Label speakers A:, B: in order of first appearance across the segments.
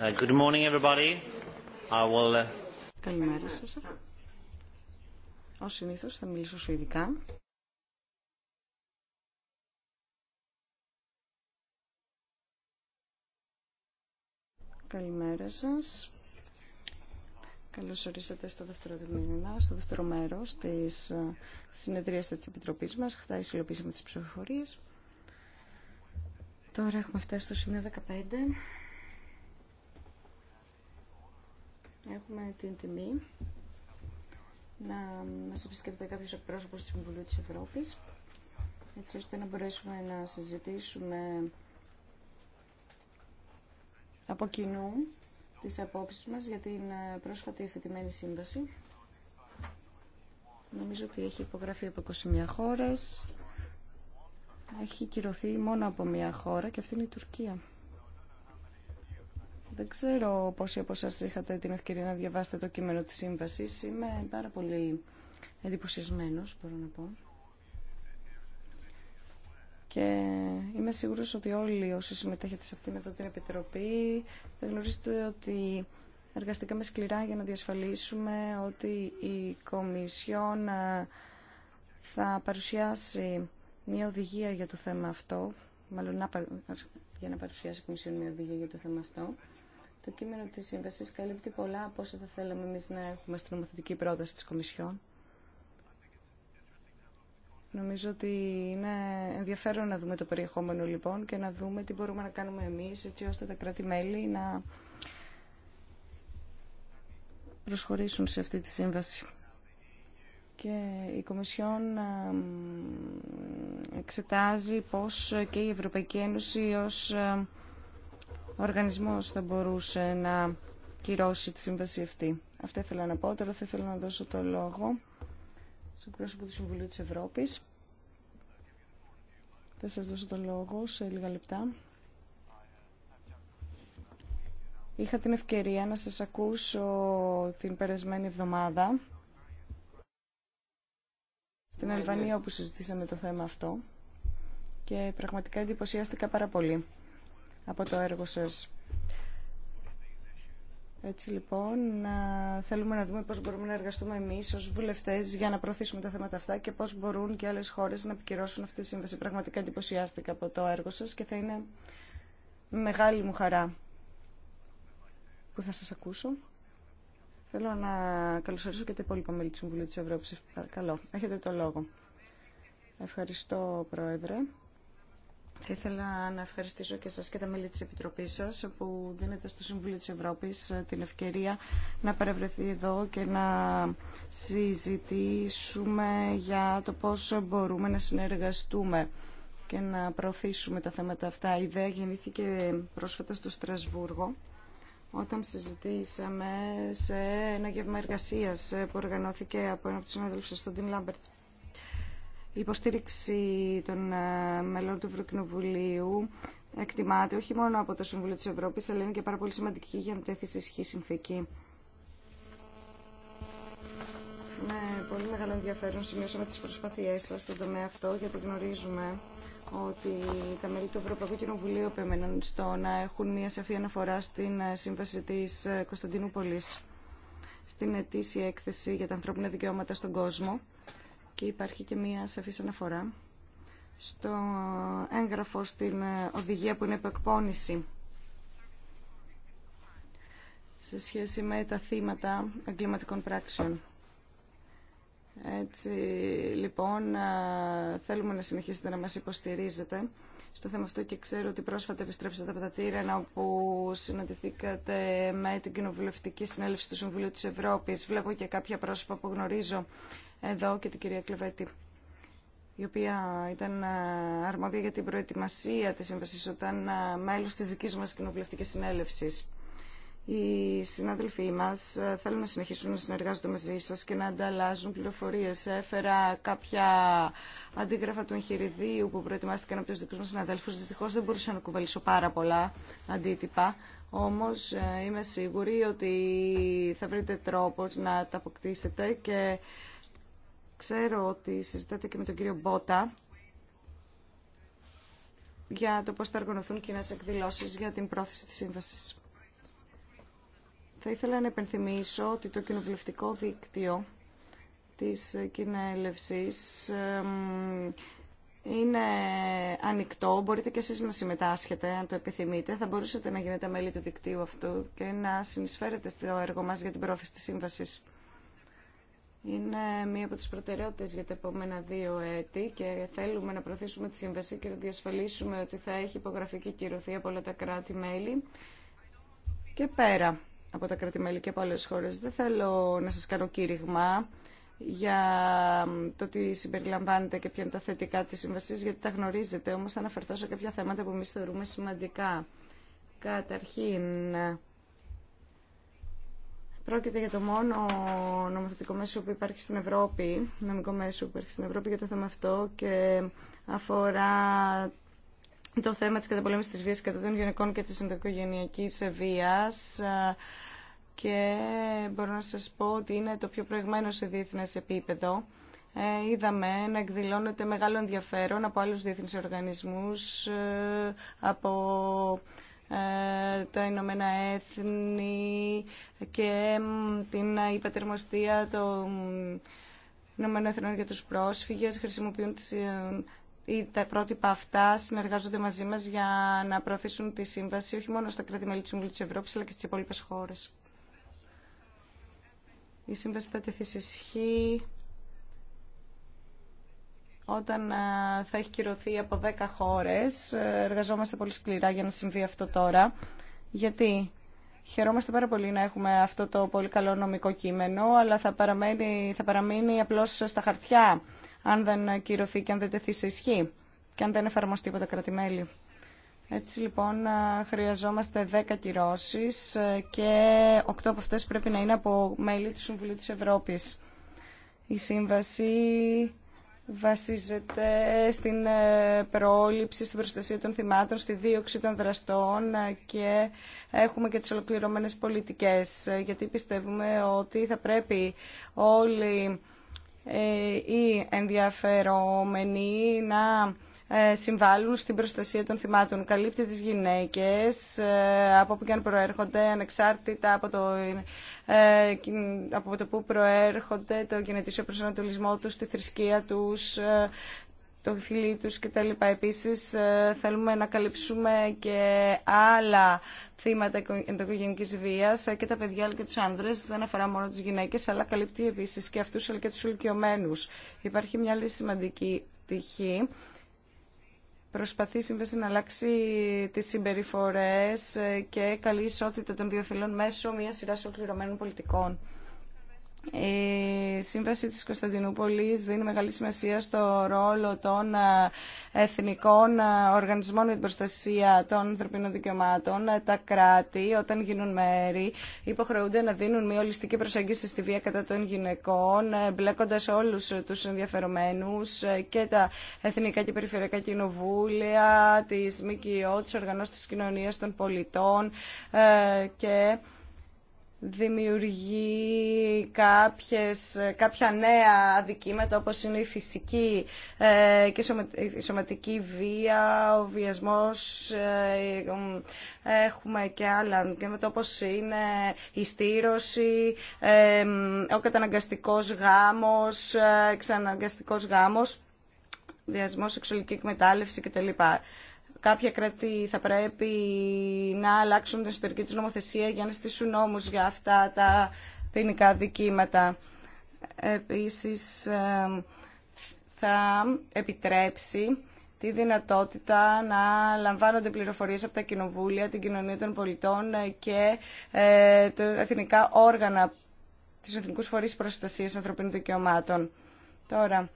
A: Uh, good morning everybody.
B: Uh,
C: Καλημέρα σας. Ως συνήθως θα μιλήσω σου ειδικά. Καλημέρα σας. Καλώς ορίσατε στο δεύτερο τμήμα, στο δεύτερο μέρος της ε, συνεδρίας της Επιτροπής μας. Χθες υλοποιήσαμε τις ψηφοφορίες. Τώρα έχουμε φτάσει στο σημείο 15. Έχουμε την τιμή να μας επισκέπτεται κάποιος εκπρόσωπος του Συμβουλίου της Ευρώπης έτσι ώστε να μπορέσουμε να συζητήσουμε από κοινού τις απόψεις μας για την ε, πρόσφατη εθετημένη σύμβαση. Νομίζω ότι έχει υπογραφεί από 21 χώρες. Έχει κυρωθεί μόνο από μία χώρα και αυτή είναι η Τουρκία. Δεν ξέρω πόσοι από εσά είχατε την ευκαιρία να διαβάσετε το κείμενο της σύμβασης. Είμαι πάρα πολύ εντυπωσιασμένο, μπορώ να πω. Και είμαι σίγουρος ότι όλοι όσοι συμμετέχετε σε αυτήν εδώ την Επιτροπή θα γνωρίζετε ότι εργαστήκαμε σκληρά για να διασφαλίσουμε ότι η Κομισιόν ε, θα παρουσιάσει μια οδηγία για το θέμα αυτό, μάλλον για να παρουσιάσει η Κομισιόν μια οδηγία για το θέμα αυτό. Το κείμενο της σύμβασης καλύπτει πολλά από όσα θα θέλαμε εμείς να έχουμε στην νομοθετική πρόταση της Κομισιόν. Νομίζω ότι είναι ενδιαφέρον να δούμε το περιεχόμενο λοιπόν και να δούμε τι μπορούμε να κάνουμε εμείς έτσι ώστε τα κράτη-μέλη να προσχωρήσουν σε αυτή τη σύμβαση. Και η Κομισιόν εξετάζει πώς και η Ευρωπαϊκή Ένωση ως ο οργανισμός θα μπορούσε να κυρώσει τη σύμβαση αυτή. Αυτά ήθελα να πω. Τώρα θα ήθελα να δώσω το λόγο στον πρόσωπο του Συμβουλίου της Ευρώπης. Θα σας δώσω το λόγο σε λίγα λεπτά. Είχα την ευκαιρία να σας ακούσω την περασμένη εβδομάδα
A: στην Αλβανία
C: όπου συζητήσαμε το θέμα αυτό και πραγματικά εντυπωσιάστηκα πάρα πολύ από το έργο σας. Έτσι λοιπόν, θέλουμε να δούμε πώς μπορούμε να εργαστούμε εμείς ως βουλευτές για να προωθήσουμε τα θέματα αυτά και πώς μπορούν και άλλες χώρες να επικυρώσουν αυτή τη σύμβαση. Πραγματικά εντυπωσιάστηκα από το έργο σας και θα είναι μεγάλη μου χαρά που θα σας ακούσω. Θέλω να καλωσορίσω και τα υπόλοιπα μέλη του Συμβουλίου της Ευρώπης. Παρακαλώ, έχετε το λόγο. Ευχαριστώ, Πρόεδρε. Θα ήθελα να ευχαριστήσω και σας και τα μέλη της Επιτροπής σας που δίνετε στο Συμβούλιο της Ευρώπης ε, την ευκαιρία να παρευρεθεί εδώ και να συζητήσουμε για το πώς μπορούμε να συνεργαστούμε και να προωθήσουμε τα θέματα αυτά. Η ιδέα γεννήθηκε πρόσφατα στο Στρασβούργο όταν συζητήσαμε σε ένα γεύμα εργασίας ε, που οργανώθηκε από ένα από τους συναδέλφους στον Τιν Λάμπερτ η υποστήριξη των ε, μελών του Ευρωκοινοβουλίου εκτιμάται όχι μόνο από το Συμβούλιο της Ευρώπης, αλλά είναι και πάρα πολύ σημαντική για να τέθει σε ισχύ συνθήκη. Με πολύ μεγάλο ενδιαφέρον σημειώσαμε τις προσπάθειές σας στον τομέα αυτό, γιατί γνωρίζουμε ότι τα μέλη του Ευρωπαϊκού Κοινοβουλίου επέμεναν στο να έχουν μια σαφή αναφορά στην ε, σύμβαση της ε, Κωνσταντινούπολης στην ετήσια έκθεση για τα ανθρώπινα δικαιώματα στον κόσμο και υπάρχει και μία σαφή αναφορά στο έγγραφο στην οδηγία που είναι επεκπόνηση σε σχέση με τα θύματα εγκληματικών πράξεων. Έτσι, λοιπόν, θέλουμε να συνεχίσετε να μας υποστηρίζετε στο θέμα αυτό και ξέρω ότι πρόσφατα επιστρέψατε από τα Τύρανα όπου συναντηθήκατε με την Κοινοβουλευτική Συνέλευση του Συμβουλίου της Ευρώπης. Βλέπω και κάποια πρόσωπα που γνωρίζω εδώ και την κυρία Κλεβέτη, η οποία ήταν ε, αρμόδια για την προετοιμασία της σύμβασης όταν ε, μέλος της δικής μας κοινοβουλευτικής συνέλευσης. Οι συνάδελφοί μας ε, θέλουν να συνεχίσουν να συνεργάζονται μαζί σας και να ανταλλάζουν πληροφορίες. Έφερα κάποια αντίγραφα του εγχειριδίου που προετοιμάστηκαν από τους δικούς μας συναδέλφους. Δυστυχώς δεν μπορούσα να κουβαλήσω πάρα πολλά αντίτυπα. Όμως είμαι σίγουρη ότι θα βρείτε τρόπο να τα αποκτήσετε και Ξέρω ότι συζητάτε και με τον κύριο Μπότα για το πώς θα οργανωθούν κοινέ εκδηλώσεις για την πρόθεση της σύμβασης. Θα ήθελα να επενθυμίσω ότι το κοινοβουλευτικό δίκτυο της κοινέλευσης είναι ανοιχτό, μπορείτε και εσείς να συμμετάσχετε αν το επιθυμείτε. Θα μπορούσατε να γίνετε μέλη του δικτύου αυτού και να συνεισφέρετε στο έργο μας για την πρόθεση της σύμβασης είναι μία από τις προτεραιότητες για τα επόμενα δύο έτη και θέλουμε να προωθήσουμε τη σύμβαση και να διασφαλίσουμε ότι θα έχει υπογραφική κυρωθεί από όλα τα κράτη-μέλη και πέρα από τα κράτη-μέλη και από άλλες χώρες. Δεν θέλω να σας κάνω κήρυγμα για το τι συμπεριλαμβάνεται και ποια είναι τα θετικά της σύμβασης, γιατί τα γνωρίζετε, όμως θα αναφερθώ σε κάποια θέματα που εμεί θεωρούμε σημαντικά. Καταρχήν, Πρόκειται για το μόνο νομοθετικό μέσο που υπάρχει στην Ευρώπη, νομικό μέσο που υπάρχει στην Ευρώπη για το θέμα αυτό και αφορά το θέμα της καταπολέμησης της βίας κατά των γυναικών και της ενδοικογενειακής βίας και μπορώ να σας πω ότι είναι το πιο προηγμένο σε διεθνές επίπεδο. Ε, είδαμε να εκδηλώνεται μεγάλο ενδιαφέρον από άλλους διεθνείς οργανισμούς, ε, από τα Ηνωμένα Έθνη και την υπατερμοστία των Ηνωμένων Εθνών για τους πρόσφυγες χρησιμοποιούν τις, ε, τα πρότυπα αυτά συνεργάζονται μαζί μας για να προωθήσουν τη σύμβαση όχι μόνο στα κράτη-μέλη της Συμβουλής της Ευρώπης αλλά και στις υπόλοιπε χώρες. Η σύμβαση θα τεθεί σε ισχύ όταν ε, θα έχει κυρωθεί από 10 χώρες. Ε, εργαζόμαστε πολύ σκληρά για να συμβεί αυτό τώρα γιατί χαιρόμαστε πάρα πολύ να έχουμε αυτό το πολύ καλό νομικό κείμενο, αλλά θα, παραμένει, θα παραμείνει απλώς στα χαρτιά, αν δεν κυρωθεί και αν δεν τεθεί σε ισχύ και αν δεν εφαρμοστεί από τα κρατημέλη. Έτσι λοιπόν χρειαζόμαστε 10 κυρώσεις και 8 από αυτές πρέπει να είναι από μέλη του Συμβουλίου της Ευρώπης. Η σύμβαση βασίζεται στην ε, πρόληψη, στην προστασία των θυμάτων, στη δίωξη των δραστών ε, και έχουμε και τις ολοκληρωμένες πολιτικές, ε, γιατί πιστεύουμε ότι θα πρέπει όλοι οι ενδιαφερόμενοι να ε, συμβάλλουν στην προστασία των θυμάτων. Καλύπτει τις γυναίκες ε, από όπου και αν προέρχονται, ανεξάρτητα από το, ε, από το που προέρχονται, το γενετήσιο προσανατολισμό τους, τη θρησκεία τους, το φιλί τους κτλ. Επίσης θέλουμε να καλύψουμε και άλλα θύματα ενδοκογενικής βίας και τα παιδιά αλλά και τους άνδρες, δεν αφορά μόνο τις γυναίκες, αλλά καλύπτει επίσης και αυτούς αλλά και τους ηλικιωμένους. Υπάρχει μια άλλη σημαντική τυχή προσπαθεί Σύμβαση να αλλάξει τις συμπεριφορές και καλή ισότητα των δύο φυλών μέσω μιας σειράς ολοκληρωμένων πολιτικών. Η Σύμβαση της Κωνσταντινούπολης δίνει μεγάλη σημασία στο ρόλο των ε, εθνικών ε, οργανισμών για την προστασία των ανθρωπίνων δικαιωμάτων. Ε, τα κράτη, όταν γίνουν μέρη, υποχρεούνται να δίνουν μια ολιστική προσέγγιση στη βία κατά των γυναικών, μπλέκοντας όλους τους ενδιαφερομένους και τα εθνικά και περιφερειακά κοινοβούλια, τις ΜΚΟ, τις οργανώσεις της κοινωνίας των πολιτών και δημιουργεί κάποιες, κάποια νέα αδικήματα όπως είναι η φυσική ε, και η σωματική βία, ο βιασμός, ε, έχουμε και άλλα και με όπως είναι η στήρωση, ε, ο καταναγκαστικός γάμος, εξαναγκαστικός γάμος, βιασμός, σεξουαλική εκμετάλλευση κτλ κάποια κράτη θα πρέπει να αλλάξουν την εσωτερική τους νομοθεσία για να στήσουν νόμους για αυτά τα ποινικά δικήματα. Επίσης, ε, θα επιτρέψει τη δυνατότητα να λαμβάνονται πληροφορίες από τα κοινοβούλια, την κοινωνία των πολιτών και ε, τα εθνικά όργανα, της εθνικούς φορείς προστασίας ανθρωπίνων δικαιωμάτων. Τώρα,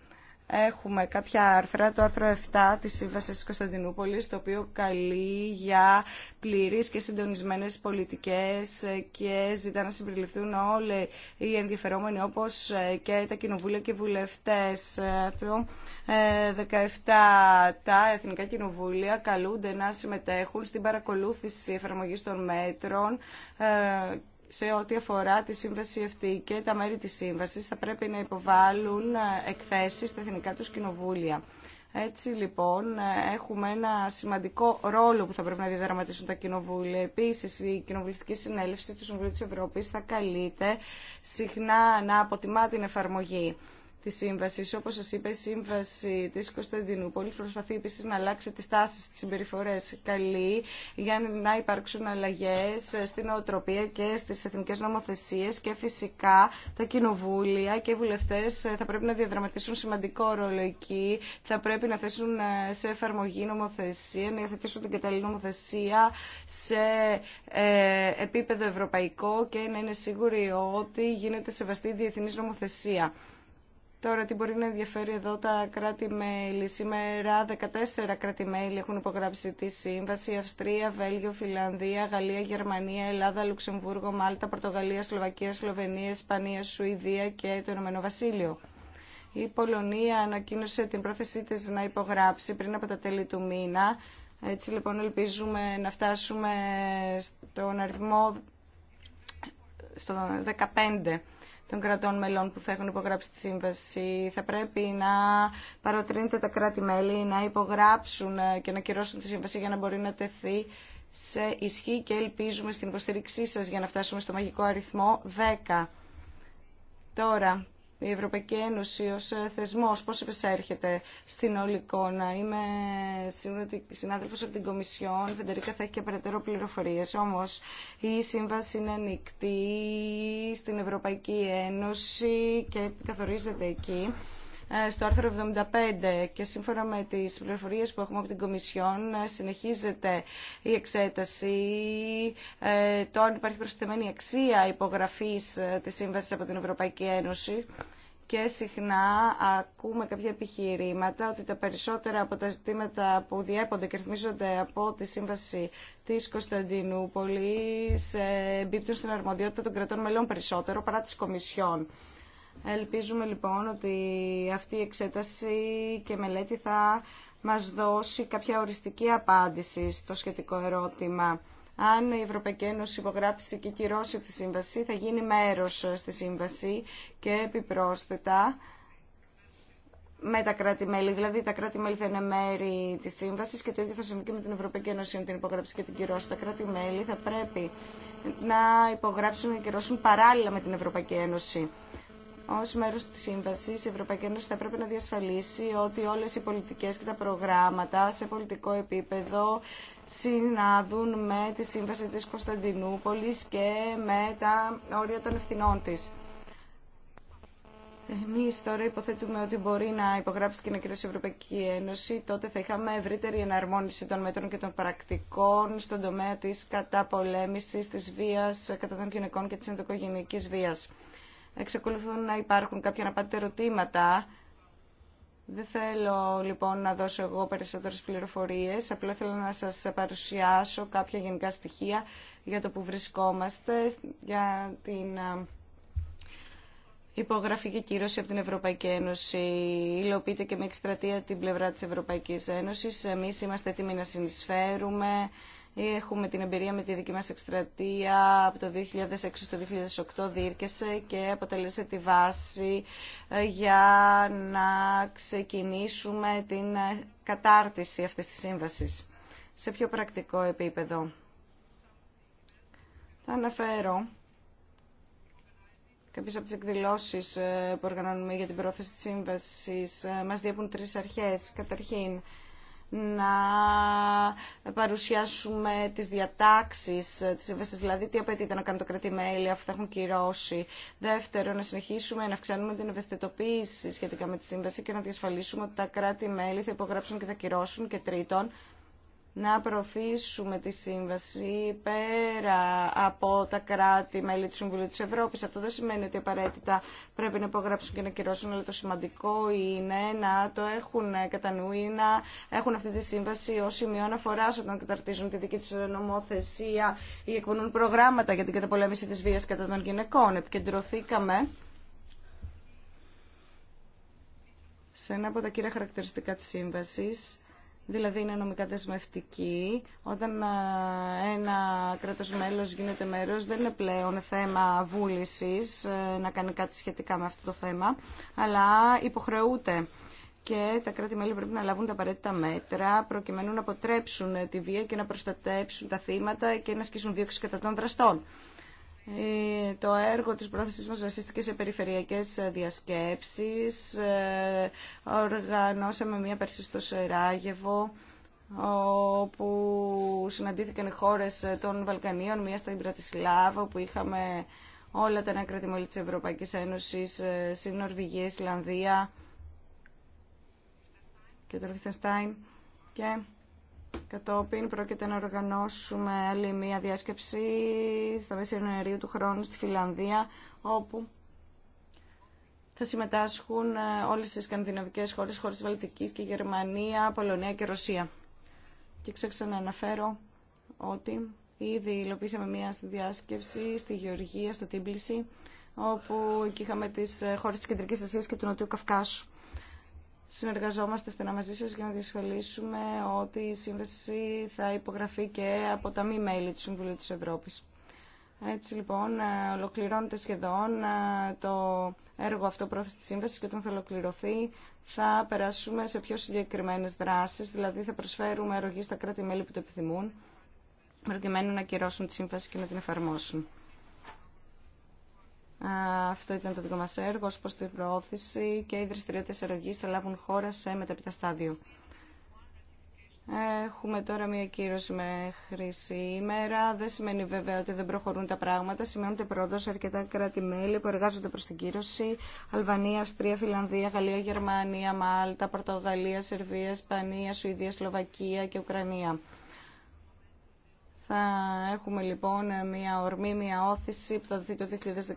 C: Έχουμε κάποια άρθρα, το άρθρο 7 της Σύμβασης της Κωνσταντινούπολης, το οποίο καλεί για πλήρεις και συντονισμένες πολιτικές και ζητά να συμπεριληφθούν όλοι οι ενδιαφερόμενοι, όπως ε, και τα κοινοβούλια και βουλευτές. Άρθρο 17, ε, τα εθνικά κοινοβούλια καλούνται να συμμετέχουν στην παρακολούθηση εφαρμογής των μέτρων ε, σε ό,τι αφορά τη σύμβαση αυτή και τα μέρη της σύμβασης θα πρέπει να υποβάλουν ε, εκθέσεις στα εθνικά τους κοινοβούλια. Έτσι λοιπόν ε, έχουμε ένα σημαντικό ρόλο που θα πρέπει να διαδραματίσουν τα κοινοβούλια. Επίσης η κοινοβουλευτική συνέλευση του Συμβουλίου της Ευρώπης θα καλείται συχνά να αποτιμά την εφαρμογή τη σύμβαση. Όπω σα είπα, η σύμβαση τη Κωνσταντινούπολη προσπαθεί επίση να αλλάξει τι τάσει, τι συμπεριφορέ. Καλή για να υπάρξουν αλλαγέ στην οτροπία και στι εθνικέ νομοθεσίε και φυσικά τα κοινοβούλια και οι βουλευτέ θα πρέπει να διαδραματίσουν σημαντικό ρόλο εκεί. Θα πρέπει να θέσουν σε εφαρμογή νομοθεσία, να υιοθετήσουν την κατάλληλη νομοθεσία σε ε, επίπεδο ευρωπαϊκό και να είναι σίγουροι ότι γίνεται σεβαστή διεθνή νομοθεσία. Τώρα τι μπορεί να ενδιαφέρει εδώ τα κράτη-μέλη. Σήμερα 14 κράτη-μέλη έχουν υπογράψει τη σύμβαση. Αυστρία, Βέλγιο, Φιλανδία, Γαλλία, Γερμανία, Ελλάδα, Λουξεμβούργο, Μάλτα, Πορτογαλία, Σλοβακία, Σλοβενία, Ισπανία, Σουηδία και το Ηνωμένο Βασίλειο. Η Πολωνία ανακοίνωσε την πρόθεσή τη να υπογράψει πριν από τα τέλη του μήνα. Έτσι λοιπόν ελπίζουμε να φτάσουμε στον αριθμό στο 15 των κρατών μελών που θα έχουν υπογράψει τη σύμβαση. Θα πρέπει να παροτρύνεται τα κράτη-μέλη να υπογράψουν ε, και να κυρώσουν τη σύμβαση για να μπορεί να τεθεί σε ισχύ και ελπίζουμε στην υποστήριξή σας για να φτάσουμε στο μαγικό αριθμό 10. Τώρα, η Ευρωπαϊκή Ένωση ως ε, θεσμός πώς επεσέρχεται στην όλη εικόνα. Είμαι σύμφωνα συνάδελφος από την Κομισιόν, η Φεντερίκα θα έχει και περαιτέρω πληροφορίες. Όμως η σύμβαση είναι ανοιχτή στην Ευρωπαϊκή Ένωση και καθορίζεται εκεί ε, στο άρθρο 75 και σύμφωνα με τις πληροφορίες που έχουμε από την Κομισιόν ε, συνεχίζεται η εξέταση ε, το αν υπάρχει προσθεμένη αξία υπογραφής της Σύμβασης από την Ευρωπαϊκή Ένωση και συχνά ακούμε κάποια επιχειρήματα ότι τα περισσότερα από τα ζητήματα που διέπονται και ρυθμίζονται από τη Σύμβαση της Κωνσταντινούπολης εμπίπτουν στην αρμοδιότητα των κρατών μελών περισσότερο παρά τη Κομισιόν. Ελπίζουμε λοιπόν ότι αυτή η εξέταση και μελέτη θα μας δώσει κάποια οριστική απάντηση στο σχετικό ερώτημα. Αν η Ευρωπαϊκή Ένωση υπογράψει και κυρώσει τη σύμβαση, θα γίνει μέρος στη σύμβαση και επιπρόσθετα με τα κράτη-μέλη. Δηλαδή, τα κράτη-μέλη θα είναι μέρη τη σύμβαση και το ίδιο θα συμβεί και με την Ευρωπαϊκή Ένωση, αν την υπογράψει και την κυρώσει. Τα κράτη-μέλη θα πρέπει να υπογράψουν και να κυρώσουν παράλληλα με την Ευρωπαϊκή Ένωση. Ω μέρο τη Σύμβαση, η Ευρωπαϊκή Ένωση θα έπρεπε να διασφαλίσει ότι όλε οι πολιτικέ και τα προγράμματα σε πολιτικό επίπεδο συνάδουν με τη Σύμβαση τη Κωνσταντινούπολη και με τα όρια των ευθυνών τη. Εμεί τώρα υποθέτουμε ότι μπορεί να υπογράψει και να κυρώσει η Ευρωπαϊκή Ένωση. Τότε θα είχαμε ευρύτερη εναρμόνιση των μέτρων και των πρακτικών στον τομέα τη καταπολέμηση τη βία κατά των γυναικών και τη ενδοκογενειακή βία. Εξακολουθούν να υπάρχουν κάποια πάτε ερωτήματα. Δεν θέλω λοιπόν να δώσω εγώ περισσότερες πληροφορίες, απλά θέλω να σας παρουσιάσω κάποια γενικά στοιχεία για το που βρισκόμαστε, για την υπογραφή και κύρωση από την Ευρωπαϊκή Ένωση. Υλοποιείται και με εκστρατεία την πλευρά της Ευρωπαϊκής Ένωσης. Εμείς είμαστε έτοιμοι να συνεισφέρουμε Έχουμε την εμπειρία με τη δική μας εκστρατεία από το 2006 στο 2008 διήρκεσε και αποτελέσε τη βάση ε, για να ξεκινήσουμε την ε, κατάρτιση αυτής της σύμβασης. Σε πιο πρακτικό επίπεδο. Θα αναφέρω Κάποιες από τις εκδηλώσεις ε, που οργανώνουμε για την πρόθεση της σύμβασης μας διέπουν τρεις αρχές. Καταρχήν, να παρουσιάσουμε τις διατάξεις της ευαίσθησης, δηλαδή τι απαιτείται να κάνει το κράτη-μέλη αφού θα έχουν κυρώσει. Δεύτερο, να συνεχίσουμε να αυξάνουμε την ευαισθητοποίηση σχετικά με τη σύμβαση και να διασφαλίσουμε ότι τα κράτη-μέλη θα υπογράψουν και θα κυρώσουν. Και τρίτον, να προωθήσουμε τη σύμβαση πέρα από τα κράτη μέλη του Συμβουλίου της Ευρώπης. Αυτό δεν σημαίνει ότι απαραίτητα πρέπει να υπογράψουν και να κυρώσουν, αλλά το σημαντικό είναι να το έχουν κατά νου ή να έχουν αυτή τη σύμβαση ως σημείο αναφορά όταν καταρτίζουν τη δική τους νομοθεσία ή εκπονούν προγράμματα για την καταπολέμηση της βίας κατά των γυναικών. Επικεντρωθήκαμε σε ένα από τα κύρια χαρακτηριστικά της σύμβασης δηλαδή είναι νομικά δεσμευτική. Όταν ένα κράτος μέλος γίνεται μέρος, δεν είναι πλέον θέμα βούλησης ε, να κάνει κάτι σχετικά με αυτό το θέμα, αλλά υποχρεούται και τα κράτη-μέλη πρέπει να λάβουν τα απαραίτητα μέτρα προκειμένου να αποτρέψουν τη βία και να προστατέψουν τα θύματα και να ασκήσουν δίωξη κατά των δραστών. Το έργο της πρόθεσης μας βασίστηκε σε περιφερειακές ε, διασκέψεις. Ε, οργανώσαμε μία περσή στο Σεράγεβο όπου συναντήθηκαν οι χώρες ε, των Βαλκανίων, μία στην Πρατισλάβα, όπου είχαμε όλα τα νέα μόλι της Ευρωπαϊκής Ένωσης, στην Νορβηγία, Ισλανδία και το Λιχτενστάιν. Και Κατόπιν πρόκειται να οργανώσουμε άλλη μία διάσκεψη στα μέσα Ιανουαρίου του χρόνου στη Φιλανδία, όπου θα συμμετάσχουν ε, όλες οι σκανδιναβικές χώρες, χώρες της Βαλτικής και Γερμανία, Πολωνία και Ρωσία. Και ξέχασα να αναφέρω ότι ήδη υλοποίησαμε μία στη διάσκεψη στη Γεωργία, στο Τίμπληση, όπου εκεί είχαμε τις ε, χώρες της Κεντρικής Ασίας και του Νοτιού Καυκάσου συνεργαζόμαστε στενά μαζί σας για να διασφαλίσουμε ότι η σύμβαση θα υπογραφεί και από τα μη μέλη του Συμβουλίου της Ευρώπης. Έτσι λοιπόν ε, ολοκληρώνεται σχεδόν ε, το έργο αυτό πρόθεση της σύμβασης και όταν θα ολοκληρωθεί θα περάσουμε σε πιο συγκεκριμένες δράσεις, δηλαδή θα προσφέρουμε αρρωγή στα κράτη-μέλη που το επιθυμούν προκειμένου να κυρώσουν τη σύμβαση και να την εφαρμόσουν. Αυτό ήταν το δικό μας έργο ως προς την προώθηση και οι δραστηριότητες αρρωγής θα λάβουν χώρα σε μεταπιτά στάδιο. Έχουμε τώρα μία κύρωση μέχρι σήμερα. Δεν σημαίνει βέβαια ότι δεν προχωρούν τα πράγματα. Σημαίνονται πρόοδο σε αρκετά κράτη-μέλη που εργάζονται προ την κύρωση. Αλβανία, Αυστρία, Φιλανδία, Γαλλία, Γερμανία, Μάλτα, Πορτογαλία, Σερβία, Ισπανία, Σουηδία, Σλοβακία και Ουκρανία. Θα έχουμε λοιπόν μια ορμή, μια όθηση που θα δοθεί το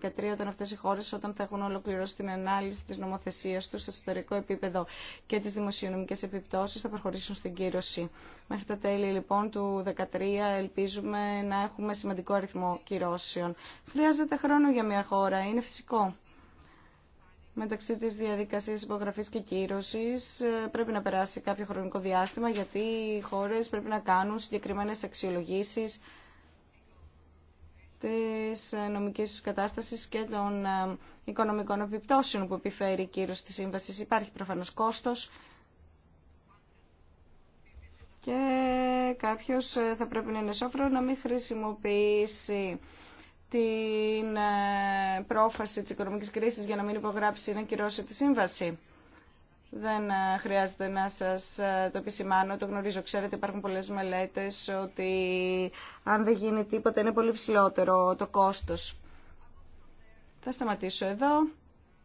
C: 2013 όταν αυτές οι χώρες όταν θα έχουν ολοκληρώσει την ανάλυση της νομοθεσίας τους στο εσωτερικό επίπεδο και τις δημοσιονομικές επιπτώσεις θα προχωρήσουν στην κύρωση. Μέχρι τα τέλη λοιπόν του 2013 ελπίζουμε να έχουμε σημαντικό αριθμό κυρώσεων. Χρειάζεται χρόνο για μια χώρα, είναι φυσικό μεταξύ τη διαδικασία υπογραφή και κύρωση. Ε, πρέπει να περάσει κάποιο χρονικό διάστημα γιατί οι χώρε πρέπει να κάνουν συγκεκριμένε αξιολογήσεις της ε, νομική του κατάστασης και των ε, οικονομικών επιπτώσεων που επιφέρει η κύρωση τη σύμβασης. Υπάρχει προφανώς κόστος και κάποιος θα πρέπει να είναι σόφρο να μην χρησιμοποιήσει την ε, πρόφαση της οικονομικής κρίσης για να μην υπογράψει ή να κυρώσει τη σύμβαση. Δεν ε, χρειάζεται να σας ε, το επισημάνω, το γνωρίζω. Ξέρετε, υπάρχουν πολλές μελέτες ότι αν δεν γίνει τίποτα είναι πολύ ψηλότερο το κόστος. Θα σταματήσω εδώ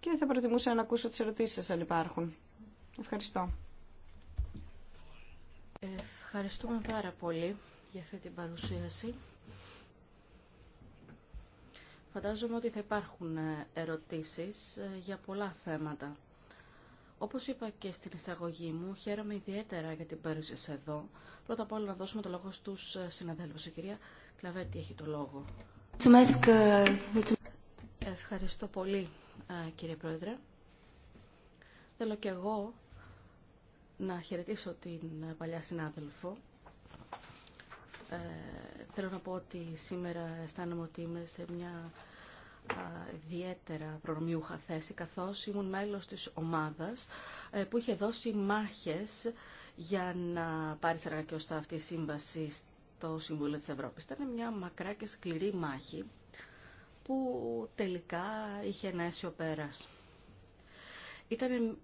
C: και θα προτιμούσα να ακούσω τις ερωτήσεις σας αν υπάρχουν. Ευχαριστώ.
B: Ευχαριστούμε πάρα πολύ για αυτή την παρουσίαση. Φαντάζομαι ότι θα υπάρχουν ε, ερωτήσεις ε, για πολλά θέματα. Όπως είπα και στην εισαγωγή μου, χαίρομαι ιδιαίτερα για την παρουσία εδώ. Πρώτα απ' όλα να δώσουμε το λόγο στους ε, συναδέλφους. Η κυρία Κλαβέτη έχει το λόγο. Ευχαριστώ πολύ, κύριε Πρόεδρε. Θέλω και εγώ να χαιρετήσω την παλιά συνάδελφο ε, θέλω να πω ότι σήμερα αισθάνομαι ότι είμαι σε μια ιδιαίτερα προνομιούχα θέση, καθώς ήμουν μέλος της ομάδας ε, που είχε δώσει μάχες για να πάρει σαν και ωστά αυτή η σύμβαση στο Συμβούλιο της Ευρώπης. Ήταν μια μακρά και σκληρή μάχη που τελικά είχε ένα αίσιο πέρας. Ήταν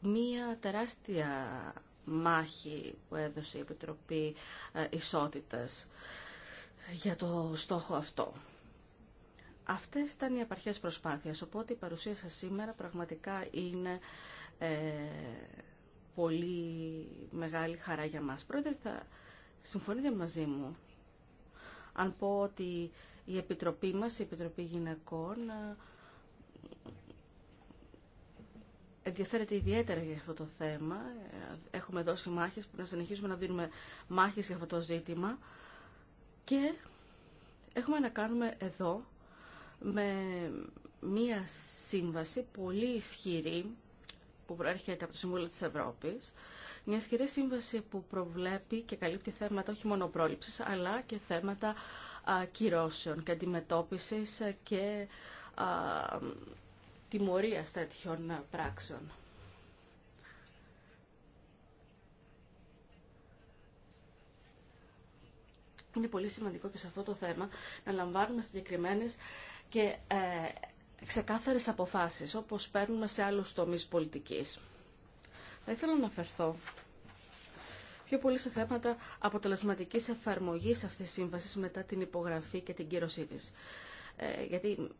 B: μια τεράστια μάχη που έδωσε η Επιτροπή ε, Ισότητας για το στόχο αυτό. Αυτές ήταν οι απαρχές προσπάθειες, οπότε η παρουσία σας σήμερα πραγματικά είναι ε, πολύ μεγάλη χαρά για μας. Πρόεδρε, θα συμφωνείτε μαζί μου αν πω ότι η Επιτροπή μας, η Επιτροπή Γυναικών, ε, ενδιαφέρεται ιδιαίτερα για αυτό το θέμα. Έχουμε δώσει μάχες που να συνεχίσουμε να δίνουμε μάχες για αυτό το ζήτημα και έχουμε να κάνουμε εδώ με μία σύμβαση πολύ ισχυρή που προέρχεται από το Συμβούλιο της Ευρώπης. Μια ισχυρή σύμβαση που προβλέπει και καλύπτει θέματα όχι μόνο πρόληψης, αλλά και θέματα κυρώσεων και αντιμετώπισης και Τιμωρία τέτοιων πράξεων. Είναι πολύ σημαντικό και σε αυτό το θέμα να λαμβάνουμε συγκεκριμένε και ε, ξεκάθαρες αποφάσεις, όπως παίρνουμε σε άλλους τομείς πολιτικής. Θα ήθελα να αναφερθώ πιο πολύ σε θέματα αποτελεσματικής εφαρμογής αυτής της σύμβασης μετά την υπογραφή και την κύρωσή της. Ε, γιατί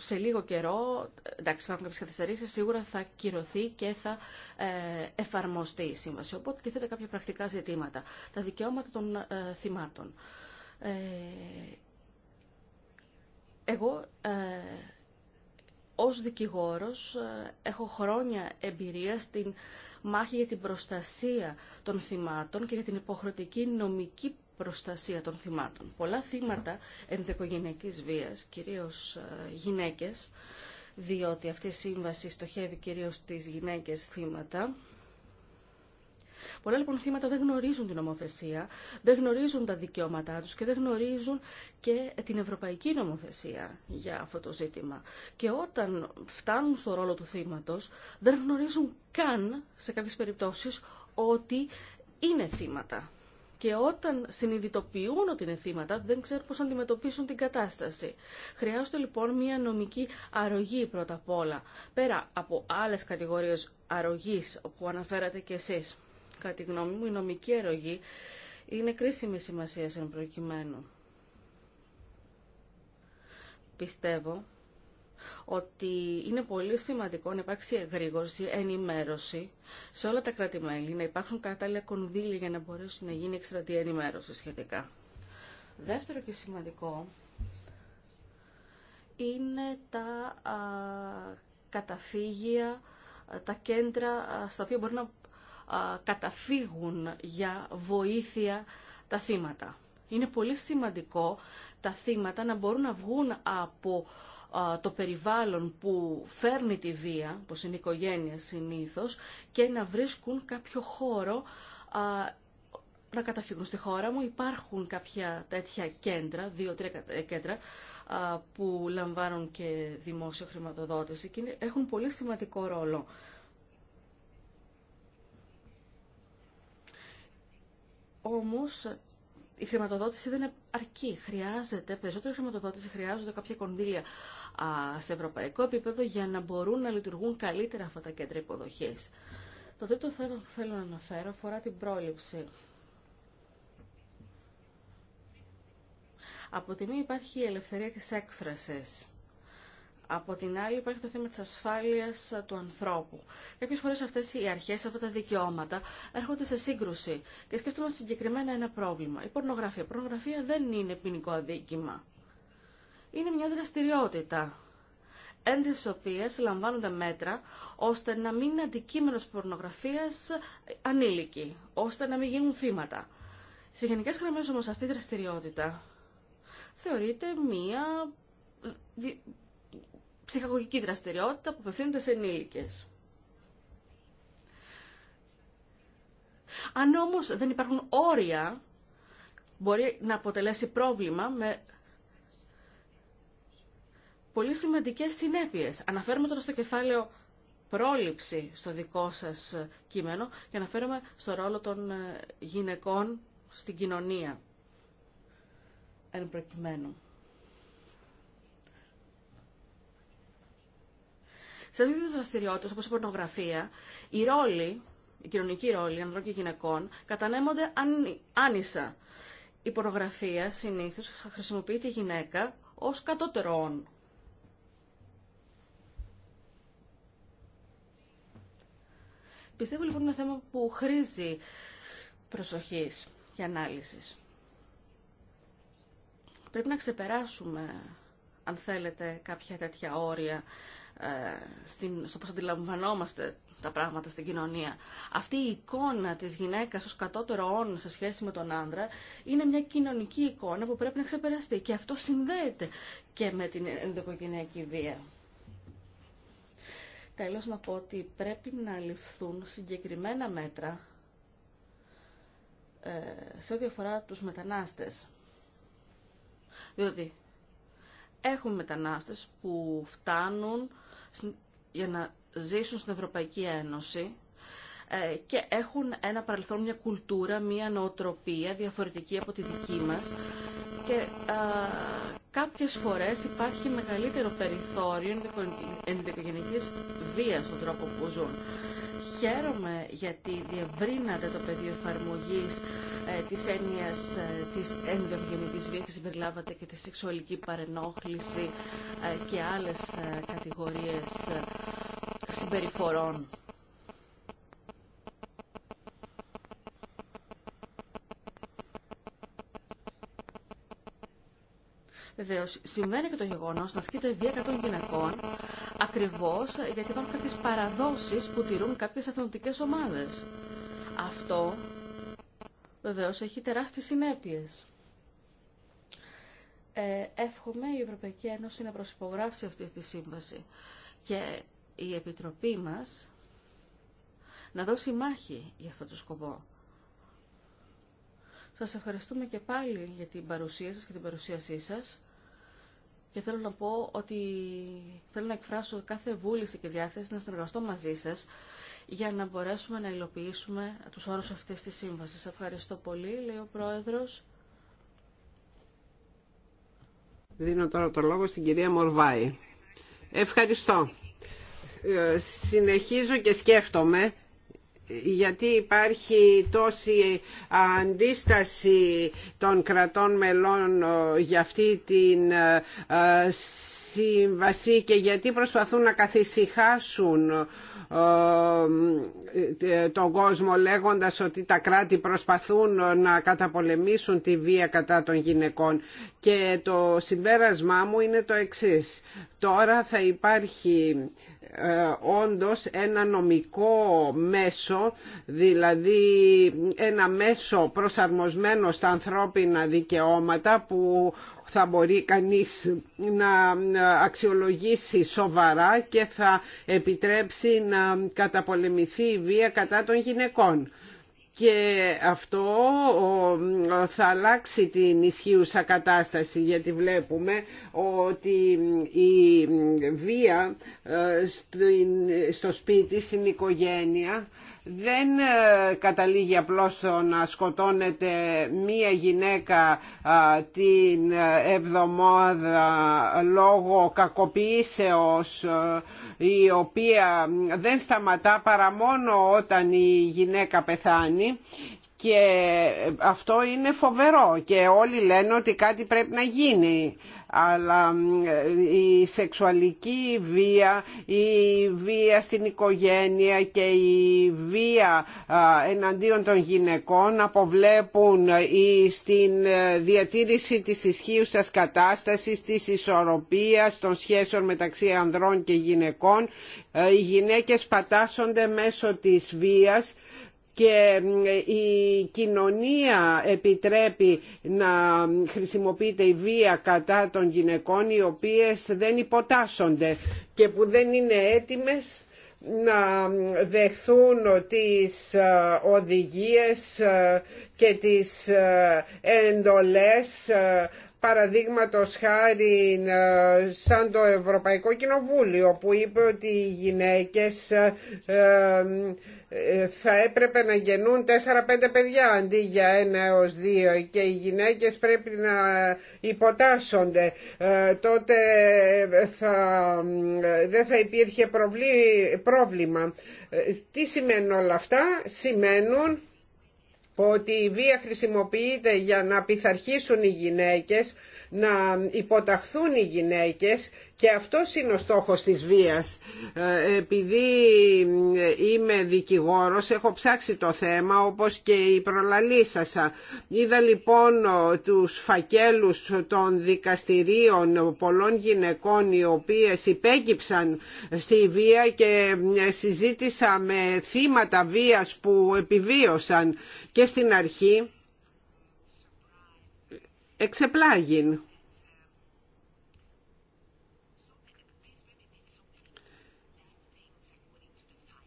B: σε λίγο καιρό, εντάξει υπάρχουν κάποιε καθυστερήσει, σίγουρα θα κυρωθεί και θα ε, εφαρμοστεί η σύμβαση. Οπότε τίθεται κάποια πρακτικά ζητήματα. Τα δικαιώματα των ε, θυμάτων. Ε, εγώ ε, ως δικηγόρος ε, έχω χρόνια εμπειρία στην μάχη για την προστασία των θυμάτων και για την υποχρεωτική νομική προστασία των θυμάτων. Πολλά θύματα ενδοικογενειακής βίας, κυρίως ε, γυναίκες, διότι αυτή η σύμβαση στοχεύει κυρίως τις γυναίκες θύματα, Πολλά λοιπόν θύματα δεν γνωρίζουν την νομοθεσία, δεν γνωρίζουν τα δικαιώματά τους και δεν γνωρίζουν και την ευρωπαϊκή νομοθεσία για αυτό το ζήτημα. Και όταν φτάνουν στο ρόλο του θύματος, δεν γνωρίζουν καν, σε κάποιες περιπτώσεις, ότι είναι θύματα και όταν συνειδητοποιούν ότι είναι θύματα δεν ξέρουν πώς αντιμετωπίσουν την κατάσταση. Χρειάζεται λοιπόν μια νομική αρρωγή πρώτα απ' όλα, πέρα από άλλες κατηγορίες αρρωγής που αναφέρατε και εσείς. Κατά τη γνώμη μου η νομική αρρωγή είναι κρίσιμη σημασία εν προκειμένου. Πιστεύω ότι είναι πολύ σημαντικό να υπάρξει εγρήγορση, ενημέρωση σε όλα τα κράτη-μέλη, να υπάρχουν κατάλληλα κονδύλια για να μπορέσει να γίνει εξτρατή ενημέρωση σχετικά. Δεύτερο και σημαντικό είναι τα καταφύγια, τα κέντρα στα οποία μπορούν να καταφύγουν για βοήθεια τα θύματα. Είναι πολύ σημαντικό τα θύματα να μπορούν να βγουν από το περιβάλλον που φέρνει τη βία, όπως είναι η οικογένεια συνήθως, και να βρίσκουν κάποιο χώρο να καταφύγουν στη χώρα μου. Υπάρχουν κάποια τέτοια κέντρα, δύο-τρία ε, κέντρα, που λαμβάνουν και δημόσια χρηματοδότηση και έχουν πολύ σημαντικό ρόλο. Όμως η χρηματοδότηση δεν αρκεί. Χρειάζεται περισσότερη χρηματοδότηση, χρειάζονται κάποια κονδύλια σε ευρωπαϊκό επίπεδο για να μπορούν να λειτουργούν καλύτερα αυτά τα κέντρα υποδοχής. Το τρίτο θέμα που θέλω να αναφέρω αφορά την πρόληψη. Από τη μία υπάρχει η ελευθερία της έκφρασης. Από την άλλη υπάρχει το θέμα της ασφάλειας του ανθρώπου. Κάποιες φορές αυτές οι αρχές, αυτά τα δικαιώματα έρχονται σε σύγκρουση. Και σκέφτομαι συγκεκριμένα ένα πρόβλημα. Η πορνογραφία. Η πορνογραφία δεν είναι ποινικό αδίκημα είναι μια δραστηριότητα ένδειξη τη λαμβάνονται μέτρα ώστε να μην είναι αντικείμενος πορνογραφίας ανήλικη, ώστε να μην γίνουν θύματα. Σε γενικές γραμμές όμως αυτή η δραστηριότητα θεωρείται μία ψυχαγωγική δραστηριότητα που απευθύνεται σε ενήλικες. Αν όμως δεν υπάρχουν όρια, μπορεί να αποτελέσει πρόβλημα με πολύ σημαντικές συνέπειες. Αναφέρουμε τώρα στο κεφάλαιο πρόληψη στο δικό σας κείμενο και αναφέρομαι στο ρόλο των ε, γυναικών στην κοινωνία εν προκειμένου. Σε τη δραστηριότητα, όπω η πορνογραφία, οι ρόλη, η κοινωνικοί ρόλοι ανδρών και γυναικών, κατανέμονται άνισα. Η πορνογραφία συνήθως χρησιμοποιεί τη γυναίκα ως κατώτερο Πιστεύω λοιπόν είναι ένα θέμα που χρήζει προσοχής και ανάλυσης. Πρέπει να ξεπεράσουμε, αν θέλετε, κάποια τέτοια όρια ε, στην, στο πώς αντιλαμβανόμαστε τα πράγματα στην κοινωνία. Αυτή η εικόνα της γυναίκας ως κατώτερο όν σε σχέση με τον άντρα είναι μια κοινωνική εικόνα που πρέπει να ξεπεραστεί και αυτό συνδέεται και με την ενδοκογενειακή βία τέλος να πω ότι πρέπει να ληφθούν συγκεκριμένα μέτρα ε, σε ό,τι αφορά τους μετανάστες. Διότι έχουμε μετανάστες που φτάνουν για να ζήσουν στην Ευρωπαϊκή Ένωση ε, και έχουν ένα παρελθόν, μια κουλτούρα, μια νοοτροπία διαφορετική από τη δική μας και ε, Κάποιες φορές υπάρχει μεγαλύτερο περιθώριο ενδοικογενειακής βίας στον τρόπο που ζουν. Χαίρομαι γιατί διευρύνατε το πεδίο εφαρμογή ε, της έννοιας ε, της βίας και συμπεριλάβατε και τη σεξουαλική παρενόχληση ε, και άλλες ε, κατηγορίες ε, συμπεριφορών Βεβαίω, σημαίνει και το γεγονό να ασκείται βία γυναικών ακριβώ γιατί υπάρχουν κάποιε παραδόσει που τηρούν κάποιε αθλητικές ομάδε. Αυτό βεβαίω έχει τεράστιε συνέπειε. Ε, εύχομαι η Ευρωπαϊκή Ένωση να προσυπογράψει αυτή τη σύμβαση και η Επιτροπή μας να δώσει μάχη για αυτό το σκοπό. Σας ευχαριστούμε και πάλι για την παρουσία σας και την παρουσίασή σας. Και θέλω να πω ότι θέλω να εκφράσω κάθε βούληση και διάθεση να συνεργαστώ μαζί σας για να μπορέσουμε να υλοποιήσουμε τους όρους αυτής της σύμβασης. Ευχαριστώ πολύ, λέει ο Πρόεδρος.
A: Δίνω τώρα το λόγο στην κυρία Μορβάη. Ευχαριστώ. Ε, συνεχίζω και σκέφτομαι γιατί υπάρχει τόση αντίσταση των κρατών μελών ε, για αυτή την ε, σύμβαση και γιατί προσπαθούν να καθησυχάσουν ε, τον κόσμο λέγοντας ότι τα κράτη προσπαθούν να καταπολεμήσουν τη βία κατά των γυναικών και το συμπέρασμά μου είναι το εξής τώρα θα υπάρχει ε, όντως ένα νομικό μέσο, δηλαδή ένα μέσο προσαρμοσμένο στα ανθρώπινα δικαιώματα που θα μπορεί κανείς να ε, αξιολογήσει σοβαρά και θα επιτρέψει να καταπολεμηθεί η βία κατά των γυναικών και αυτό θα αλλάξει την ισχύουσα κατάσταση γιατί βλέπουμε ότι η βία ε, στο σπίτι, στην οικογένεια δεν ε, καταλήγει απλώς στο να σκοτώνεται μία γυναίκα την εβδομάδα λόγω κακοποίησεως ε, η οποία δεν σταματά παρά μόνο όταν η γυναίκα πεθάνει και αυτό είναι φοβερό και όλοι λένε ότι κάτι πρέπει να γίνει αλλά η σεξουαλική βία, η βία στην οικογένεια και η βία εναντίον των γυναικών αποβλέπουν στην ε, διατήρηση της ισχύουσας κατάστασης, της ισορροπίας των σχέσεων μεταξύ ανδρών και γυναικών. Ε, οι γυναίκες πατάσσονται μέσω της βίας και η κοινωνία επιτρέπει να χρησιμοποιείται η βία κατά των γυναικών οι οποίες δεν υποτάσσονται και που δεν είναι έτοιμες να δεχθούν τις ε, οδηγίες ε, και τις ε, εντολές Παραδείγματο χάρη ε, σαν το Ευρωπαϊκό Κοινοβούλιο που είπε ότι οι γυναίκες ε, ε, θα έπρεπε να γεννούν 4-5 παιδιά αντί για ένα έως δύο και οι γυναίκες πρέπει να υποτάσσονται τότε θα, δεν θα υπήρχε πρόβλημα. Τι σημαίνουν όλα αυτά? Σημαίνουν ότι η βία χρησιμοποιείται για να πειθαρχήσουν οι γυναίκες να υποταχθούν οι γυναίκες και αυτό είναι ο στόχος της βίας. Ε, επειδή ε, είμαι δικηγόρος, έχω ψάξει το θέμα όπως και η προλαλήσασα. Είδα λοιπόν τους φακέλους των δικαστηρίων πολλών γυναικών οι οποίες υπέκυψαν στη βία και ε, συζήτησα με θύματα βίας που επιβίωσαν και στην αρχή εξεπλάγιν.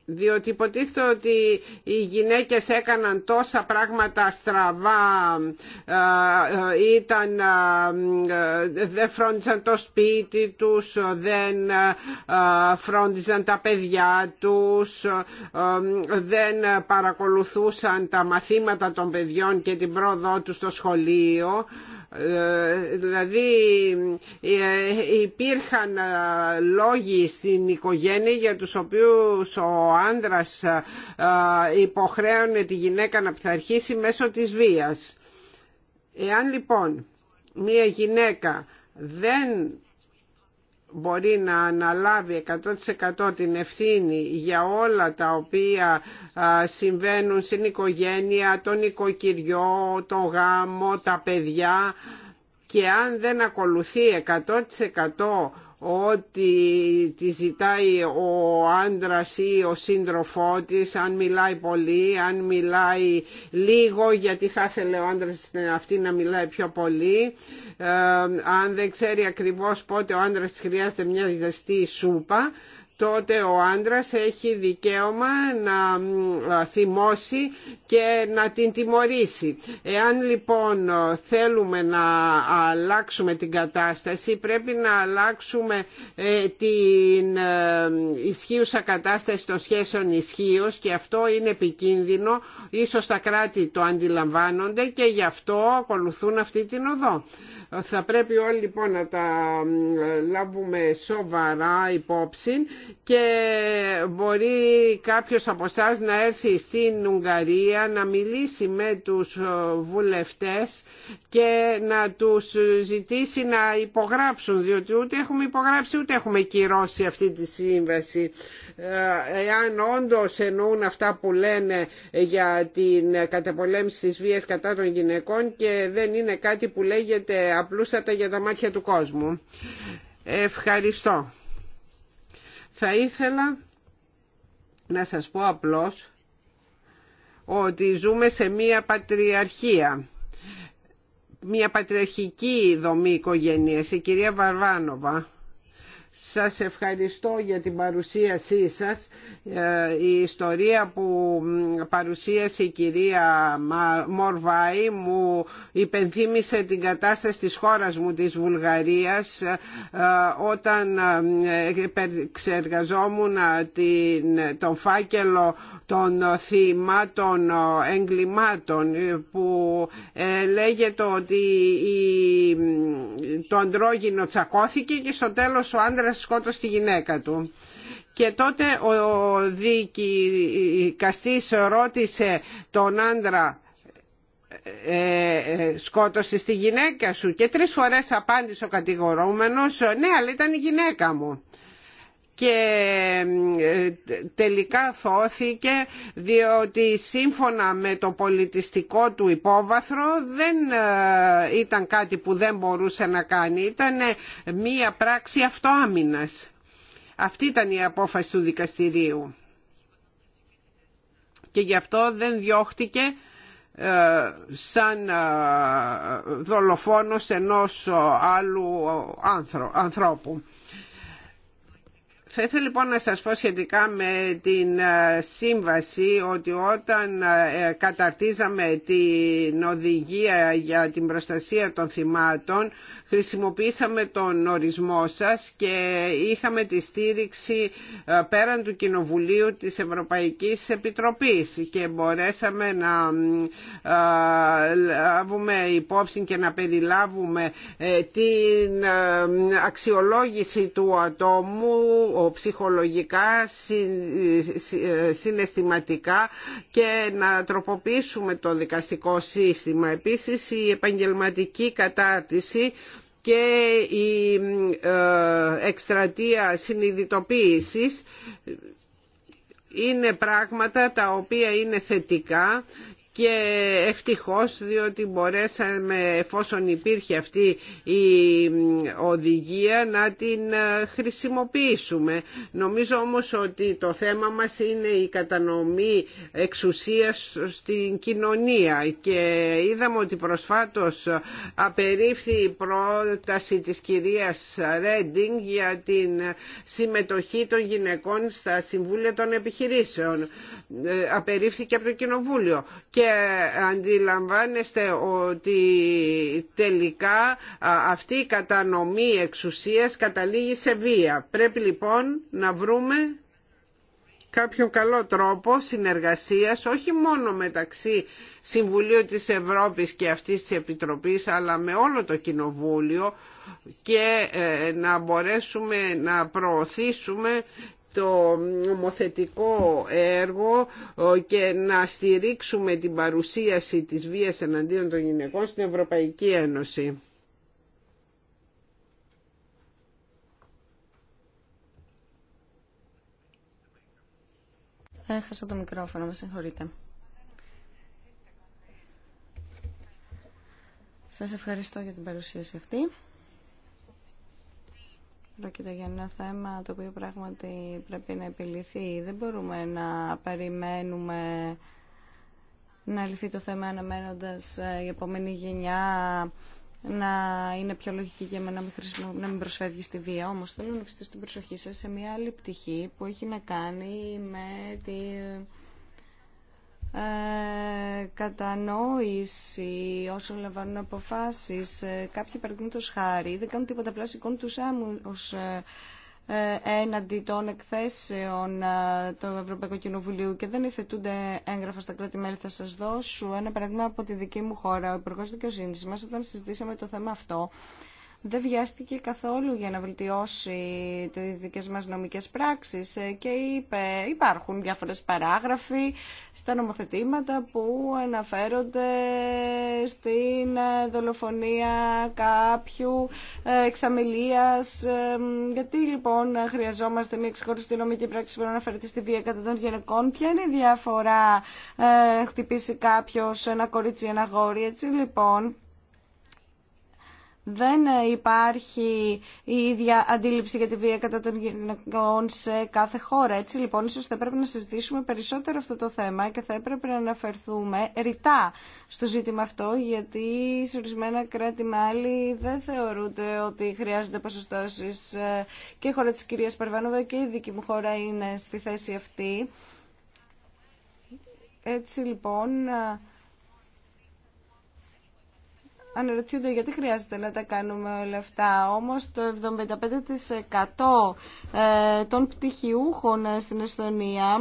A: διότι υποτίθεται ότι οι γυναίκες έκαναν τόσα πράγματα στραβά, ε, ε, ήταν, ε, δεν φρόντιζαν το σπίτι τους, δεν φρόντιζαν τα παιδιά τους, δεν παρακολουθούσαν τα μαθήματα των παιδιών και την πρόοδό τους στο σχολείο ε, δηλαδή ε, υπήρχαν ε, λόγοι στην οικογένεια για τους οποίους ο άνδρας υποχρέωνε τη γυναίκα να πειθαρχήσει μέσω της βίας. Εάν λοιπόν μία γυναίκα δεν μπορεί να αναλάβει 100% την ευθύνη για όλα τα οποία συμβαίνουν στην οικογένεια, τον οικοκυριό, τον γάμο, τα παιδιά και αν δεν ακολουθεί 100% ό,τι τη ζητάει ο άντρας ή ο σύντροφό της, αν μιλάει πολύ, αν μιλάει λίγο, γιατί θα ήθελε ο άντρας αυτή να μιλάει πιο πολύ, ε, αν δεν ξέρει ακριβώς πότε ο άντρας χρειάζεται μια ζεστή σούπα, τότε ο άντρας έχει δικαίωμα να θυμώσει και να την τιμωρήσει. Εάν λοιπόν θέλουμε να αλλάξουμε την κατάσταση πρέπει να αλλάξουμε ε, την ε, ισχύουσα κατάσταση των σχέσεων ισχύω και αυτό είναι επικίνδυνο, ίσως τα κράτη το αντιλαμβάνονται και γι' αυτό ακολουθούν αυτή την οδό. Θα πρέπει όλοι λοιπόν να τα λάβουμε σοβαρά υπόψη και μπορεί κάποιος από εσά να έρθει στην Ουγγαρία να μιλήσει με τους ε, βουλευτές και να τους ζητήσει να υπογράψουν διότι ούτε έχουμε υπογράψει ούτε έχουμε κυρώσει αυτή τη σύμβαση εάν όντως εννοούν αυτά που λένε για την καταπολέμηση της βίας κατά των γυναικών και δεν είναι κάτι που λέγεται απλούστατα για τα μάτια του κόσμου. Ευχαριστώ. Θα ήθελα να σας πω απλώς ότι ζούμε σε μία πατριαρχία μια πατριαρχική δομή οικογένειας, η κυρία Βαρβάνοβα σας ευχαριστώ για την παρουσίασή σας. Ε, η ιστορία που παρουσίασε η κυρία Μορβάη μου υπενθύμησε την κατάσταση της χώρας μου, της Βουλγαρίας, ε, όταν ε, εξεργαζόμουν τον φάκελο των θυμάτων εγκλημάτων που λέγεται ότι το αντρόγινο τσακώθηκε και στο τέλος ο άντρα άντρα σκότωσε τη γυναίκα του. Και τότε ο δικαστής ρώτησε τον άντρα ε, ε στη τη γυναίκα σου και τρεις φορές απάντησε ο κατηγορούμενος ναι αλλά ήταν η γυναίκα μου και ε, τελικά θώθηκε διότι σύμφωνα με το πολιτιστικό του υπόβαθρο δεν ε, ήταν κάτι που δεν μπορούσε να κάνει. Ήταν ε, μία πράξη αυτοάμυνας. Αυτή ήταν η απόφαση του δικαστηρίου. Και γι' αυτό δεν διώχτηκε σαν δολοφόνος ενός άλλου άνθρωπου. Θα ήθελα λοιπόν να σας πω σχετικά με την ε, σύμβαση ότι όταν ε, καταρτίζαμε την οδηγία για την προστασία των θυμάτων χρησιμοποίησαμε τον ορισμό σας και είχαμε τη στήριξη ε, πέραν του Κοινοβουλίου της Ευρωπαϊκής Επιτροπής και μπορέσαμε να λάβουμε υπόψη και να περιλάβουμε την αξιολόγηση του ατόμου ψυχολογικά, ε, συναισθηματικά και να τροποποιήσουμε το δικαστικό σύστημα. Επίσης η επαγγελματική κατάρτιση και η ε, εκστρατεία συνειδητοποίησης είναι πράγματα τα οποία είναι θετικά και ευτυχώς διότι μπορέσαμε εφόσον υπήρχε αυτή η οδηγία να την ε, χρησιμοποιήσουμε. Νομίζω όμως ότι το θέμα μας είναι η κατανομή εξουσίας στην κοινωνία και είδαμε ότι προσφάτως απερίφθη η πρόταση της κυρίας Ρέντινγκ για την συμμετοχή των γυναικών στα Συμβούλια των Επιχειρήσεων. Ε, απερίφθηκε από το Κοινοβούλιο και και αντιλαμβάνεστε ότι τελικά αυτή η κατανομή εξουσίας καταλήγει σε βία. Πρέπει λοιπόν να βρούμε κάποιον καλό τρόπο συνεργασίας όχι μόνο μεταξύ Συμβουλίου της Ευρώπης και αυτής της Επιτροπής αλλά με όλο το Κοινοβούλιο και ε, να μπορέσουμε να προωθήσουμε το νομοθετικό έργο και να στηρίξουμε την παρουσίαση της βίας εναντίον των γυναικών στην Ευρωπαϊκή Ένωση. Έχασα το μικρόφωνο, με
C: συγχωρείτε. Σας ευχαριστώ για την παρουσίαση αυτή. Πρόκειται για ένα θέμα το οποίο πράγματι πρέπει να επιληθεί. Δεν μπορούμε να περιμένουμε να λυθεί το θέμα αναμένοντας ε, η επόμενη γενιά να είναι πιο λογική για μένα να μην προσφεύγει στη βία. Όμως θέλω να ευστήσω την προσοχή σας σε μια άλλη πτυχή που έχει να κάνει με τη ε, κατανόηση όσο λαμβάνουν αποφάσεις. Ε, κάποιοι παραδείγματος χάρη δεν κάνουν τίποτα απλά σηκώνουν τους άμμους ε, έναντι των εκθέσεων του Ευρωπαϊκού Κοινοβουλίου και δεν υθετούνται έγγραφα στα κράτη-μέλη. Θα σας δώσω ένα παράδειγμα από τη δική μου χώρα. Ο Υπουργό Δικαιοσύνη μα, όταν συζητήσαμε το θέμα αυτό, δεν βιάστηκε καθόλου για να βελτιώσει τις δικές μας νομικές πράξεις ε, και είπε υπάρχουν διάφορες παράγραφοι στα νομοθετήματα που αναφέρονται στην ε, δολοφονία κάποιου ε, εξαμιλία. Γιατί λοιπόν χρειαζόμαστε μια ξεχωριστή νομική πράξη που αναφέρεται στη βία κατά των γυναικών. Ποια είναι η διαφορά χτυπήσει κάποιος ένα κορίτσι ή ένα γόρι. Έτσι λοιπόν δεν υπάρχει η ίδια αντίληψη για τη βία κατά των γυναικών σε κάθε χώρα. Έτσι λοιπόν, ίσως θα έπρεπε να συζητήσουμε περισσότερο αυτό το θέμα και θα έπρεπε να αναφερθούμε ρητά στο ζήτημα αυτό, γιατί σε ορισμένα κράτη-μάλλη δεν θεωρούνται ότι χρειάζονται ποσοστώσει και η χώρα της κυρίας Παρβάνοβα και η δική μου χώρα είναι στη θέση αυτή. Έτσι λοιπόν, αναρωτιούνται γιατί χρειάζεται να τα κάνουμε όλα αυτά. Όμως το 75% ε, των πτυχιούχων ε, στην Εστονία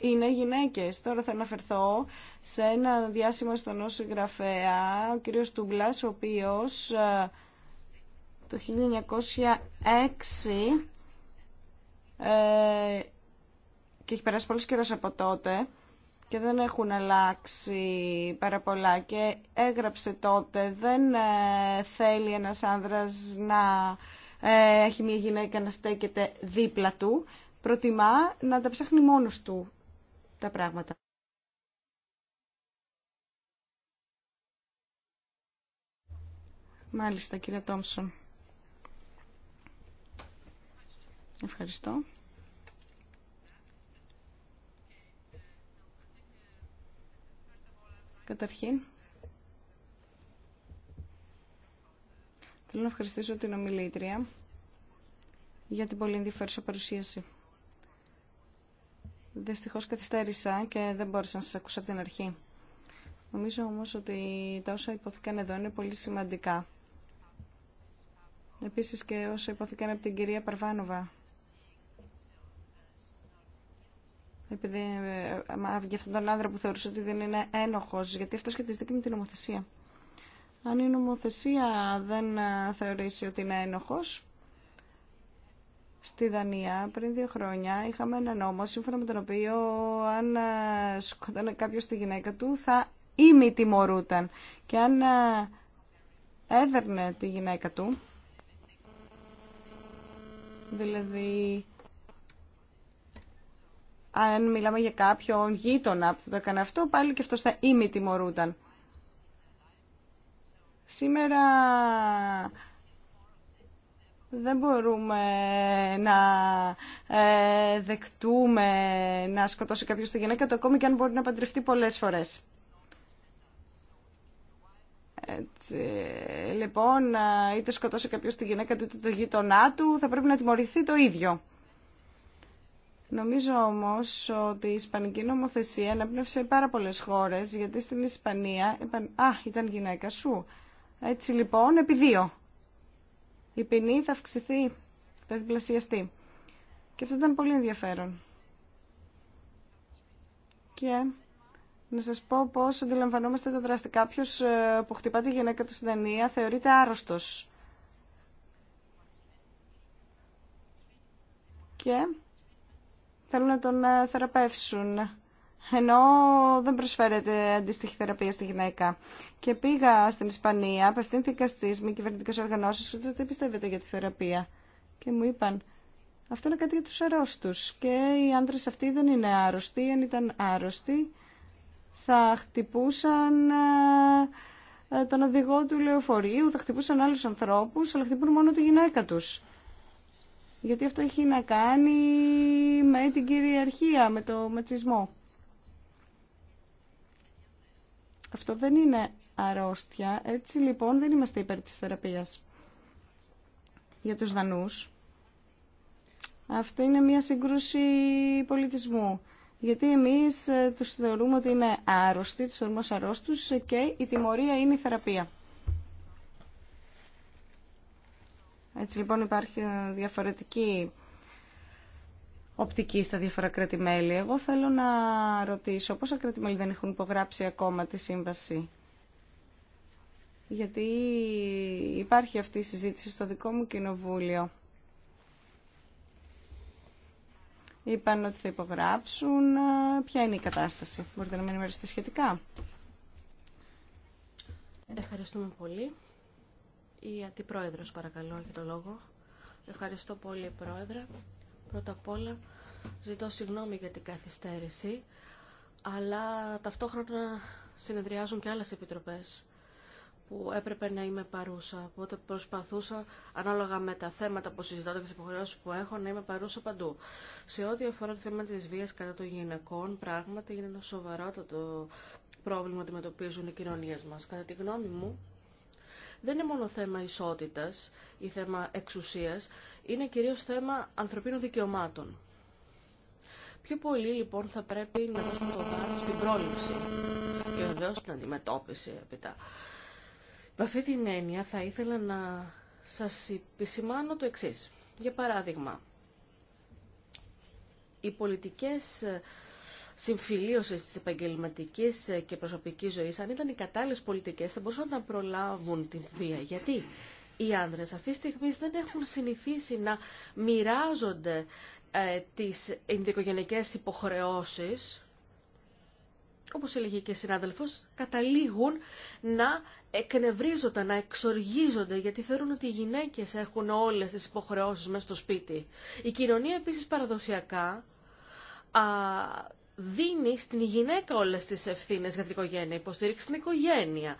C: είναι γυναίκες. Τώρα θα αναφερθώ σε ένα διάσημο στον συγγραφέα, ο κύριος Τούγκλας, ο οποίος ε, το 1906 και έχει περάσει πολλούς καιρό από τότε, και δεν έχουν αλλάξει πάρα πολλά και έγραψε τότε δεν ε, θέλει ένας άνδρας να ε, έχει μια γυναίκα να στέκεται δίπλα του προτιμά να τα ψάχνει μόνος του τα πράγματα. Μάλιστα, κύριε Τόμσον. Ευχαριστώ. Καταρχήν, θέλω να ευχαριστήσω την ομιλήτρια για την πολύ ενδιαφέρουσα παρουσίαση. Δυστυχώς καθυστέρησα και δεν μπόρεσα να σας ακούσω από την αρχή. Νομίζω όμως ότι τα όσα υπόθηκαν εδώ είναι πολύ σημαντικά. Επίσης και όσα υπόθηκαν από την κυρία Παρβάνοβα επειδή ε, για αυτόν τον άνδρα που θεωρούσε ότι δεν είναι ένοχος, γιατί αυτό σχετίζεται και με την νομοθεσία. Αν η νομοθεσία δεν ε, θεωρήσει ότι είναι ένοχος, στη Δανία πριν δύο χρόνια είχαμε ένα νόμο σύμφωνα με τον οποίο αν ε, σκοτώνε κάποιος τη γυναίκα του θα ήμι τιμωρούταν και αν έδερνε τη γυναίκα του δηλαδή αν μιλάμε για κάποιον γείτονα που θα το έκανε αυτό, πάλι και αυτός θα ήμι τιμωρούταν. Σήμερα δεν μπορούμε να ε, δεκτούμε να σκοτώσει κάποιος τη γυναίκα του, ακόμη και αν μπορεί να παντρευτεί πολλές φορές. Έτσι. Λοιπόν, ε, είτε σκοτώσει κάποιος τη γυναίκα του, είτε το γείτονά του, θα πρέπει να τιμωρηθεί το ίδιο. Νομίζω όμως ότι η ισπανική νομοθεσία αναπνεύσε πάρα πολλές χώρες, γιατί στην Ισπανία είπαν «Α, ήταν γυναίκα σου». Έτσι λοιπόν, επί δύο. Η ποινή θα αυξηθεί, θα διπλασιαστεί. Και αυτό ήταν πολύ ενδιαφέρον. Και να σας πω πώς αντιλαμβανόμαστε το δράστη. Κάποιος ε, που χτυπά τη γυναίκα του στην Δανία θεωρείται άρρωστος. Και θέλουν να τον ε, θεραπεύσουν ενώ δεν προσφέρεται αντίστοιχη θεραπεία στη γυναίκα. Και πήγα στην Ισπανία, απευθύνθηκα στι μη κυβερνητικέ οργανώσει και ρωτήσα τι πιστεύετε για τη θεραπεία. Και μου είπαν, αυτό είναι κάτι για του αρρώστου. Και οι άντρε αυτοί δεν είναι άρρωστοι. Αν ήταν άρρωστοι, θα χτυπούσαν ε, ε, τον οδηγό του λεωφορείου, θα χτυπούσαν άλλου ανθρώπου, αλλά χτυπούν μόνο τη γυναίκα του γιατί αυτό έχει να κάνει με την κυριαρχία, με το μετσισμό. Αυτό δεν είναι αρρώστια, έτσι λοιπόν δεν είμαστε υπέρ της θεραπείας. Για τους δανούς, αυτό είναι μια σύγκρουση πολιτισμού. Γιατί εμείς ε, τους θεωρούμε ότι είναι άρρωστοι, τους θεωρούμε αρρώστους ε, και η τιμωρία είναι η θεραπεία. Έτσι λοιπόν υπάρχει ε, διαφορετική οπτική στα διάφορα κράτη-μέλη. Εγώ θέλω να ρωτήσω πόσα δεν έχουν υπογράψει ακόμα τη σύμβαση. Γιατί υπάρχει αυτή η συζήτηση στο δικό μου κοινοβούλιο. Είπαν ότι θα υπογράψουν. Ε, ποια είναι η κατάσταση. Μπορείτε να με ενημερώσετε σχετικά.
B: Ευχαριστούμε πολύ. Η Αντιπρόεδρος, παρακαλώ, για το λόγο. Ευχαριστώ πολύ, Πρόεδρε. Πρώτα απ' όλα, ζητώ συγγνώμη για την καθυστέρηση, αλλά ταυτόχρονα συνεδριάζουν και άλλες επιτροπές που έπρεπε να είμαι παρούσα. Οπότε προσπαθούσα, ανάλογα με τα θέματα που συζητώ και τι υποχρεώσει που έχω, να είμαι παρούσα παντού. Σε ό,τι αφορά το θέμα τη βία κατά των γυναικών, πράγματι είναι ένα το πρόβλημα που αντιμετωπίζουν οι κοινωνίε μα. Κατά τη γνώμη μου, δεν είναι μόνο θέμα ισότητας ή θέμα εξουσίας, είναι κυρίως θέμα ανθρωπίνων δικαιωμάτων. Πιο πολύ λοιπόν θα πρέπει να δώσουμε το βάρος στην πρόληψη και βεβαίω στην αντιμετώπιση Με αυτή την έννοια θα ήθελα να σας επισημάνω το εξής. Για παράδειγμα, οι πολιτικές συμφιλίωσης τη επαγγελματική και προσωπική ζωή, αν ήταν οι κατάλληλε πολιτικές, θα μπορούσαν να προλάβουν την βία. Γιατί οι άνδρες αυτή τη στιγμή δεν έχουν συνηθίσει να μοιράζονται ε, τις ενδικογενειακές υποχρεώσεις, όπως έλεγε και συνάδελφο, καταλήγουν να εκνευρίζονται, να εξοργίζονται, γιατί θεωρούν ότι οι γυναίκε έχουν όλε τι υποχρεώσει μέσα στο σπίτι. Η κοινωνία επίση παραδοσιακά α, δίνει στην γυναίκα όλες τις ευθύνες για την οικογένεια, υποστήριξη στην οικογένεια,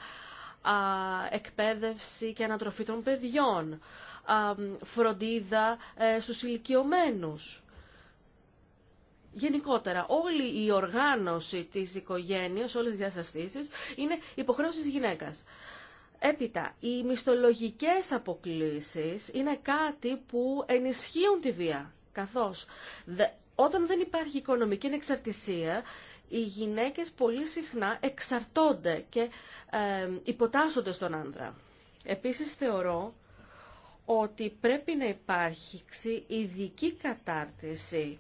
B: εκπαίδευση και ανατροφή των παιδιών, φροντίδα ε, στους ηλικιωμένους. Γενικότερα, όλη η οργάνωση της οικογένειας, όλες οι διαστασίσεις, είναι υποχρέωση της γυναίκας. Έπειτα, οι μισθολογικές αποκλήσεις είναι κάτι που ενισχύουν τη βία, καθώς όταν δεν υπάρχει οικονομική εξαρτησία, οι γυναίκες πολύ συχνά εξαρτώνται και ε, υποτάσσονται στον άντρα. Επίσης θεωρώ ότι πρέπει να υπάρχει ειδική κατάρτιση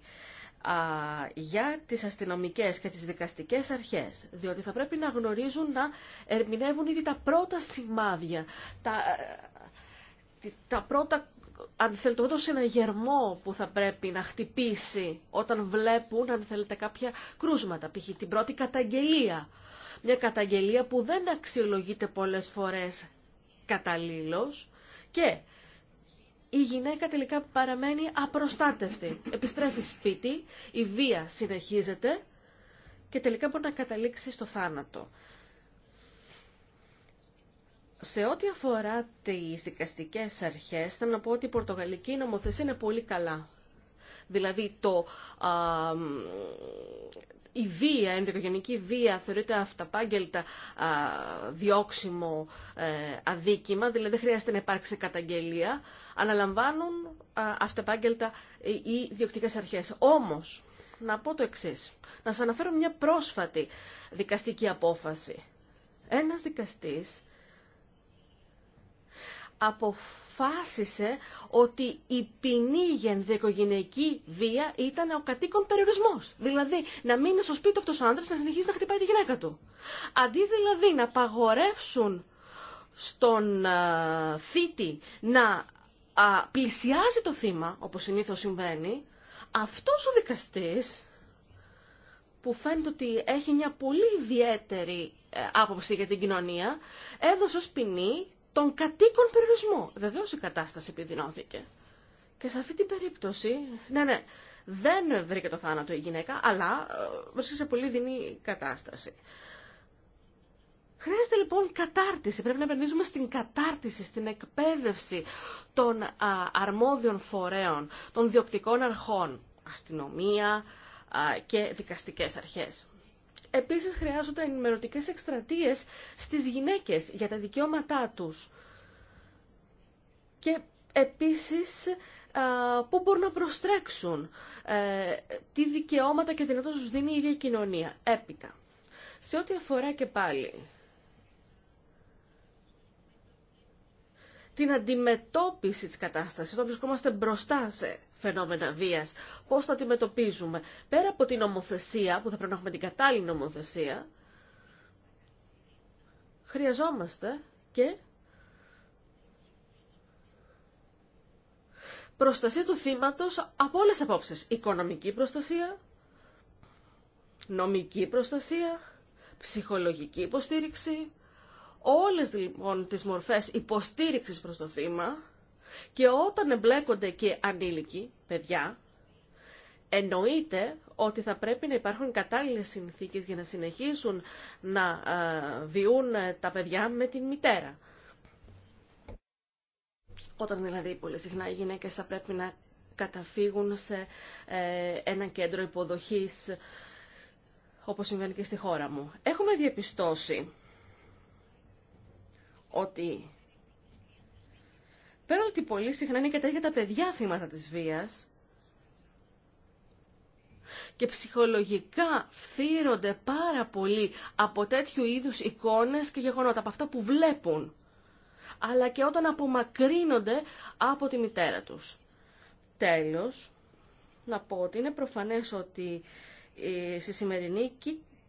B: για τις αστυνομικές και τις δικαστικές αρχές, διότι θα πρέπει να γνωρίζουν να ερμηνεύουν ήδη τα πρώτα σημάδια, τα, ε, τα πρώτα αν θέλετε, όντως ένα γερμό που θα πρέπει να χτυπήσει όταν βλέπουν, αν θέλετε, κάποια κρούσματα. Π.χ. την πρώτη καταγγελία. Μια καταγγελία που δεν αξιολογείται πολλές φορές καταλήλως και η γυναίκα τελικά παραμένει απροστάτευτη. Επιστρέφει σπίτι, η βία συνεχίζεται και τελικά μπορεί να καταλήξει στο θάνατο. Σε ό,τι αφορά τις δικαστικές αρχές, θέλω να πω ότι η πορτογαλική νομοθεσία είναι πολύ καλά. Δηλαδή, το, η βία, η ενδοικογενική βία θεωρείται αυταπάγγελτα α, διώξιμο ε, αδίκημα, δηλαδή δεν χρειάζεται να υπάρξει καταγγελία. Αναλαμβάνουν α, αυταπάγγελτα οι διοκτικές αρχές. Όμως, να πω το εξής. Να σας αναφέρω μια πρόσφατη δικαστική απόφαση. Ένας δικαστής αποφάσισε ότι η ποινή για ενδοικογενειακή βία ήταν ο κατοίκον περιορισμός. Δηλαδή, να μείνει στο σπίτι αυτό ο και να συνεχίσει να χτυπάει τη γυναίκα του. Αντί δηλαδή να απαγορεύσουν στον θήτη να πλησιάζει το θύμα, όπως συνήθως συμβαίνει, αυτός ο δικαστής που φαίνεται ότι έχει μια πολύ ιδιαίτερη ε, άποψη για την κοινωνία, έδωσε ως ποινή τον κατοίκον περιορισμό. Βεβαίω η κατάσταση επιδεινώθηκε. Και σε αυτή την περίπτωση, ναι, ναι, δεν βρήκε το θάνατο η γυναίκα, αλλά ε, βρίσκεται σε πολύ δινή κατάσταση. Χρειάζεται λοιπόν κατάρτιση. Πρέπει να επενδύσουμε στην κατάρτιση, στην εκπαίδευση των αρμόδιων φορέων, των διοκτικών αρχών, αστυνομία και δικαστικές αρχές. Επίσης χρειάζονται ενημερωτικές εκστρατείες στις γυναίκες για τα δικαιώματά τους. Και επίσης πού μπορούν να προστρέξουν, ε, τι δικαιώματα και δυνατότητα τους δίνει η ίδια η κοινωνία. Έπειτα, σε ό,τι αφορά και πάλι την αντιμετώπιση της κατάστασης, όταν βρισκόμαστε μπροστά σε φαινόμενα βίας, πώ τα αντιμετωπίζουμε. Πέρα από την νομοθεσία, που θα πρέπει να έχουμε την κατάλληλη νομοθεσία, χρειαζόμαστε και προστασία του θύματος από όλες τις απόψεις. Οικονομική προστασία, νομική προστασία, ψυχολογική υποστήριξη, όλες λοιπόν τις μορφές υποστήριξης προς το θύμα, και όταν εμπλέκονται και ανήλικοι, παιδιά, εννοείται ότι θα πρέπει να υπάρχουν κατάλληλες συνθήκες για να συνεχίσουν να ε, βιούν ε, τα παιδιά με την μητέρα. Όταν δηλαδή πολύ συχνά οι γυναίκες θα πρέπει να καταφύγουν σε ε, ένα κέντρο υποδοχής, όπως συμβαίνει και στη χώρα μου. Έχουμε διαπιστώσει ότι Πέρα ότι πολύ συχνά είναι και τα τα παιδιά θύματα της βίας και ψυχολογικά φθύρονται πάρα πολύ από τέτοιου είδους εικόνες και γεγονότα, από αυτά που βλέπουν, αλλά και όταν απομακρύνονται από τη μητέρα τους. Τέλος, να πω ότι είναι προφανές ότι ε, στη σημερινή,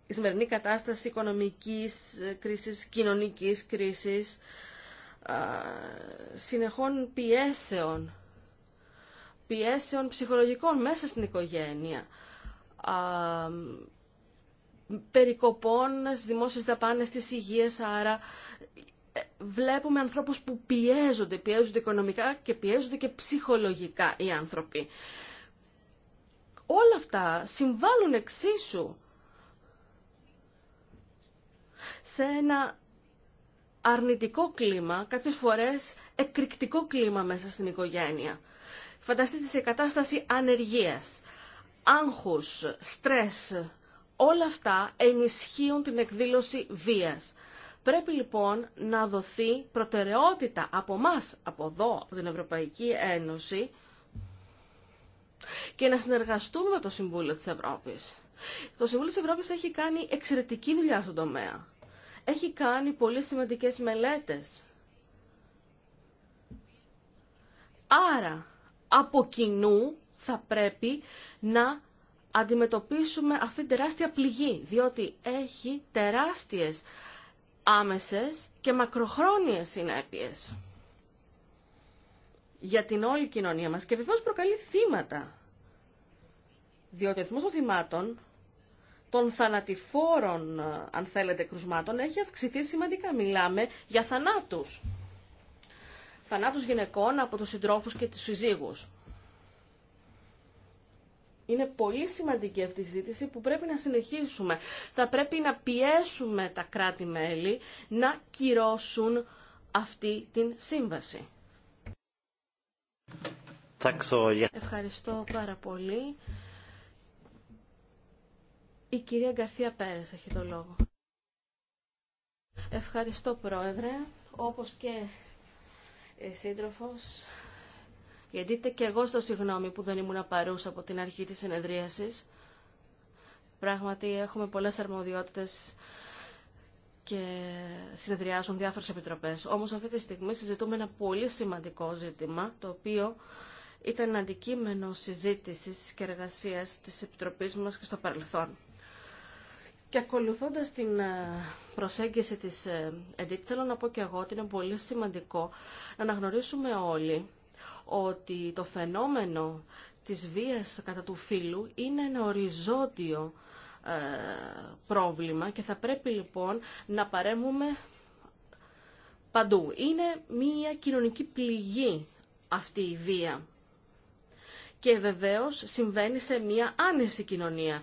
B: η σημερινή κατάσταση οικονομικής ε, κρίσης, κοινωνικής κρίσης, συνεχών πιέσεων, πιέσεων ψυχολογικών μέσα στην οικογένεια, περικοπών στις δημόσιες δαπάνες της υγείας, άρα ε, βλέπουμε ανθρώπους που πιέζονται, πιέζονται οικονομικά και πιέζονται και ψυχολογικά οι άνθρωποι. Όλα αυτά συμβάλλουν εξίσου σε ένα αρνητικό κλίμα, κάποιες φορές εκρηκτικό κλίμα μέσα στην οικογένεια. Φανταστείτε σε κατάσταση ανεργίας, άγχους, στρες, όλα αυτά ενισχύουν την εκδήλωση βίας. Πρέπει λοιπόν να δοθεί προτεραιότητα από μας, από εδώ, από την Ευρωπαϊκή Ένωση και να συνεργαστούμε με το Συμβούλιο της Ευρώπης. Το Συμβούλιο της Ευρώπης έχει κάνει εξαιρετική δουλειά στον τομέα έχει κάνει πολύ σημαντικές μελέτες. Άρα, από κοινού θα πρέπει να αντιμετωπίσουμε αυτή την τεράστια πληγή, διότι έχει τεράστιες άμεσες και μακροχρόνιες συνέπειες για την όλη κοινωνία μας και βεβαίως προκαλεί θύματα. Διότι ο αριθμός των θυμάτων των θανατηφόρων, ε, αν θέλετε, κρουσμάτων έχει αυξηθεί σημαντικά. Μιλάμε για θανάτους. Θανάτους γυναικών από τους συντρόφους και τους συζύγους. Είναι πολύ σημαντική αυτή η ζήτηση που πρέπει να συνεχίσουμε. Θα πρέπει να πιέσουμε τα κράτη-μέλη να κυρώσουν αυτή την σύμβαση. Ευχαριστώ πάρα πολύ. Η κυρία Γκαρθία Πέρες έχει το λόγο. Ευχαριστώ Πρόεδρε, όπως και η σύντροφος, γιατί και εγώ στο συγγνώμη που δεν ήμουν παρούσα από την αρχή της συνεδρίασης. Πράγματι έχουμε πολλές αρμοδιότητες και συνεδριάζουν διάφορες επιτροπές. Όμως αυτή τη στιγμή συζητούμε ένα πολύ σημαντικό ζήτημα, το οποίο ήταν αντικείμενο συζήτησης και εργασίας της Επιτροπής μας και στο παρελθόν. Και ακολουθώντας την ε, προσέγγιση της ΕΔΙΤ, θέλω να πω και εγώ ότι είναι πολύ σημαντικό να αναγνωρίσουμε όλοι ότι το φαινόμενο της βίας κατά του φύλου είναι ένα οριζόντιο ε, πρόβλημα και θα πρέπει λοιπόν να παρέμουμε παντού. Είναι μία κοινωνική πληγή αυτή η βία. Και βεβαίως συμβαίνει σε μία άνεση κοινωνία.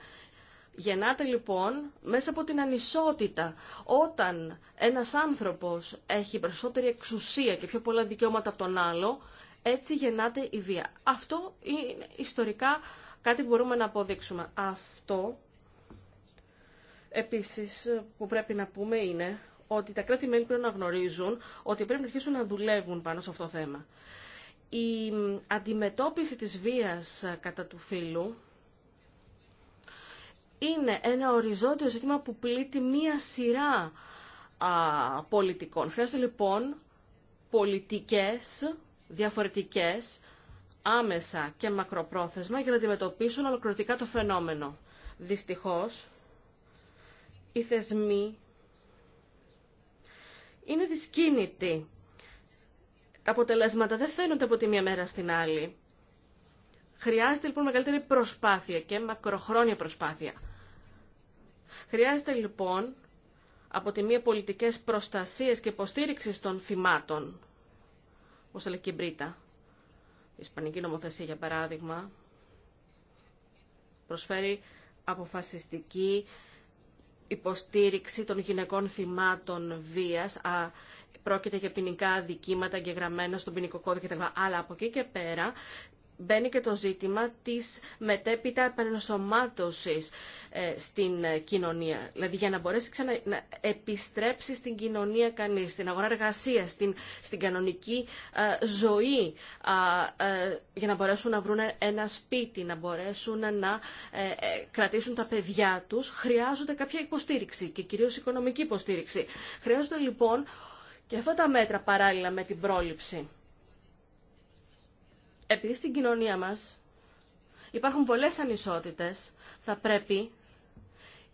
B: Γεννάται λοιπόν μέσα από την ανισότητα. Όταν ένας άνθρωπος έχει περισσότερη εξουσία και πιο πολλά δικαιώματα από τον άλλο, έτσι γεννάται η βία. Αυτό είναι ιστορικά κάτι που μπορούμε να αποδείξουμε. Αυτό επίσης που πρέπει να πούμε είναι ότι τα κράτη-μέλη πρέπει να γνωρίζουν ότι πρέπει να αρχίσουν να δουλεύουν πάνω σε αυτό το θέμα. Η αντιμετώπιση της βίας ε, κατά του φύλου είναι ένα οριζόντιο ζήτημα που πλήττει μία σειρά πολιτικών. Χρειάζονται λοιπόν πολιτικές διαφορετικές, άμεσα και μακροπρόθεσμα για να αντιμετωπίσουν ολοκληρωτικά το φαινόμενο. Δυστυχώς, οι θεσμοί είναι δυσκίνητοι. Τα αποτελέσματα δεν φαίνονται από τη μία μέρα στην άλλη. Χρειάζεται λοιπόν μεγαλύτερη προσπάθεια και μακροχρόνια προσπάθεια. Χρειάζεται λοιπόν από τη μία πολιτικές προστασίες και υποστήριξη των θυμάτων, όπως έλεγε και η Μπρίτα. Η Ισπανική νομοθεσία, για παράδειγμα, προσφέρει αποφασιστική υποστήριξη των γυναικών θυμάτων βίας. Α, πρόκειται για ποινικά αδικήματα εγγεγραμμένα στον ποινικό κώδικα Αλλά από εκεί και πέρα μπαίνει και το ζήτημα της μετέπειτα επανενσωμάτωσης ε, στην κοινωνία. Δηλαδή για να μπορέσει ξανα, να επιστρέψει στην κοινωνία κανείς, στην αγορά εργασία στην, στην κανονική ε, ζωή, ε, για να μπορέσουν να βρουν ένα σπίτι, να μπορέσουν να κρατήσουν τα παιδιά τους, χρειάζονται κάποια υποστήριξη και κυρίως οικονομική υποστήριξη. Χρειάζονται λοιπόν και αυτά τα μέτρα παράλληλα με την πρόληψη επειδή στην κοινωνία μας υπάρχουν πολλές ανισότητες, θα πρέπει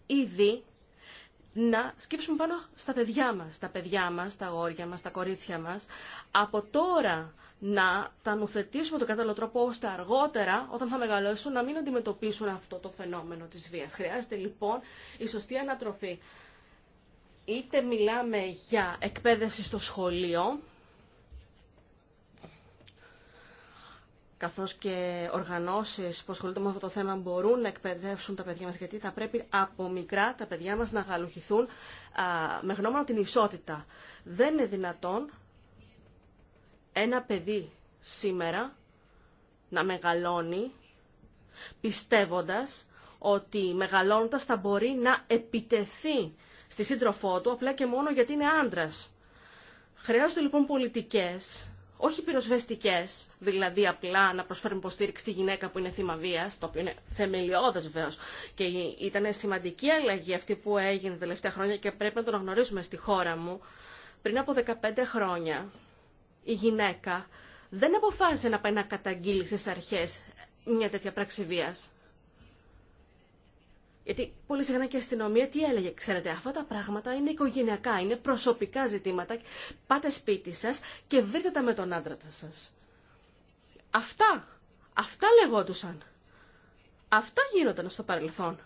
B: ήδη να σκύψουμε πάνω στα παιδιά μας, τα παιδιά μας, τα αγόρια μας, τα κορίτσια μας, από τώρα να τα νουθετήσουμε τον κατάλληλο τρόπο, ώστε αργότερα, όταν θα μεγαλώσουν, να μην αντιμετωπίσουν αυτό το φαινόμενο της βίας. Χρειάζεται λοιπόν η σωστή ανατροφή. Είτε μιλάμε για εκπαίδευση στο σχολείο, καθώς και οργανώσεις που ασχολούνται με αυτό το θέμα μπορούν να εκπαιδεύσουν τα παιδιά μας, γιατί θα πρέπει από μικρά τα παιδιά μας να γαλουχηθούν με γνώμονα την ισότητα. Δεν είναι δυνατόν ένα παιδί σήμερα να μεγαλώνει πιστεύοντας ότι μεγαλώνοντας θα μπορεί να επιτεθεί στη σύντροφό του απλά και μόνο γιατί είναι άντρας. Χρειάζονται λοιπόν πολιτικές όχι πυροσβεστικέ, δηλαδή απλά να προσφέρουν υποστήριξη στη γυναίκα που είναι θύμα βία, το οποίο είναι θεμελιώδε, βεβαίω. Και ήταν σημαντική αλλαγή αυτή που έγινε τα τελευταία χρόνια και πρέπει να το αναγνωρίσουμε στη χώρα μου. Πριν από 15 χρόνια η γυναίκα δεν αποφάσισε να πάει να καταγγείλει στι αρχές μια τέτοια πράξη βίας. Γιατί πολύ συχνά και η αστυνομία τι έλεγε. Ξέρετε, αυτά τα πράγματα είναι οικογενειακά, είναι προσωπικά ζητήματα. Πάτε σπίτι σας και βρείτε τα με τον άντρα σας. Αυτά, αυτά λεγόντουσαν. Αυτά γίνονταν στο παρελθόν.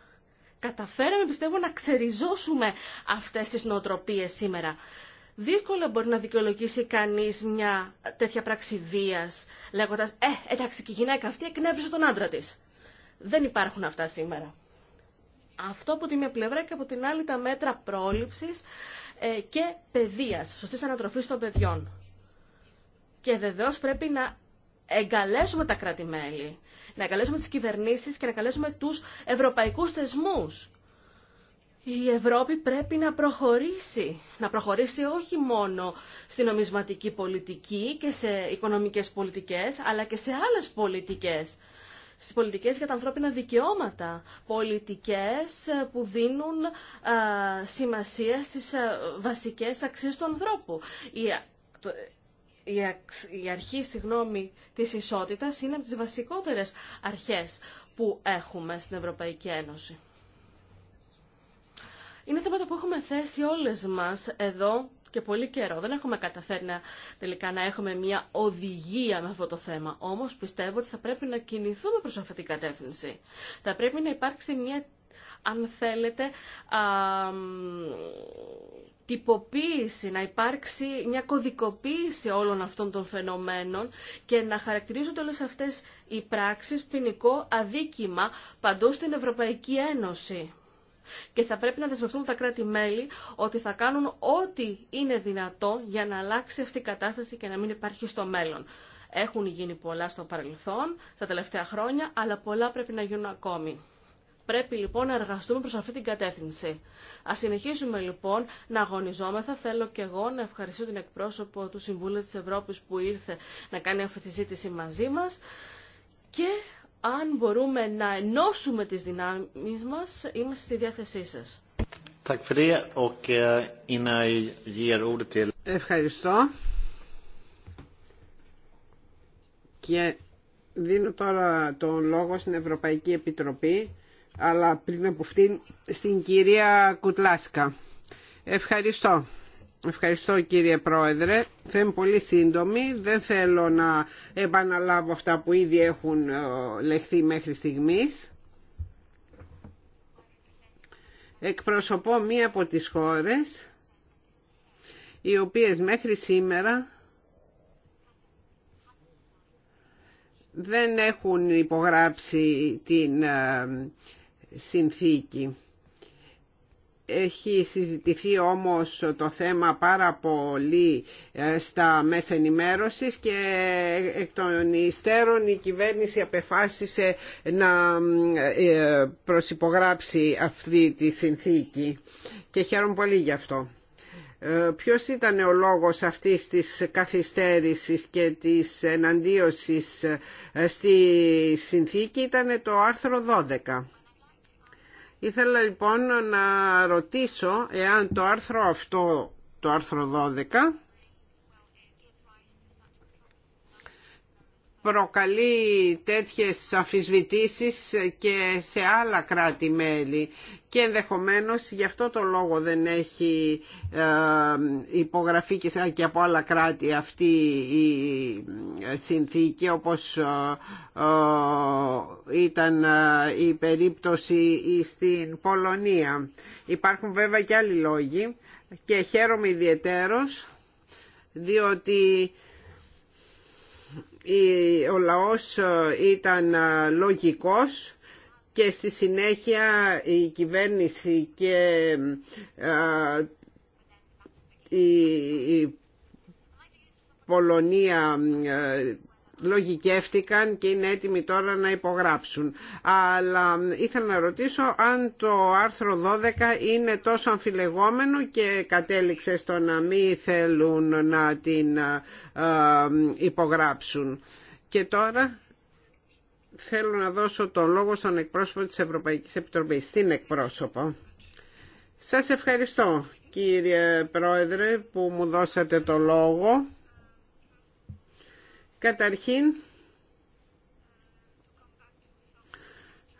B: Καταφέραμε, πιστεύω, να ξεριζώσουμε αυτές τις νοοτροπίες σήμερα. Δύσκολα μπορεί να δικαιολογήσει κανεί μια τέτοια πράξη βία, λέγοντα «Ε, εντάξει, και η γυναίκα αυτή εκνεύρισε τον άντρα τη. Δεν υπάρχουν αυτά σήμερα. Αυτό από τη μία πλευρά και από την άλλη τα μέτρα πρόληψης ε, και παιδείας, σωστής ανατροφής των παιδιών. Και βεβαίω πρέπει να εγκαλέσουμε τα κράτη-μέλη, να εγκαλέσουμε τις κυβερνήσεις και να εγκαλέσουμε τους ευρωπαϊκούς θεσμούς. Η Ευρώπη πρέπει να προχωρήσει. Να προχωρήσει όχι μόνο στην νομισματική πολιτική και σε οικονομικές πολιτικές, αλλά και σε άλλες πολιτικές στις πολιτικές για τα ανθρώπινα δικαιώματα. Πολιτικές ε, που δίνουν ε, σημασία στις ε, βασικές αξίες του ανθρώπου. Η αρχή συγγνώμη, της ισότητας είναι από τις βασικότερες αρχές που έχουμε στην Ευρωπαϊκή Ένωση. Είναι θέματα που έχουμε θέσει όλες μας εδώ και πολύ καιρό. Δεν έχουμε καταφέρει να, τελικά να έχουμε μια οδηγία με αυτό το θέμα. Όμως πιστεύω ότι θα πρέπει να κινηθούμε προ αυτή την κατεύθυνση. Θα πρέπει να υπάρξει μια, αν θέλετε, τυποποίηση, να υπάρξει μια κωδικοποίηση όλων αυτών των φαινομένων και να χαρακτηρίζονται όλες αυτές οι πράξεις ποινικό αδίκημα παντού στην Ευρωπαϊκή Ένωση. Και θα πρέπει να δεσμευτούν τα κράτη-μέλη ότι θα κάνουν ό,τι είναι δυνατό για να αλλάξει αυτή η κατάσταση και να μην υπάρχει στο μέλλον. Έχουν γίνει πολλά στο παρελθόν, στα τελευταία χρόνια, αλλά πολλά πρέπει να γίνουν ακόμη. Πρέπει λοιπόν να εργαστούμε προς αυτή την κατεύθυνση. Ας συνεχίσουμε λοιπόν να αγωνιζόμεθα. Θέλω και εγώ να ευχαριστήσω την εκπρόσωπο του Συμβούλου της Ευρώπης που ήρθε να κάνει αυτή τη ζήτηση μαζί μας. Και αν μπορούμε να ενώσουμε τις δυνάμεις μας, είμαστε στη διάθεσή σας.
A: Eh, Ευχαριστώ. Και δίνω τώρα τον λόγο στην Ευρωπαϊκή Επιτροπή, αλλά πριν από αυτήν στην κυρία Κουτλάσκα. Ευχαριστώ. Ευχαριστώ κύριε Πρόεδρε. Θα είμαι πολύ σύντομη. Δεν θέλω να επαναλάβω αυτά που ήδη έχουν ε, λεχθεί μέχρι στιγμής. Εκπροσωπώ μία από τις χώρες οι οποίες μέχρι σήμερα δεν έχουν υπογράψει την ε, συνθήκη έχει συζητηθεί όμως το θέμα πάρα πολύ ε, στα μέσα ενημέρωσης και ε, εκ των υστέρων η κυβέρνηση απεφάσισε να ε, προσυπογράψει αυτή τη συνθήκη και χαίρομαι πολύ γι' αυτό. Ποιος ήταν ο λόγος αυτής της καθυστέρησης και της εναντίωσης στη συνθήκη ήταν το άρθρο 12 Ήθελα λοιπόν να ρωτήσω εάν το άρθρο αυτό, το άρθρο 12, προκαλεί τέτοιες αφισβητήσεις και σε άλλα κράτη-μέλη και ενδεχομένως γι' αυτό το λόγο δεν έχει ε, υπογραφεί και από άλλα κράτη αυτή η ε, συνθήκη όπως ε, ήταν η περίπτωση στην Πολωνία. Υπάρχουν βέβαια και άλλοι λόγοι και χαίρομαι ιδιαίτερος διότι ο λαός ε, ήταν ε, λογικός και στη συνέχεια η κυβέρνηση και ε, η Πολωνία λογικεύτηκαν και είναι έτοιμοι τώρα να υπογράψουν. Αλλά ήθελα να ρωτήσω αν το άρθρο 12 είναι τόσο αμφιλεγόμενο και κατέληξε στο να μην θέλουν να την υπογράψουν. Και τώρα θέλω να δώσω το λόγο στον εκπρόσωπο της Ευρωπαϊκής Επιτροπής, στην εκπρόσωπο. Σας ευχαριστώ κύριε Πρόεδρε που μου δώσατε το λόγο Καταρχήν,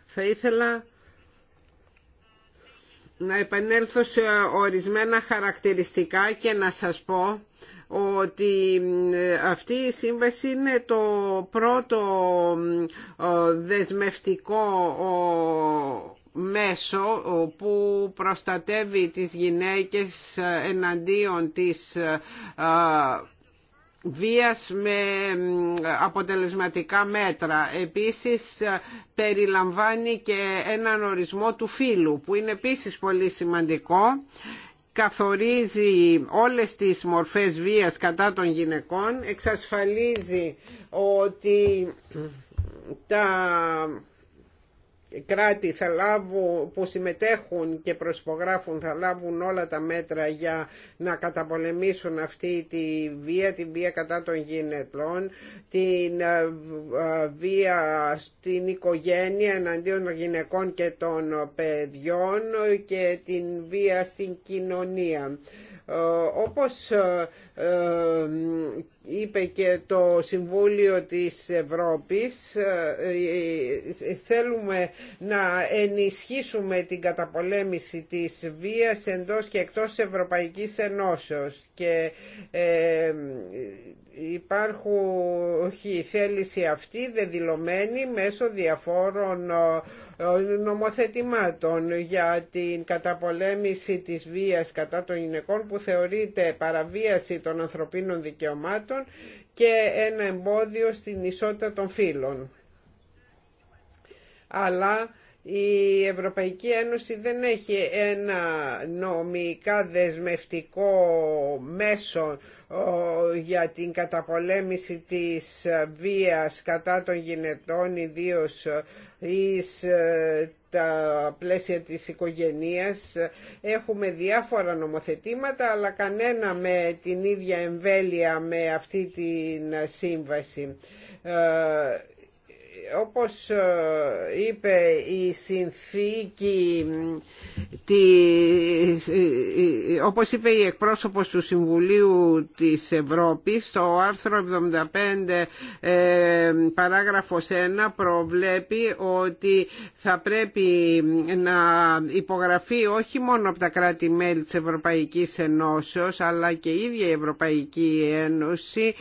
A: θα ήθελα να επανέλθω σε ορισμένα χαρακτηριστικά και να σας πω ότι ε, αυτή η σύμβαση είναι το πρώτο ε, δεσμευτικό μέσο που προστατεύει τις γυναίκες ε, εναντίον της βίας με αποτελεσματικά μέτρα. Επίσης ε, περιλαμβάνει και έναν ορισμό του φύλου που είναι επίσης πολύ σημαντικό καθορίζει όλες τις μορφές βίας κατά των γυναικών, εξασφαλίζει ότι τα κράτη θα λάβουν, που συμμετέχουν και προσπογράφουν θα λάβουν όλα τα μέτρα για να καταπολεμήσουν αυτή τη βία, τη βία κατά των γυναικών, την ε, ε, βία στην οικογένεια εναντίον των γυναικών και των παιδιών και την βία στην κοινωνία. Ε, όπως ε, ε, είπε και το Συμβούλιο της Ευρώπης θέλουμε να ενισχύσουμε την καταπολέμηση της βίας εντός και εκτός Ευρωπαϊκής Ενώσεως και ε, υπάρχει θέληση αυτή δεδηλωμένη μέσω διαφόρων ε, νομοθετημάτων για την καταπολέμηση της βίας κατά των γυναικών που θεωρείται παραβίαση των ανθρωπίνων δικαιωμάτων και ένα εμπόδιο στην ισότητα των φύλων. Αλλά η Ευρωπαϊκή Ένωση δεν έχει ένα νομικά δεσμευτικό μέσο για την καταπολέμηση της βίας κατά των γυναιτών ιδίως εις τα πλαίσια της οικογενείας έχουμε διάφορα νομοθετήματα αλλά κανένα με την ίδια εμβέλεια με αυτή την σύμβαση. Ε, όπως ε, είπε η συνθήκη τη, ε, ε, όπως είπε η εκπρόσωπος του Συμβουλίου της Ευρώπης το άρθρο 75 παράγραφος 1 προβλέπει ότι θα πρέπει να υπογραφεί όχι μόνο από τα κράτη-μέλη της Ευρωπαϊκής Ενώσεως αλλά και η ίδια η Ευρωπαϊκή Ένωση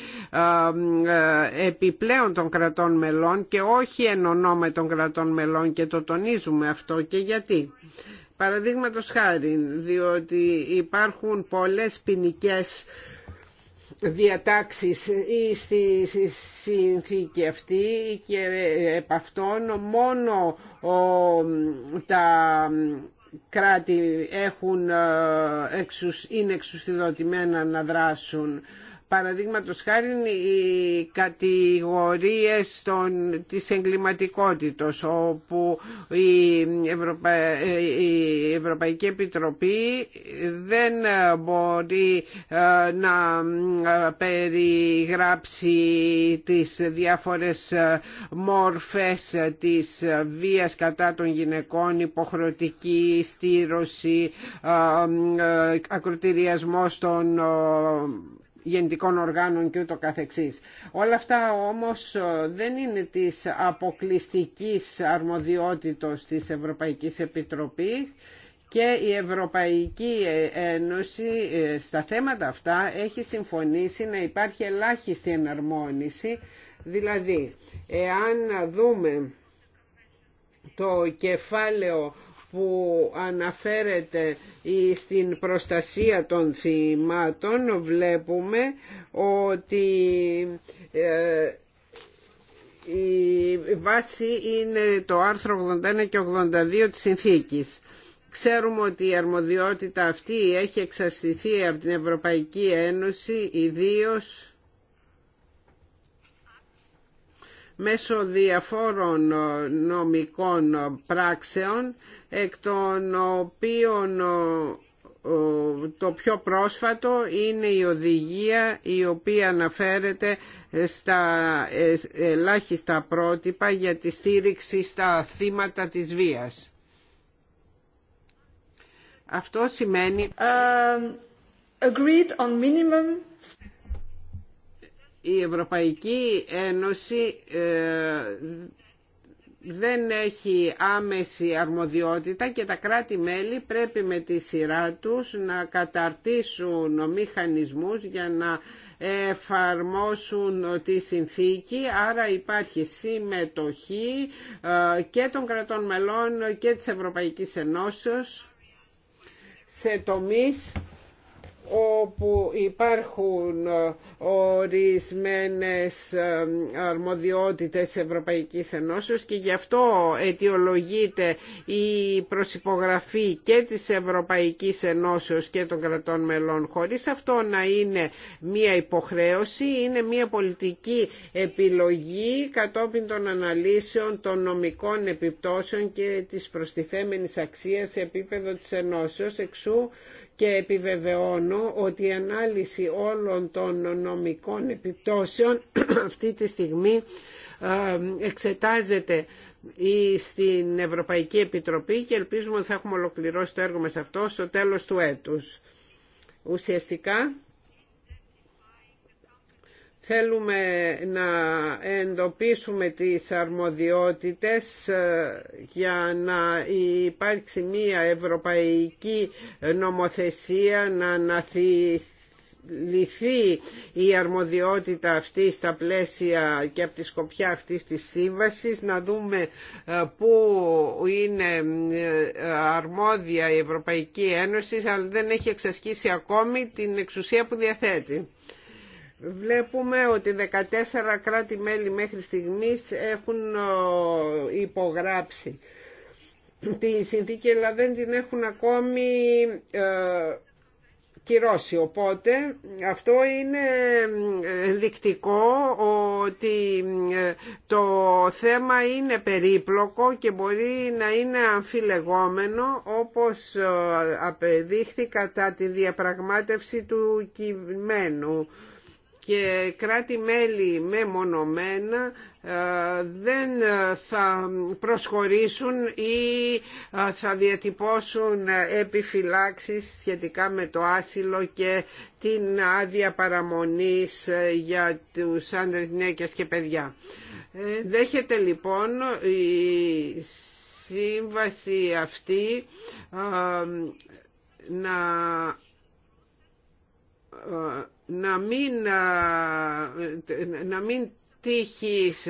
A: επιπλέον των κρατών μελών και όχι εν ονόμα των κρατών μελών και το τονίζουμε αυτό και γιατί. Παραδείγματο χάρη, διότι υπάρχουν πολλές ποινικέ διατάξεις ή στη συνθήκη αυτή και επ' αυτόν μόνο τα κράτη έχουν, ε, είναι εξουσιοδοτημένα να δράσουν Παραδείγματο χάρη οι κατηγορίες τη της όπου η, Ευρωπαϊκή Επιτροπή δεν μπορεί ε, να ε, περιγράψει τις διάφορες ε, μόρφες της βίας κατά των γυναικών, υποχρεωτική στήρωση, ακροτηριασμός των γεννητικών οργάνων και ούτω καθεξής. Όλα αυτά όμως ε, δεν είναι της αποκλειστικής αρμοδιότητος της Ευρωπαϊκής Επιτροπής και η Ευρωπαϊκή ε, Ένωση ε, στα θέματα αυτά έχει συμφωνήσει να υπάρχει ελάχιστη εναρμόνιση, δηλαδή εάν δούμε το κεφάλαιο που αναφέρεται στην προστασία των θυμάτων βλέπουμε ότι ε, η βάση είναι το άρθρο 81 και 82 της συνθήκης. Ξέρουμε ότι η αρμοδιότητα αυτή έχει εξαστηθεί από την Ευρωπαϊκή Ένωση ιδίως μέσω διαφόρων ε, νομικών ε, πράξεων εκ των οποίων ε, το πιο πρόσφατο είναι η οδηγία η οποία αναφέρεται στα ελάχιστα πρότυπα για τη στήριξη στα θύματα της βίας. Αυτό σημαίνει... on minimum η Ευρωπαϊκή Ένωση ε, δεν έχει άμεση αρμοδιότητα και τα κράτη-μέλη πρέπει με τη σειρά τους να καταρτήσουν μηχανισμούς για να εφαρμόσουν τη συνθήκη άρα υπάρχει συμμετοχή ε, και των κρατών μελών και της Ευρωπαϊκής Ενώσεως σε τομείς όπου υπάρχουν ε, ορισμένες ε, αρμοδιότητες Ευρωπαϊκής Ενώσεως και γι' αυτό αιτιολογείται η προσυπογραφή και της Ευρωπαϊκής Ενώσεως και των κρατών μελών χωρίς αυτό να είναι μία υποχρέωση, είναι μία πολιτική επιλογή κατόπιν των αναλύσεων των νομικών επιπτώσεων και της προστιθέμενης αξίας σε επίπεδο της Ενώσεως εξού και επιβεβαιώνω ότι η ανάλυση όλων των νομικών επιπτώσεων αυτή τη στιγμή εξετάζεται ή στην Ευρωπαϊκή Επιτροπή και ελπίζουμε ότι θα έχουμε ολοκληρώσει το έργο μας αυτό στο τέλος του έτους. Ουσιαστικά Θέλουμε να εντοπίσουμε τις αρμοδιότητες ε, για να υπάρξει μία ευρωπαϊκή νομοθεσία να αναθυθεί λυθεί η αρμοδιότητα αυτή στα πλαίσια και από τη σκοπιά αυτής της σύμβασης, να δούμε ε, πού είναι ε, αρμόδια η Ευρωπαϊκή Ένωση, αλλά δεν έχει εξασκήσει ακόμη την εξουσία που διαθέτει. Βλέπουμε ότι 14 κράτη-μέλη μέχρι στιγμής έχουν υπογράψει τη συνθήκη, αλλά δεν την έχουν ακόμη ε, κυρώσει. Οπότε αυτό είναι ε, ενδεικτικό ότι ε, το θέμα είναι περίπλοκο και μπορεί να είναι αμφιλεγόμενο όπως απεδείχθη κατά τη διαπραγμάτευση του κειμένου και κράτη-μέλη μεμονωμένα ε, δεν θα προσχωρήσουν ή ε, θα διατυπώσουν επιφυλάξεις σχετικά με το άσυλο και την άδεια παραμονής ε, για τους άντρες, γυναίκες και παιδιά. Δέχεται λοιπόν η σύμβαση αυτή να να μην, να μην τύχεις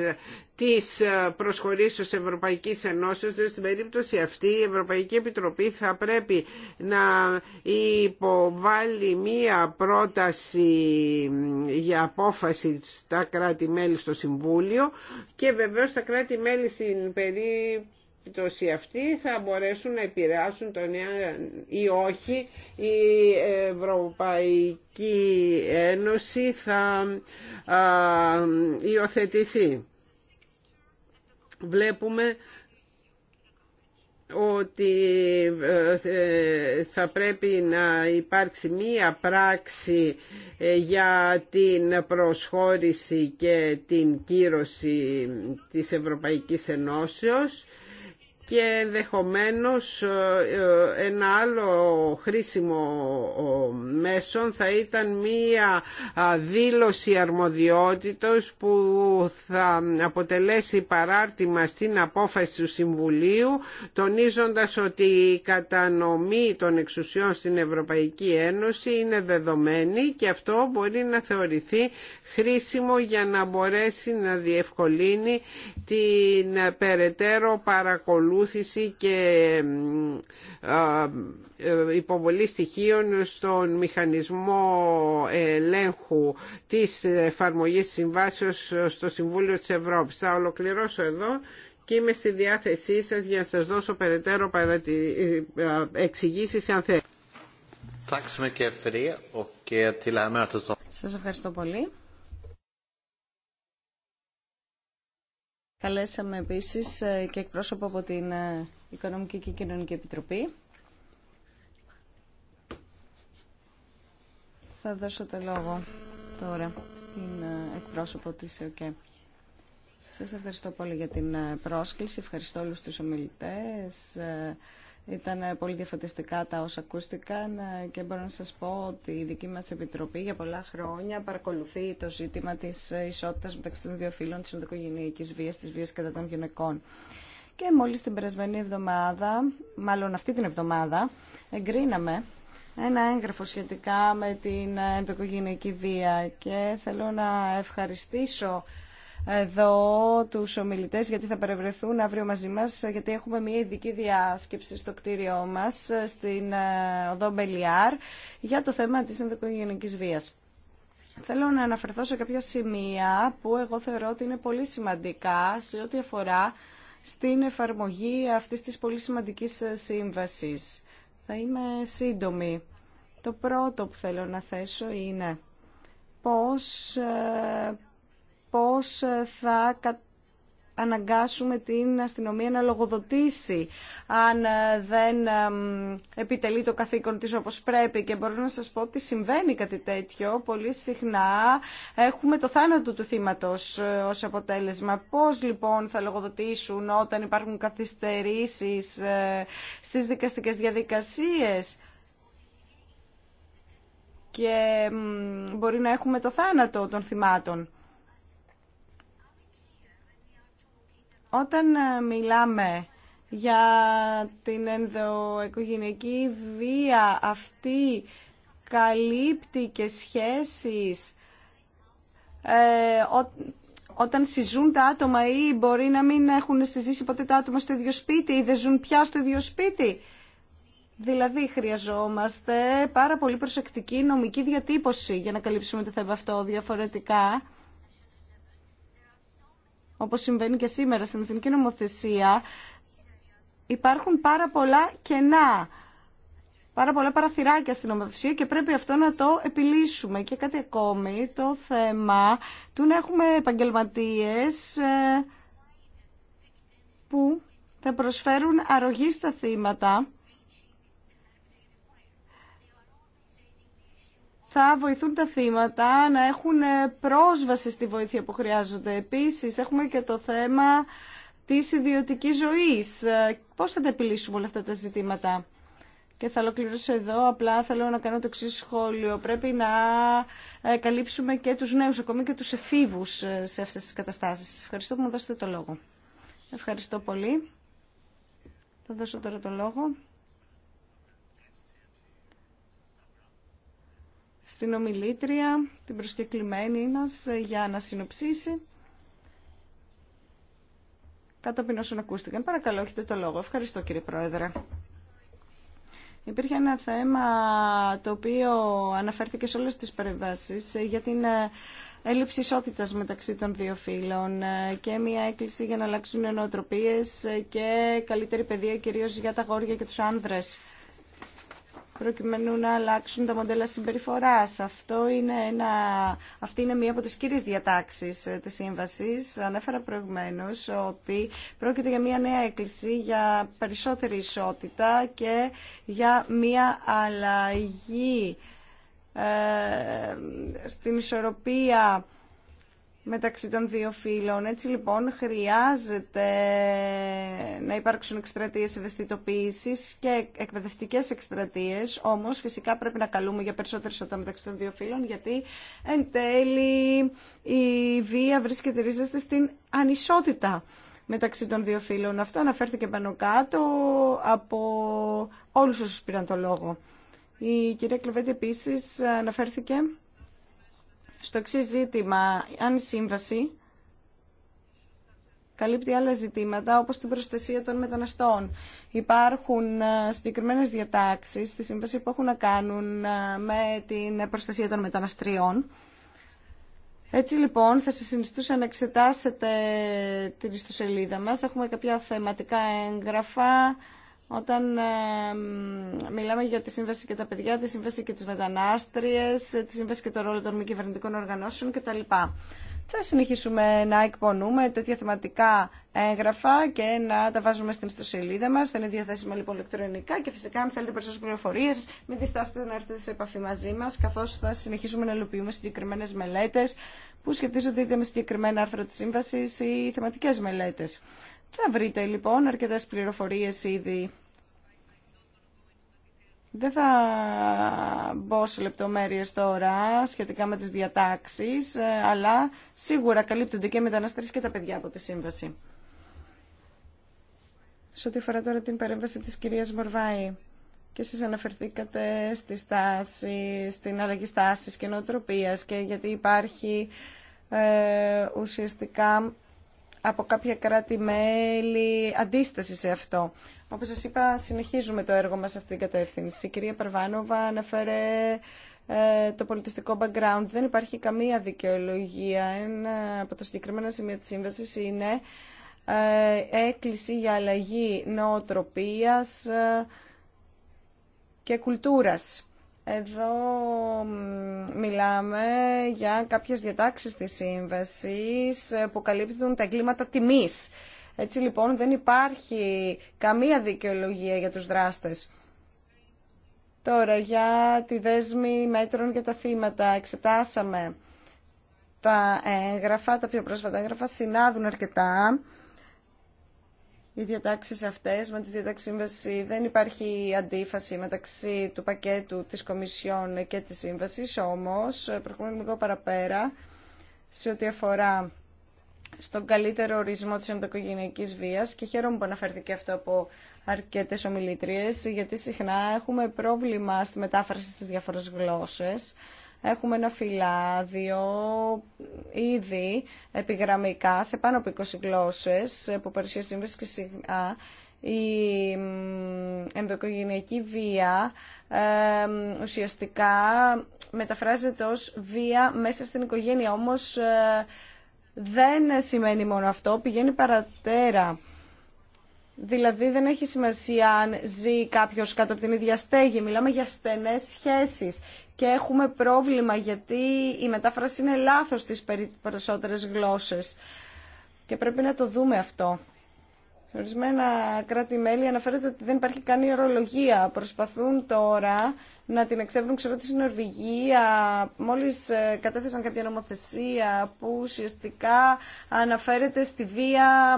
A: της προσχωρήσεως Ευρωπαϊκής Ενώσεως, διότι στην περίπτωση αυτή η Ευρωπαϊκή Επιτροπή θα πρέπει να υποβάλει μία πρόταση για απόφαση στα κράτη-μέλη στο Συμβούλιο και βεβαίως τα κράτη-μέλη στην περίπτωση αυτή θα μπορέσουν να επηρεάσουν τον ή όχι η Ευρωπαϊκή Ένωση θα α, υιοθετηθεί. Βλέπουμε ότι ε, θα πρέπει να υπάρξει μία πράξη ε, για την προσχώρηση και την κύρωση της Ευρωπαϊκής Ενώσεως και ενδεχομένω ε, ε, ένα άλλο χρήσιμο μέσο θα ήταν μία δήλωση αρμοδιότητος που θα αποτελέσει παράρτημα στην απόφαση του Συμβουλίου τονίζοντας ότι η κατανομή των εξουσιών στην Ευρωπαϊκή Ένωση είναι δεδομένη και αυτό μπορεί να θεωρηθεί χρήσιμο για να μπορέσει να διευκολύνει την περαιτέρω παρακολούθηση και υποβολή στοιχείων στον μηχανισμό ελέγχου της εφαρμογή συμβάσεως στο Συμβούλιο της Ευρώπης. Θα ολοκληρώσω εδώ και είμαι στη διάθεσή σας για να σας δώσω περαιτέρω εξηγήσεις αν θέλετε. Σας ευχαριστώ πολύ.
C: Καλέσαμε επίσης ε, και εκπρόσωπο από την ε, Οικονομική και Κοινωνική Επιτροπή. Θα δώσω το λόγο τώρα στην ε, εκπρόσωπο της ΕΟΚΕ. Σας ευχαριστώ πολύ για την πρόσκληση. Ευχαριστώ όλους τους ομιλητές. Ήταν πολύ διαφωτιστικά τα όσα ακούστηκαν ε, και μπορώ να σας πω ότι η δική μας Επιτροπή για πολλά χρόνια παρακολουθεί το ζήτημα της ε, ισότητας μεταξύ των δύο φύλων της ενδοκογενειακής βίας, της βίας κατά των γυναικών. Και μόλις την περασμένη εβδομάδα, μάλλον αυτή την εβδομάδα, εγκρίναμε ένα έγγραφο σχετικά με την ε, ενδοκογενειακή βία και θέλω να ευχαριστήσω εδώ τους ομιλητές γιατί θα παρευρεθούν αύριο μαζί μας γιατί έχουμε μια ειδική διάσκεψη στο κτίριό μας στην ε, Οδό Μπελιάρ για το θέμα της ενδοκογενικής βίας. Θέλω να αναφερθώ σε κάποια σημεία που εγώ θεωρώ ότι είναι πολύ σημαντικά σε ό,τι αφορά στην εφαρμογή αυτής της πολύ σημαντικής ε, σύμβασης. Θα είμαι σύντομη. Το πρώτο που θέλω να θέσω είναι πώς ε, πώς ε, θα αναγκάσουμε την αστυνομία να λογοδοτήσει αν ε, δεν επιτελεί το καθήκον της όπως πρέπει και μπορώ να σας πω ότι συμβαίνει κάτι τέτοιο πολύ συχνά έχουμε το θάνατο του θύματος ε, ως αποτέλεσμα πώς λοιπόν θα λογοδοτήσουν όταν υπάρχουν καθυστερήσεις στις δικαστικές διαδικασίες και μπορεί να έχουμε το θάνατο των θυμάτων Όταν ε, μιλάμε για την ενδοοικογενειακή βία, αυτή καλύπτει και σχέσεις ε, όταν συζούν τα άτομα ή μπορεί να μην έχουν συζήσει ποτέ τα άτομα στο ίδιο σπίτι ή δεν ζουν πια στο ίδιο σπίτι. Δηλαδή χρειαζόμαστε πάρα πολύ προσεκτική νομική διατύπωση για να καλύψουμε το θέμα αυτό διαφορετικά όπως συμβαίνει και σήμερα στην εθνική νομοθεσία, υπάρχουν πάρα πολλά κενά, πάρα πολλά παραθυράκια στην νομοθεσία και πρέπει αυτό να το επιλύσουμε. Και κάτι ακόμη, το θέμα του να έχουμε επαγγελματίες ε, που θα προσφέρουν αρρωγή στα θύματα θα βοηθούν τα θύματα να έχουν ε, πρόσβαση στη βοήθεια που χρειάζονται. Επίσης, έχουμε και το θέμα της ιδιωτικής ζωής. Ε, πώς θα τα επιλύσουμε όλα αυτά τα ζητήματα. Και θα ολοκληρώσω εδώ, απλά θέλω να κάνω το εξή σχόλιο. Πρέπει να ε, καλύψουμε και τους νέους, ακόμη και τους εφήβους σε αυτές τις καταστάσεις. Ευχαριστώ που μου δώσετε το λόγο. Ευχαριστώ πολύ. Θα δώσω τώρα το λόγο στην ομιλήτρια, την προσκεκλημένη μας, για να συνοψίσει κατόπιν όσων ακούστηκαν. Παρακαλώ, έχετε το λόγο. Ευχαριστώ κύριε Πρόεδρε. Υπήρχε ένα θέμα το οποίο αναφέρθηκε σε όλες τις περιβάσεις ε, για την ε, έλλειψη ισότητας μεταξύ των δύο φύλων ε, και μια έκκληση για να αλλάξουν νοοτροπίες και καλύτερη παιδεία κυρίως για τα γόρια και τους άνδρες προκειμένου να αλλάξουν τα μοντέλα συμπεριφοράς. Αυτό είναι ένα, αυτή είναι μία από τις κύριες διατάξεις ε, της Σύμβασης. Ανέφερα προηγουμένως ότι πρόκειται για μία νέα έκκληση για περισσότερη ισότητα και για μία αλλαγή ε, στην ισορροπία μεταξύ των δύο φύλων. Έτσι λοιπόν χρειάζεται να υπάρξουν εκστρατείες ευαισθητοποίησης και εκπαιδευτικές εκστρατείες, όμως φυσικά πρέπει να καλούμε για περισσότερη ισότητα μεταξύ των δύο φύλων, γιατί εν τέλει η βία βρίσκεται ρίζες στην ανισότητα μεταξύ των δύο φύλων. Αυτό αναφέρθηκε πάνω κάτω από όλους όσους πήραν το λόγο. Η κυρία Κλεβέτη επίσης αναφέρθηκε στο εξή ζήτημα, αν η σύμβαση καλύπτει άλλα ζητήματα όπως την προστασία των μεταναστών. Υπάρχουν ε, συγκεκριμένε διατάξεις στη σύμβαση που έχουν να κάνουν ε, με την προστασία των μεταναστριών. Έτσι λοιπόν θα σας συνιστούσα να εξετάσετε την ιστοσελίδα μας. Έχουμε κάποια θεματικά έγγραφα όταν ε, μιλάμε για τη σύμβαση και τα παιδιά, τη σύμβαση και τις μετανάστριες, ε, τη σύμβαση και το ρόλο των μη κυβερνητικών οργανώσεων κτλ. Θα συνεχίσουμε να εκπονούμε τέτοια θεματικά έγγραφα και να τα βάζουμε στην ιστοσελίδα μας. Θα είναι διαθέσιμα λοιπόν ηλεκτρονικά και φυσικά αν θέλετε περισσότερες πληροφορίες μην διστάσετε να έρθετε σε επαφή μαζί μας καθώς θα συνεχίσουμε να ελοποιούμε συγκεκριμένες μελέτες που σχετίζονται είτε με συγκεκριμένα άρθρα της σύμβασης ή θεματικές μελέτες. Θα βρείτε λοιπόν αρκετές πληροφορίες ήδη. Δεν θα μπω σε λεπτομέρειες τώρα σχετικά με τις διατάξεις, ε, αλλά σίγουρα καλύπτονται και οι μεταναστές και τα παιδιά από τη σύμβαση. Σε ό,τι αφορά τώρα την παρέμβαση της κυρίας Μορβάη και εσείς αναφερθήκατε στη στάση, στην αλλαγή στάσης και νοοτροπίας και γιατί υπάρχει ε, ουσιαστικά από κάποια κράτη-μέλη αντίσταση σε αυτό. Όπως σας είπα, συνεχίζουμε το έργο μας σε αυτήν την κατεύθυνση. Η κυρία Περβάνοβα αναφέρε ε, το πολιτιστικό background. Δεν υπάρχει καμία δικαιολογία. Ένα από τα συγκεκριμένα σημεία της σύμβασης είναι ε, έκκληση για αλλαγή νοοτροπίας ε, και κουλτούρας. Εδώ μιλάμε για κάποιες διατάξεις της σύμβασης που καλύπτουν τα εγκλήματα τιμής. Έτσι λοιπόν δεν υπάρχει καμία δικαιολογία για τους δράστες. Τώρα για τη δέσμη μέτρων για τα θύματα. Εξετάσαμε τα έγγραφα, τα πιο πρόσφατα έγγραφα συνάδουν αρκετά οι διατάξεις αυτές με τις διατάξεις σύμβαση δεν υπάρχει αντίφαση μεταξύ του πακέτου της Κομισιόν και της σύμβασης, όμως προχωρούμε λίγο παραπέρα σε ό,τι αφορά στον καλύτερο ορισμό της ενδοκογενειακής βίας και χαίρομαι που αναφέρθηκε αυτό από αρκετές ομιλήτριες γιατί συχνά έχουμε πρόβλημα στη μετάφραση στις διάφορες γλώσσες Έχουμε ένα φυλάδιο ήδη επιγραμμικά σε πάνω από 20 γλώσσες που παρουσιάζει και συχνά η ενδοκογενειακή βία ε, ουσιαστικά μεταφράζεται ως βία μέσα στην οικογένεια. Όμως ε, δεν σημαίνει μόνο αυτό, πηγαίνει παρατέρα. Δηλαδή δεν έχει σημασία αν ζει κάποιος κάτω από την ίδια στέγη. Μιλάμε για στενές σχέσεις και έχουμε πρόβλημα γιατί η μετάφραση είναι λάθος στις περισσότερες γλώσσες και πρέπει να το δούμε αυτό. Ορισμένα κράτη-μέλη αναφέρεται ότι δεν υπάρχει καν ορολογία. Προσπαθούν τώρα να την εξεύρουν, ξέρω ότι στην Νορβηγία μόλις ε, κατέθεσαν κάποια νομοθεσία που ουσιαστικά αναφέρεται στη βία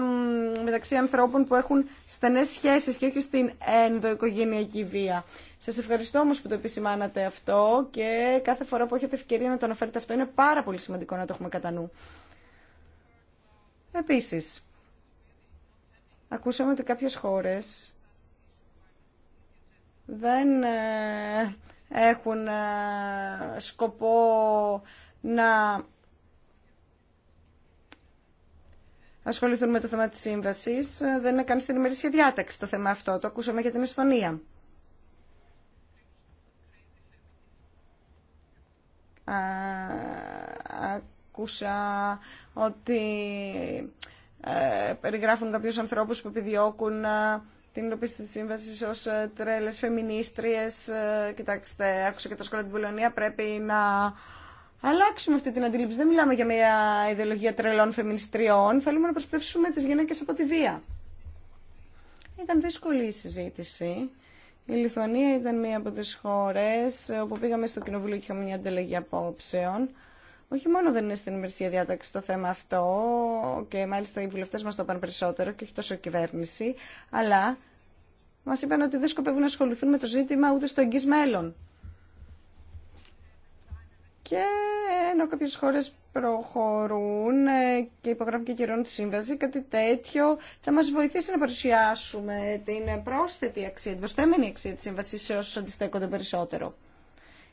C: μεταξύ ανθρώπων που έχουν στενές σχέσεις και όχι στην ενδοοικογενειακή βία. Σας ευχαριστώ όμως που το επισημάνατε αυτό και κάθε φορά που έχετε ευκαιρία να το αναφέρετε αυτό είναι πάρα πολύ σημαντικό να το έχουμε κατά νου. Επίσης, Ακούσαμε ότι κάποιες χώρες δεν ε, έχουν ε, σκοπό να ασχοληθούν με το θέμα της σύμβασης. Ε, δεν είναι καν στην ημερήσια διάταξη το θέμα αυτό. Το ακούσαμε για την Εσθονία. Ακούσα ότι ε, περιγράφουν κάποιους ανθρώπους που επιδιώκουν ε, την υλοποίηση τη σύμβαση ω ε, τρέλε φεμινίστριε. Κοιτάξτε, άκουσα και το σχόλια την Πολωνία. Πρέπει να αλλάξουμε αυτή την αντίληψη. Δεν μιλάμε για μια ιδεολογία τρελών φεμινιστριών. Θέλουμε να προστατεύσουμε τι γυναίκε από τη βία. Ήταν δύσκολη η συζήτηση. Η Λιθουανία ήταν μία από τι χώρε όπου πήγαμε στο κοινοβούλιο και είχαμε μια ανταλλαγή απόψεων όχι μόνο δεν είναι στην ημερησία διάταξη το θέμα αυτό και μάλιστα οι βουλευτές μας το είπαν περισσότερο και όχι τόσο η κυβέρνηση, αλλά μας είπαν ότι δεν σκοπεύουν να ασχοληθούν με το ζήτημα ούτε στο εγγύς μέλλον. Και ενώ κάποιες χώρες προχωρούν ε, και υπογράφουν και κυρώνουν τη σύμβαση, κάτι τέτοιο θα μας βοηθήσει να παρουσιάσουμε την πρόσθετη αξία, την προσθέμενη αξία της σύμβασης σε όσους αντιστέκονται περισσότερο.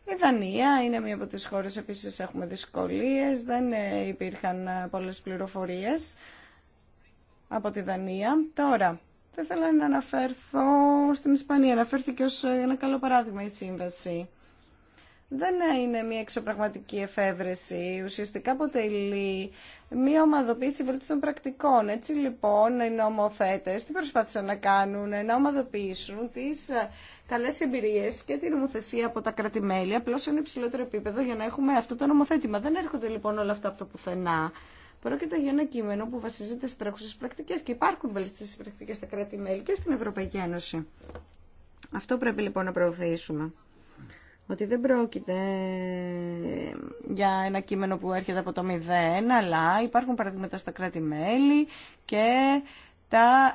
C: Η Δανία είναι μία από τις χώρες, επίσης έχουμε δυσκολίες, δεν ε, υπήρχαν ε, πολλές πληροφορίες από τη Δανία. Τώρα, θα ήθελα να αναφερθώ στην Ισπανία, αναφέρθηκε ως ε, ένα καλό παράδειγμα η σύμβαση. Δεν είναι μία εξωπραγματική εφεύρεση, ουσιαστικά αποτελεί μία ομαδοποίηση βελτιστών πρακτικών. Έτσι λοιπόν οι νομοθέτε τι προσπάθησαν να κάνουν, να ομαδοποιήσουν τι ε, καλέ εμπειρίε και την νομοθεσία από τα κράτη-μέλη, απλώς σε ένα υψηλότερο επίπεδο για να έχουμε αυτό το νομοθέτημα. Δεν έρχονται λοιπόν όλα αυτά από το πουθενά. Πρόκειται για ένα κείμενο που βασίζεται στι τρέχουσε πρακτικέ και υπάρχουν βελτιστέ πρακτικέ στα κράτη-μέλη και στην Ευρωπαϊκή Ένωση. Αυτό πρέπει λοιπόν να προωθήσουμε ότι δεν πρόκειται για ένα κείμενο που έρχεται από το μηδέν, αλλά υπάρχουν παραδείγματα στα κράτη-μέλη και τα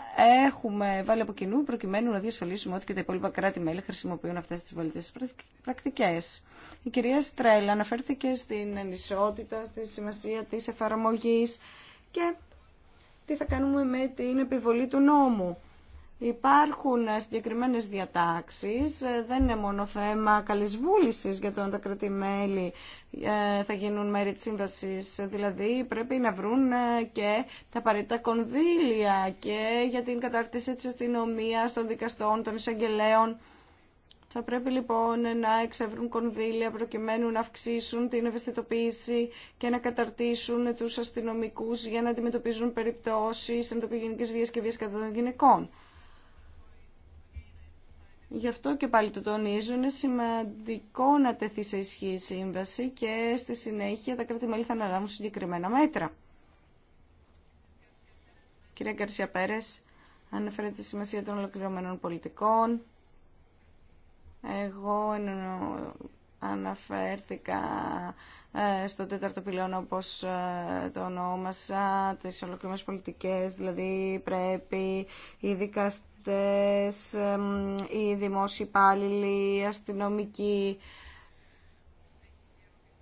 C: έχουμε βάλει από κοινού προκειμένου να διασφαλίσουμε ότι και τα υπόλοιπα κράτη-μέλη χρησιμοποιούν αυτές τις βαλτέ πρακτικέ. Η κυρία Στρέλα αναφέρθηκε στην ενισότητα, στη σημασία της εφαρμογή και τι θα κάνουμε με την επιβολή του νόμου. Υπάρχουν συγκεκριμένες διατάξεις, ε, δεν είναι μόνο θέμα καλής για το αν τα κρατημέλη ε, θα γίνουν μέρη της σύμβασης. Δηλαδή πρέπει να βρουν ε, και τα απαραίτητα κονδύλια και για την κατάρτιση της αστυνομία, των δικαστών, των εισαγγελέων. Θα πρέπει λοιπόν να εξεύρουν κονδύλια προκειμένου να αυξήσουν την ευαισθητοποίηση και να καταρτήσουν τους αστυνομικούς για να αντιμετωπίζουν περιπτώσεις ενδοκογενικής βίας και βίας κατά των γυναικών. Γι' αυτό και πάλι το τονίζω, είναι σημαντικό να τεθεί σε ισχύ η σύμβαση και στη συνέχεια τα κράτη-μέλη θα αναλάβουν συγκεκριμένα μέτρα. Κυρία Καρσιά Πέρες, αναφέρεται τη σημασία των ολοκληρωμένων πολιτικών. Εγώ αναφέρθηκα ε, στο τέταρτο πυλώνα όπως ε, το ονόμασα, τις ολοκληρωμένες πολιτικές, δηλαδή πρέπει οι δικαστές οι δημόσιοι υπάλληλοι, οι αστυνομικοί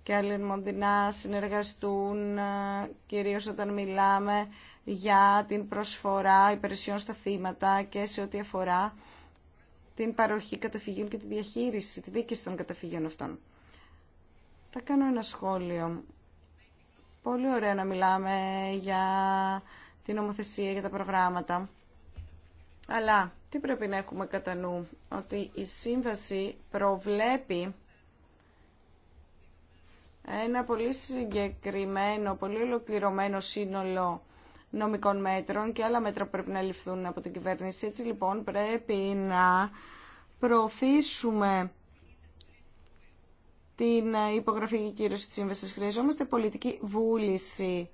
C: και άλλοι μοντινά συνεργαστούν, ε, κυρίως όταν μιλάμε για την προσφορά υπηρεσιών στα θύματα και σε ό,τι αφορά την παροχή καταφυγίων και τη διαχείριση, τη δίκηση των καταφυγίων αυτών. Θα κάνω ένα σχόλιο. Πολύ ωραία να μιλάμε για την νομοθεσία, για τα προγράμματα. Αλλά τι πρέπει να έχουμε κατά νου, ότι η σύμβαση προβλέπει ένα πολύ συγκεκριμένο, πολύ ολοκληρωμένο σύνολο νομικών μέτρων και άλλα μέτρα που πρέπει να ληφθούν από την κυβέρνηση. Έτσι λοιπόν πρέπει να προωθήσουμε την υπογραφή και κύρωση της σύμβασης. Χρειαζόμαστε πολιτική βούληση.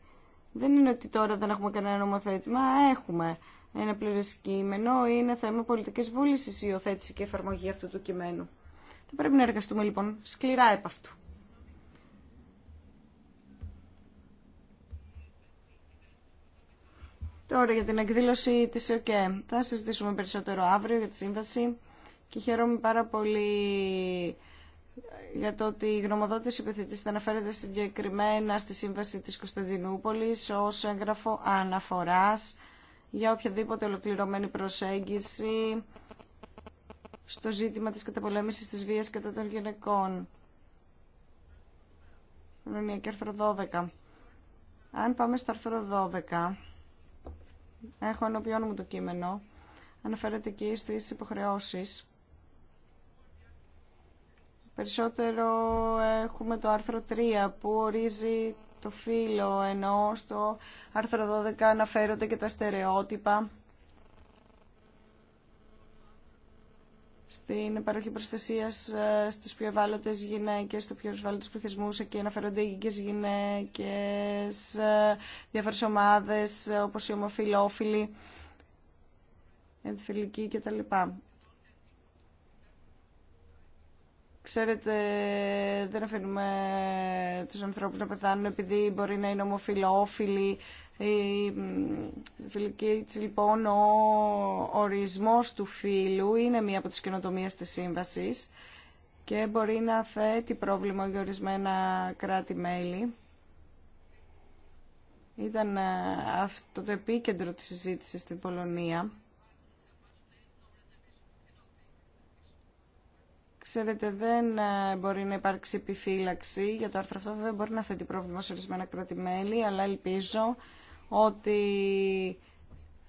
C: Δεν είναι ότι τώρα δεν έχουμε κανένα νομοθέτημα, έχουμε ένα κείμενο ή είναι κείμενο, είναι θέμα πολιτική βούληση η υιοθέτηση και εφαρμογή αυτού του κειμένου. Θα πρέπει να εργαστούμε λοιπόν σκληρά επ' αυτού. Τώρα για την εκδήλωση της ΟΚΕ. Θα συζητήσουμε περισσότερο αύριο για τη σύμβαση και χαίρομαι πάρα πολύ για το ότι η γνωμοδότηση επιθετής θα αναφέρεται συγκεκριμένα στη σύμβαση της Κωνσταντινούπολης ως έγγραφο αναφοράς για οποιαδήποτε ολοκληρωμένη προσέγγιση στο ζήτημα της καταπολέμησης της βίας κατά των γυναικών. και άρθρο 12. Αν πάμε στο άρθρο 12, έχω ενώπιόν μου το κείμενο, αναφέρεται εκεί στις υποχρεώσεις. Περισσότερο έχουμε το άρθρο 3 που ορίζει το φύλλο, ενώ στο άρθρο 12 αναφέρονται και τα στερεότυπα στην παροχή προστασίας ε, στις πιο ευάλωτες γυναίκες, στους πιο ευάλωτες πληθυσμούς, εκεί αναφέρονται οι γυναίκες, ε, διάφορες ομάδες ε, όπως οι ομοφιλόφιλοι, ενθυλικοί κτλ. Ξέρετε, δεν αφήνουμε τους ανθρώπους να πεθάνουν επειδή μπορεί να είναι ομοφιλόφιλοι φιλική λοιπόν ο ορισμός του φίλου είναι μία από τις καινοτομίες της σύμβασης και μπορεί να θέτει πρόβλημα για ορισμένα κράτη-μέλη. Ήταν ε, αυτό το επίκεντρο της συζήτησης στην Πολωνία. Ξέρετε, δεν ε, μπορεί να υπάρξει επιφύλαξη για το άρθρο αυτό. Βέβαια, μπορεί να θέτει πρόβλημα σε ορισμένα κράτη-μέλη, αλλά ελπίζω ότι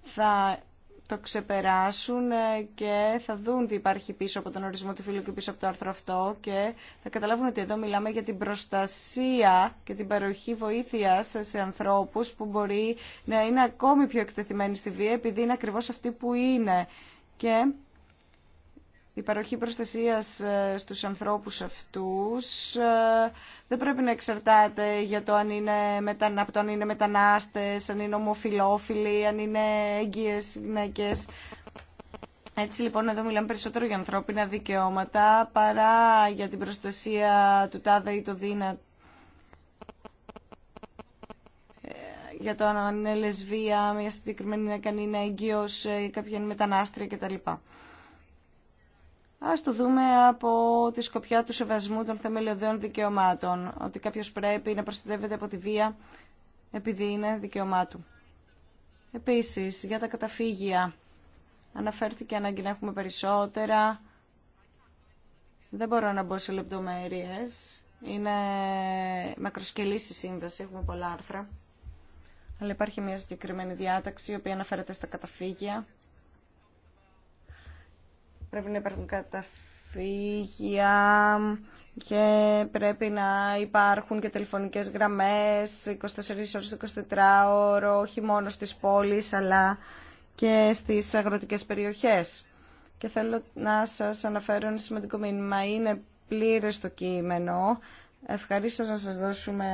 C: θα το ξεπεράσουν ε, και θα δουν τι υπάρχει πίσω από τον ορισμό του φίλου και πίσω από το άρθρο αυτό και θα καταλάβουν ότι εδώ μιλάμε για την προστασία και την παροχή βοήθειας σε ανθρώπους που μπορεί να είναι ακόμη πιο εκτεθειμένοι στη βία επειδή είναι ακριβώς αυτοί που είναι. Και η παροχή προστασίας ε, στους ανθρώπους αυτούς ε, δεν πρέπει να εξαρτάται για το αν είναι από το αν είναι μετανάστες, αν είναι ομοφιλόφιλοι, αν είναι έγκυες γυναίκες. Έτσι λοιπόν εδώ μιλάμε περισσότερο για ανθρώπινα δικαιώματα παρά για την προστασία του τάδε ή το δίνα ε, για το αν είναι λεσβία, μια συγκεκριμένη κάνει είναι έγκυος, κάποια μετανάστρια κτλ. Ας το δούμε από τη σκοπιά του σεβασμού των θεμελιωδών δικαιωμάτων, ότι κάποιος πρέπει να προστατεύεται από τη βία επειδή είναι δικαιωμά του. Επίσης, για τα καταφύγια, αναφέρθηκε ανάγκη να έχουμε περισσότερα. Δεν μπορώ να μπω σε λεπτομέρειες. Είναι μακροσκελής η σύνδεση, έχουμε πολλά άρθρα. Αλλά υπάρχει μια συγκεκριμένη διάταξη, η οποία αναφέρεται στα καταφύγια Πρέπει να υπάρχουν καταφύγια και πρέπει να υπάρχουν και τηλεφωνικές γραμμές 24 ώρες, 24 ώρο, όχι μόνο στις πόλεις αλλά και στις αγροτικές περιοχές. Και θέλω να σας αναφέρω ένα σημαντικό μήνυμα. Είναι πλήρες το κείμενο. Ευχαρίστω να σας δώσουμε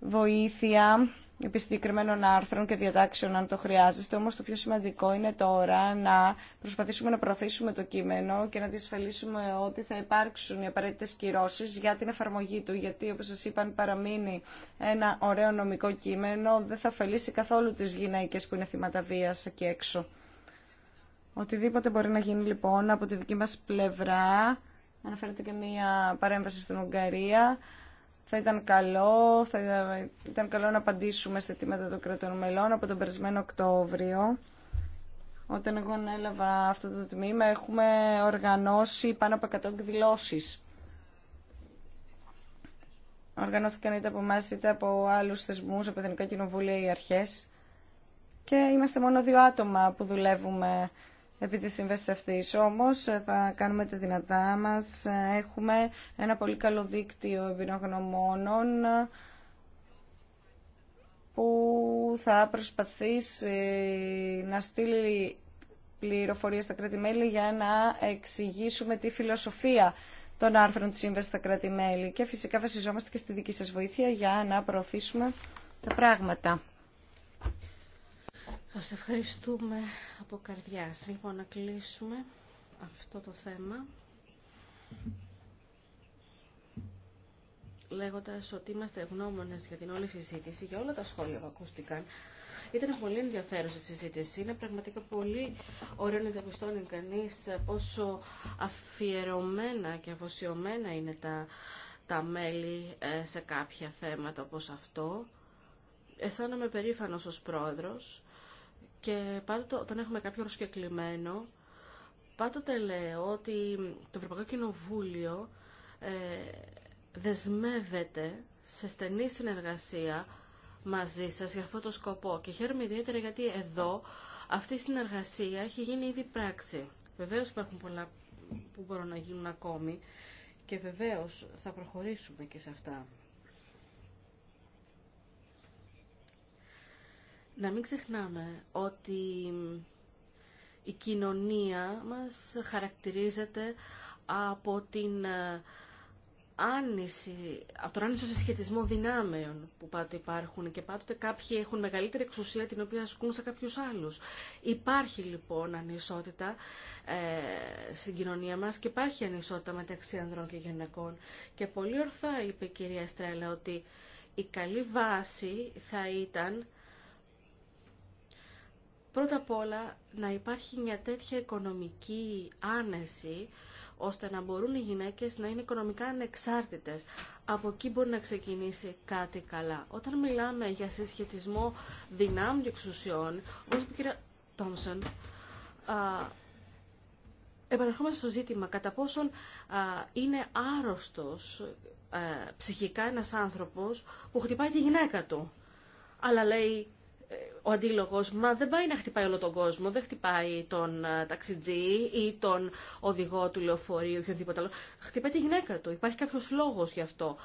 C: βοήθεια επί συγκεκριμένων άρθρων και διατάξεων αν το χρειάζεστε. Όμως το πιο σημαντικό είναι τώρα να προσπαθήσουμε να προωθήσουμε το κείμενο και να διασφαλίσουμε ότι θα υπάρξουν οι απαραίτητε κυρώσει για την εφαρμογή του. Γιατί όπως σας είπα παραμείνει ένα ωραίο νομικό κείμενο δεν θα ωφελήσει καθόλου τις γυναίκες που είναι θύματα βίας εκεί έξω. Οτιδήποτε μπορεί να γίνει λοιπόν από τη δική μας πλευρά, αναφέρεται και μία παρέμβαση στην Ουγγαρία, θα ήταν καλό, θα ήταν καλό να απαντήσουμε σε αιτήματα των κρατών μελών από τον περασμένο Οκτώβριο. Όταν εγώ έλαβα αυτό το τμήμα έχουμε οργανώσει πάνω από 100 εκδηλώσει. Οργανώθηκαν είτε από εμά είτε από άλλους θεσμού από Εθνικά Κοινοβούλια ή αρχές. Και είμαστε μόνο δύο άτομα που δουλεύουμε επί της σύμβασης αυτής. Όμως ε, θα κάνουμε τα δυνατά μας. Ε, έχουμε ένα πολύ καλό δίκτυο εμπειρογνωμόνων ε, που θα προσπαθήσει να στείλει πληροφορίες στα κράτη-μέλη για να εξηγήσουμε τη φιλοσοφία των άρθρων της σύμβασης στα κράτη-μέλη. Και φυσικά βασιζόμαστε και στη δική σας βοήθεια για να προωθήσουμε τα πράγματα. Σας
B: ευχαριστούμε από καρδιάς. Λοιπόν, να κλείσουμε αυτό το θέμα λέγοντας ότι είμαστε ευγνώμονες για την όλη συζήτηση, για όλα τα σχόλια που ακούστηκαν. Ήταν πολύ ενδιαφέρουσα συζήτηση. Είναι πραγματικά πολύ ωραίο να διαπιστώνει κανείς πόσο αφιερωμένα και αφοσιωμένα είναι τα, τα μέλη ε, σε κάποια θέματα όπως αυτό. Αισθάνομαι περήφανος ως πρόεδρος και πάντοτε όταν έχουμε κάποιο προσκεκλημένο, πάντοτε λέω ότι το Ευρωπαϊκό Κοινοβούλιο ε, δεσμεύεται σε στενή συνεργασία μαζί σας για αυτό το σκοπό. Και χαίρομαι ιδιαίτερα γιατί εδώ αυτή η συνεργασία έχει γίνει ήδη πράξη. Βεβαίως υπάρχουν πολλά που μπορούν να γίνουν ακόμη και βεβαίως θα προχωρήσουμε και σε αυτά. Να μην ξεχνάμε ότι η κοινωνία μας χαρακτηρίζεται από την ε, άνηση, από τον άνηση συσχετισμό δυνάμεων που πάντοτε υπάρχουν και πάντοτε κάποιοι έχουν μεγαλύτερη εξουσία την οποία ασκούν σε κάποιους άλλους. Υπάρχει λοιπόν ανισότητα ε, στην κοινωνία μας και υπάρχει ανισότητα μεταξύ ανδρών και γυναικών. Και πολύ ορθά είπε η κυρία Στρέλα ότι η καλή βάση θα ήταν Πρώτα απ' όλα να υπάρχει μια τέτοια οικονομική άνεση ώστε να μπορούν οι γυναίκες να είναι οικονομικά ανεξάρτητες. Από εκεί μπορεί να ξεκινήσει κάτι καλά. Όταν μιλάμε για συσχετισμό δυνάμων και εξουσιών, όπως είπε η κυρία Τόμσον, επαναρχόμαστε στο ζήτημα κατά πόσον είναι άρρωστος ε, ψυχικά ένας άνθρωπος που χτυπάει τη γυναίκα του. Αλλά λέει ε, ο αντίλογος, μα δεν πάει να χτυπάει όλο τον κόσμο, δεν χτυπάει τον ε, ταξιτζή ή τον οδηγό του λεωφορείου ή οποιοδήποτε άλλο. Χτυπάει τη γυναίκα του. Υπάρχει κάποιος λόγος γι' αυτό.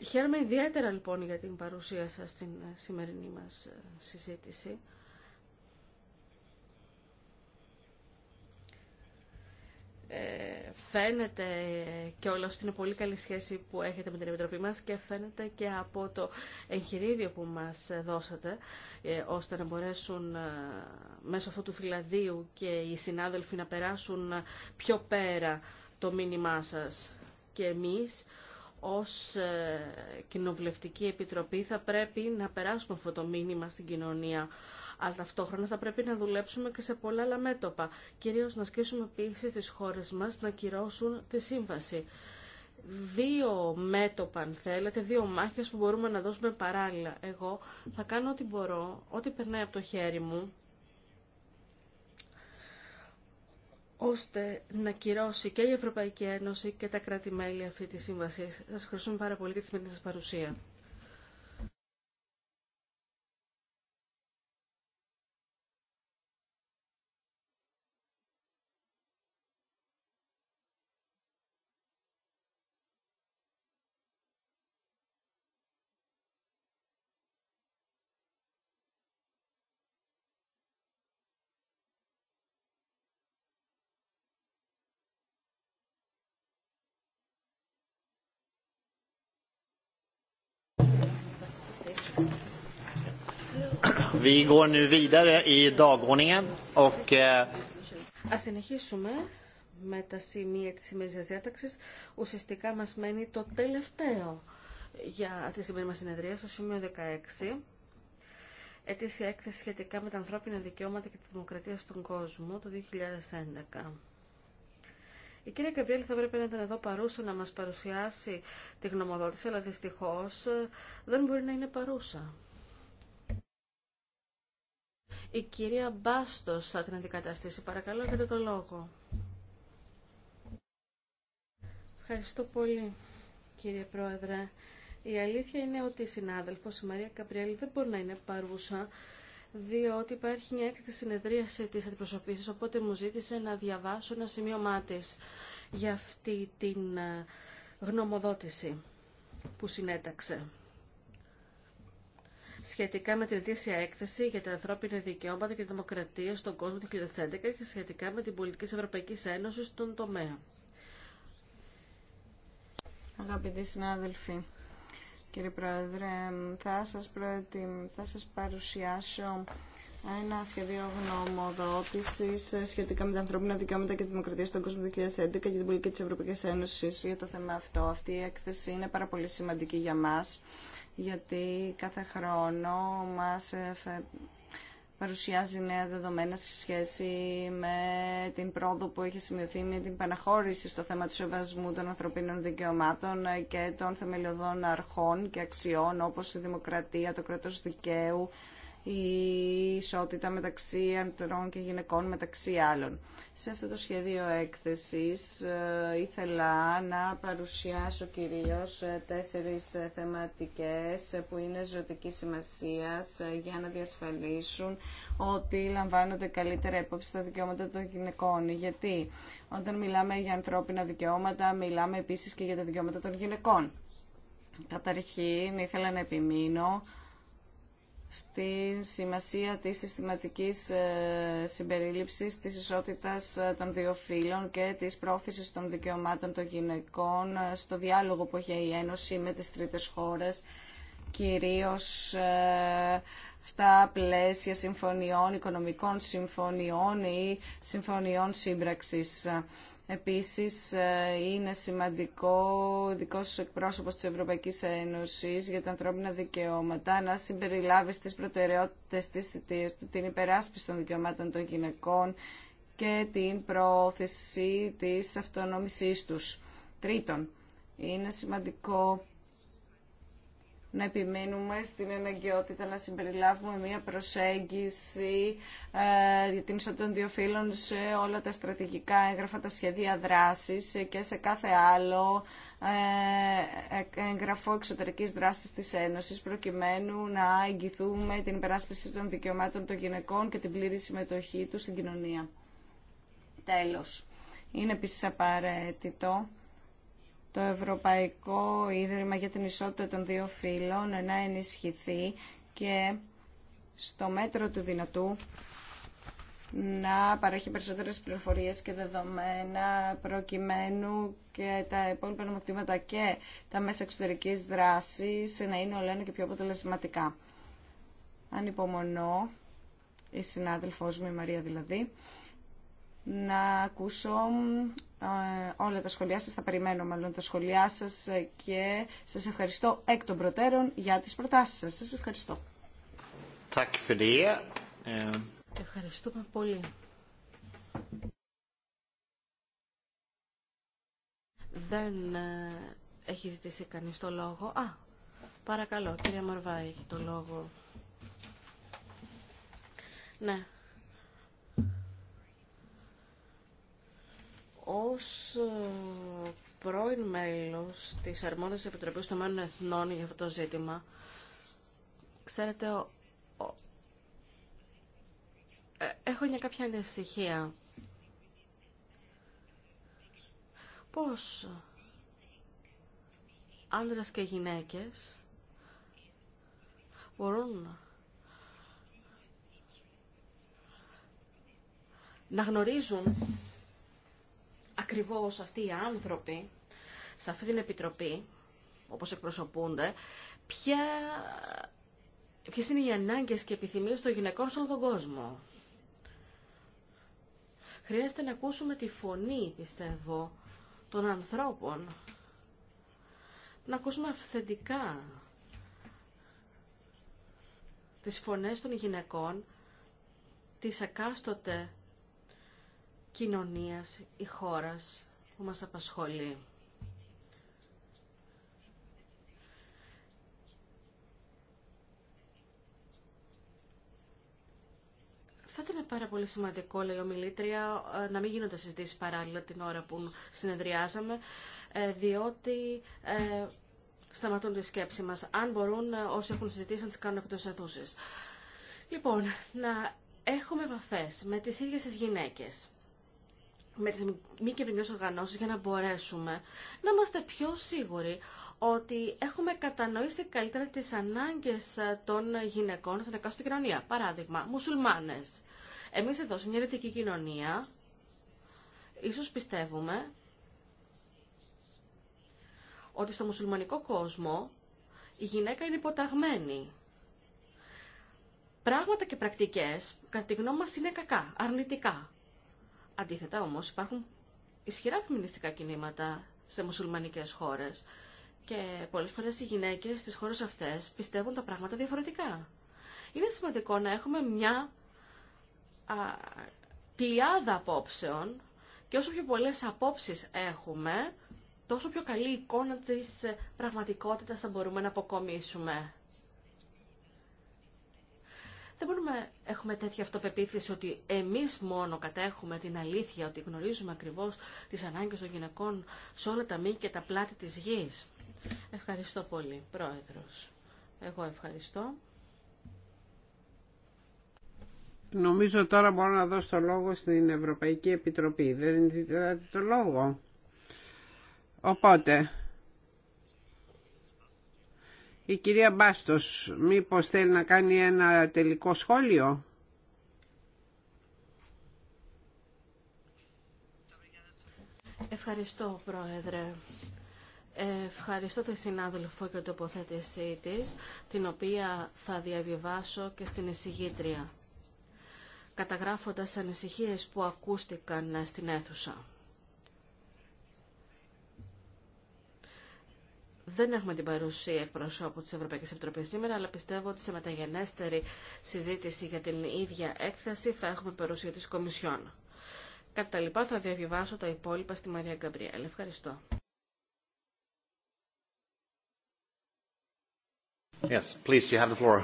B: Χαίρομαι ιδιαίτερα λοιπόν για την παρουσία σας στην ε, σημερινή μας συζήτηση. Ε, φαίνεται και ότι στην πολύ καλή σχέση που έχετε με την Επιτροπή μας και φαίνεται και από το εγχειρίδιο που μας δώσατε ε, ώστε να μπορέσουν ε, μέσω αυτού του φυλαδίου και οι συνάδελφοι να περάσουν πιο πέρα το μήνυμά σας και εμείς ως ε, Κοινοβουλευτική Επιτροπή θα πρέπει να περάσουμε αυτό το μήνυμα στην κοινωνία. Αλλά ταυτόχρονα θα πρέπει να δουλέψουμε και σε πολλά άλλα μέτωπα. Κυρίως να ασκήσουμε πίεση στις χώρες μας να κυρώσουν τη σύμβαση. Δύο μέτωπα, αν θέλετε, δύο μάχες που μπορούμε να δώσουμε παράλληλα. Εγώ θα κάνω ό,τι μπορώ, ό,τι περνάει από το χέρι μου, ώστε να κυρώσει και η Ευρωπαϊκή Ένωση και τα κράτη-μέλη αυτή τη σύμβαση. Σας ευχαριστούμε πάρα πολύ για τη σημερινή σας παρουσία.
A: Vi eh,
B: Ας συνεχίσουμε με τα σημεία της σημερινής διάταξης. Ουσιαστικά μας μένει το τελευταίο για τη σημερινή μας συνεδρία, στο σημείο 16. Ετήσια έκθεση σχετικά με τα ανθρώπινα δικαιώματα και τη δημοκρατία στον κόσμο το 2011. Η κυρία Καμπριέλη θα έπρεπε να ήταν εδώ παρούσα να μας παρουσιάσει τη γνωμοδότηση, αλλά δυστυχώς ε, δεν μπορεί να είναι παρούσα. Η κυρία Μπάστος θα την αντικαταστήσει. Παρακαλώ, έχετε το λόγο. Ευχαριστώ πολύ, κύριε Πρόεδρε. Η αλήθεια είναι ότι η συνάδελφος, η Μαρία Καπριέλη, δεν μπορεί να είναι παρούσα διότι υπάρχει μια έκτη συνεδρίαση της αντιπροσωπείας, οπότε μου ζήτησε να διαβάσω ένα σημείωμά τη για αυτή την ε, γνωμοδότηση που συνέταξε σχετικά με την ετήσια έκθεση για τα ανθρώπινα δικαιώματα και τη δημοκρατία στον κόσμο του 2011 και σχετικά με την πολιτική της Ευρωπαϊκής Ένωσης στον τομέα. Αγαπητοί συνάδελφοι,
C: κύριε Πρόεδρε. Θα σας, προετοι... θα σας παρουσιάσω ένα σχεδίο γνωμοδότηση σχετικά με τα ανθρώπινα δικαιώματα και τη δημοκρατία στον κόσμο 2011 και την πολιτική τη Ευρωπαϊκή Ένωση για το θέμα αυτό. Αυτή η έκθεση είναι πάρα πολύ σημαντική για μα, γιατί κάθε χρόνο μα παρουσιάζει νέα δεδομένα σε σχέση με την πρόοδο που έχει σημειωθεί με την παναχώρηση στο θέμα του σεβασμού των ανθρωπίνων δικαιωμάτων και των θεμελιωδών αρχών και αξιών όπως η δημοκρατία, το κράτος δικαίου, η ισότητα μεταξύ αντρών και γυναικών μεταξύ άλλων. Σε αυτό το σχέδιο έκθεσης ε, ήθελα να παρουσιάσω κυρίως ε, τέσσερις ε, θεματικές που είναι ζωτική σημασίας για να διασφαλίσουν ότι λαμβάνονται καλύτερα υπόψη τα δικαιώματα των γυναικών. Γιατί όταν μιλάμε για ανθρώπινα δικαιώματα μιλάμε επίσης και για τα δικαιώματα των γυναικών. Καταρχήν ήθελα να επιμείνω στην σημασία της συστηματικής ε, συμπερίληψης της ισότητας ε, των δύο φύλων και της πρόθεσης των δικαιωμάτων των γυναικών ε, στο διάλογο που έχει η Ένωση με τις τρίτες χώρες, κυρίως στα πλαίσια συμφωνιών, οικονομικών συμφωνιών ή συμφωνιών σύμπραξης. Επίσης, ε, είναι σημαντικό ο σου εκπρόσωπος της Ευρωπαϊκής Ένωσης για τα ανθρώπινα δικαιώματα να συμπεριλάβει στις προτεραιότητες της θητείας του την υπεράσπιση των δικαιωμάτων των γυναικών και την πρόθεση της αυτονόμησής τους. Τρίτον, είναι σημαντικό να επιμείνουμε στην αναγκαιότητα να συμπεριλάβουμε μια προσέγγιση ε, για την ισότητα των δύο φύλων σε όλα τα στρατηγικά έγγραφα, τα σχέδια δράσης και σε κάθε άλλο εγγραφό ε, εξωτερικής δράσης της Ένωσης προκειμένου να εγγυθούμε την υπεράσπιση των δικαιωμάτων των γυναικών και την πλήρη συμμετοχή του στην κοινωνία. Τέλος. Είναι επίσης απαραίτητο το Ευρωπαϊκό Ίδρυμα για την Ισότητα των Δύο Φύλων να ενισχυθεί και στο μέτρο του δυνατού να παρέχει περισσότερες πληροφορίες και δεδομένα προκειμένου και τα υπόλοιπα νομοκτήματα και τα μέσα εξωτερικής δράσης να είναι όλα και πιο αποτελεσματικά. Αν υπομονώ, η συνάδελφός μου η Μαρία δηλαδή, να ακούσω ε, όλα τα σχολιά σας, θα περιμένω μάλλον τα σχολιά σας και σας ευχαριστώ εκ των προτέρων για τις προτάσεις σας. Σας ευχαριστώ.
A: Ehm.
B: Ευχαριστούμε πολύ. Δεν ε, έχει ζητήσει κανείς το λόγο. Α, παρακαλώ, κυρία Μαρβάη έχει το λόγο. Ναι, Ως ε, πρώην μέλος της αρμόδιας Επιτροπής των Μένων Εθνών για αυτό το ζήτημα, ξέρετε, ε, έχω μια κάποια ανησυχία. Πώς άνδρες και γυναίκες μπορούν να γνωρίζουν ακριβώς αυτοί οι άνθρωποι σε αυτή την επιτροπή, όπως εκπροσωπούνται, ποια... ποιες είναι οι ανάγκες και επιθυμίες των γυναικών σε όλο τον κόσμο. Χρειάζεται να ακούσουμε τη φωνή, πιστεύω, των ανθρώπων. Να ακούσουμε αυθεντικά τις φωνές των γυναικών, τις ακάστοτε κοινωνίας ή χώρας που μας απασχολεί. Θα ήταν πάρα πολύ σημαντικό, λέει ομιλήτρια, ε, να μην γίνονται συζητήσεις παράλληλα την ώρα που συνεδριάζαμε, ε, διότι ε, σταματούν τη σκέψη μας. Αν μπορούν, όσοι έχουν συζητήσει, να τις κάνουν εκτός αιθούσες. Λοιπόν, να έχουμε επαφέ με τις ίδιες τις γυναίκες με τις μη κυβερνικές οργανώσεις για να μπορέσουμε να είμαστε πιο σίγουροι ότι έχουμε κατανοήσει καλύτερα τις ανάγκες των γυναικών στην εκάστοτε κοινωνία. Παράδειγμα, μουσουλμάνες. Εμείς εδώ, σε μια δυτική κοινωνία, ίσως πιστεύουμε ότι στο μουσουλμανικό κόσμο η γυναίκα είναι υποταγμένη. Πράγματα και πρακτικές, κατά τη γνώμη μας, είναι κακά, αρνητικά. Αντίθετα όμως υπάρχουν ισχυρά φεμινιστικά κινήματα σε μουσουλμανικές χώρες και πολλές φορές οι γυναίκες στις χώρες αυτές πιστεύουν τα πράγματα διαφορετικά. Είναι σημαντικό να έχουμε μια α, πλειάδα απόψεων και όσο πιο πολλές απόψεις έχουμε, τόσο πιο καλή εικόνα της πραγματικότητας θα μπορούμε να αποκομίσουμε. Δεν μπορούμε να έχουμε τέτοια αυτοπεποίθηση ότι εμείς μόνο κατέχουμε την αλήθεια, ότι γνωρίζουμε ακριβώς τις ανάγκες των γυναικών σε όλα τα μήκη και τα πλάτη της γης. Ευχαριστώ πολύ, Πρόεδρος. Εγώ ευχαριστώ.
A: Νομίζω τώρα μπορώ να δώσω το λόγο στην Ευρωπαϊκή Επιτροπή. Δεν δίνετε το λόγο. Οπότε, η κυρία Μπάστος, μήπως θέλει να κάνει ένα τελικό σχόλιο.
B: Ευχαριστώ, Πρόεδρε. Ευχαριστώ τη συνάδελφο και την τοποθέτησή της, την οποία θα διαβιβάσω και στην εισηγήτρια, καταγράφοντας ανησυχίες που ακούστηκαν στην αίθουσα. δεν έχουμε την παρουσία εκπροσώπου της Ευρωπαϊκή Επιτροπής σήμερα, αλλά πιστεύω ότι σε μεταγενέστερη συζήτηση για την ίδια έκθεση θα έχουμε παρουσία της Κομισιόν. Κατά τα λοιπά θα διαβιβάσω τα υπόλοιπα στη Μαρία Γκαμπριέλ. Ευχαριστώ. Yes, please, you have the floor.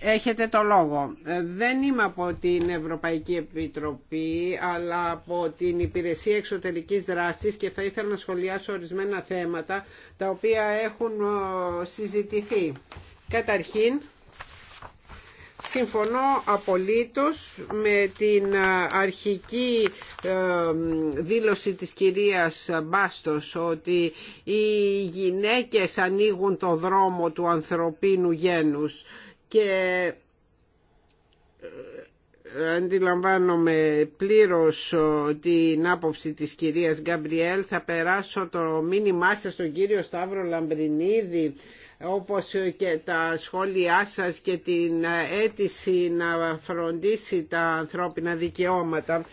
A: Έχετε το λόγο. Ε, δεν είμαι από την Ευρωπαϊκή Επιτροπή, αλλά από την Υπηρεσία Εξωτερικής Δράσης και θα ήθελα να σχολιάσω ορισμένα θέματα τα οποία έχουν ε, συζητηθεί. Καταρχήν, Συμφωνώ απολύτως με την ε, αρχική ε, δήλωση της κυρίας Μπάστος ότι οι γυναίκες ανοίγουν το δρόμο του ανθρωπίνου γένους και ε, αντιλαμβάνομαι πλήρως την άποψη της κυρίας Γκαμπριέλ θα περάσω το μήνυμά σας στον κύριο Σταύρο Λαμπρινίδη όπως και τα σχόλιά σας και την αίτηση να φροντίσει τα ανθρώπινα δικαιώματα.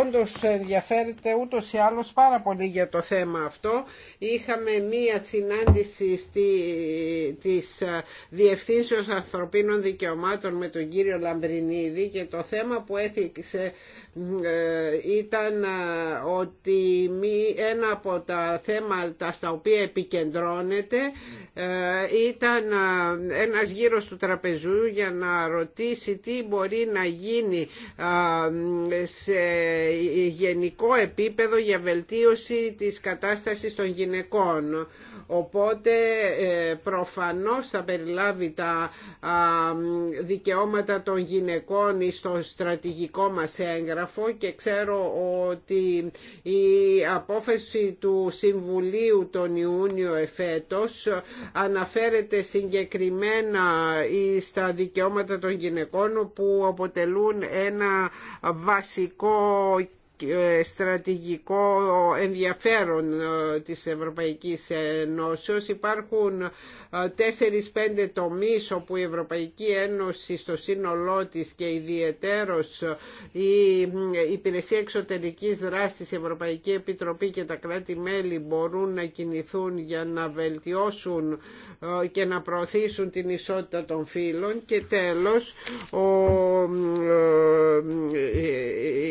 A: Όντως ενδιαφέρεται ούτως ή άλλως πάρα πολύ για το θέμα αυτό. Είχαμε μία συνάντηση στη, της Διευθύνσεως Ανθρωπίνων Δικαιωμάτων με τον κύριο Λαμπρινίδη και το θέμα που έθιξε ε, ήταν ε, ότι ένα από τα θέματα στα οποία επικεντρώνεται ε, ήταν ένας γύρος του τραπεζού για να ρωτήσει τι μπορεί να γίνει σε γενικό επίπεδο για βελτίωση της κατάστασης των γυναικών Οπότε ε, προφανώς θα περιλάβει τα δικαιώματα των γυναικών στο στρατηγικό μας έγγραφο και ξέρω ότι η απόφαση του Συμβουλίου τον Ιούνιο εφέτος αναφέρεται συγκεκριμένα στα δικαιώματα των γυναικών που αποτελούν ένα βασικό ε, στρατηγικό ενδιαφέρον ε, της ευρωπαικης ενωσης Ενώσεως. Υπάρχουν ε, τέσσερις-πέντε τομείς όπου η Ευρωπαϊκή Ένωση στο σύνολό της και ιδιαιτέρως η Υπηρεσία Εξωτερικής Δράσης, η Ευρωπαϊκή Επιτροπή και τα κράτη-μέλη μπορούν να κινηθούν για να βελτιώσουν ε, και να προωθήσουν την ισότητα των φύλων και τέλος ο, ε,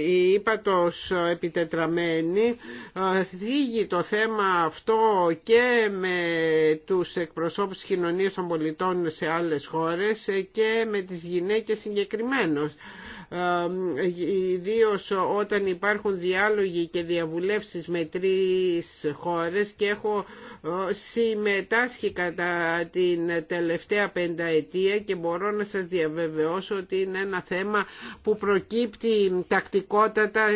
A: η ύπατος επιτετραμένη ε, θίγει το θέμα αυτό και με τους εκπροσώπους κοινωνίας των πολιτών σε άλλες χώρες και με τις γυναίκες συγκεκριμένως ιδίω όταν υπάρχουν διάλογοι και διαβουλεύσεις με τρεις χώρες και έχω ε, συμμετάσχει κατά την τελευταία πενταετία και μπορώ να σας διαβεβαιώσω ότι είναι ένα θέμα που προκύπτει τακτικότατα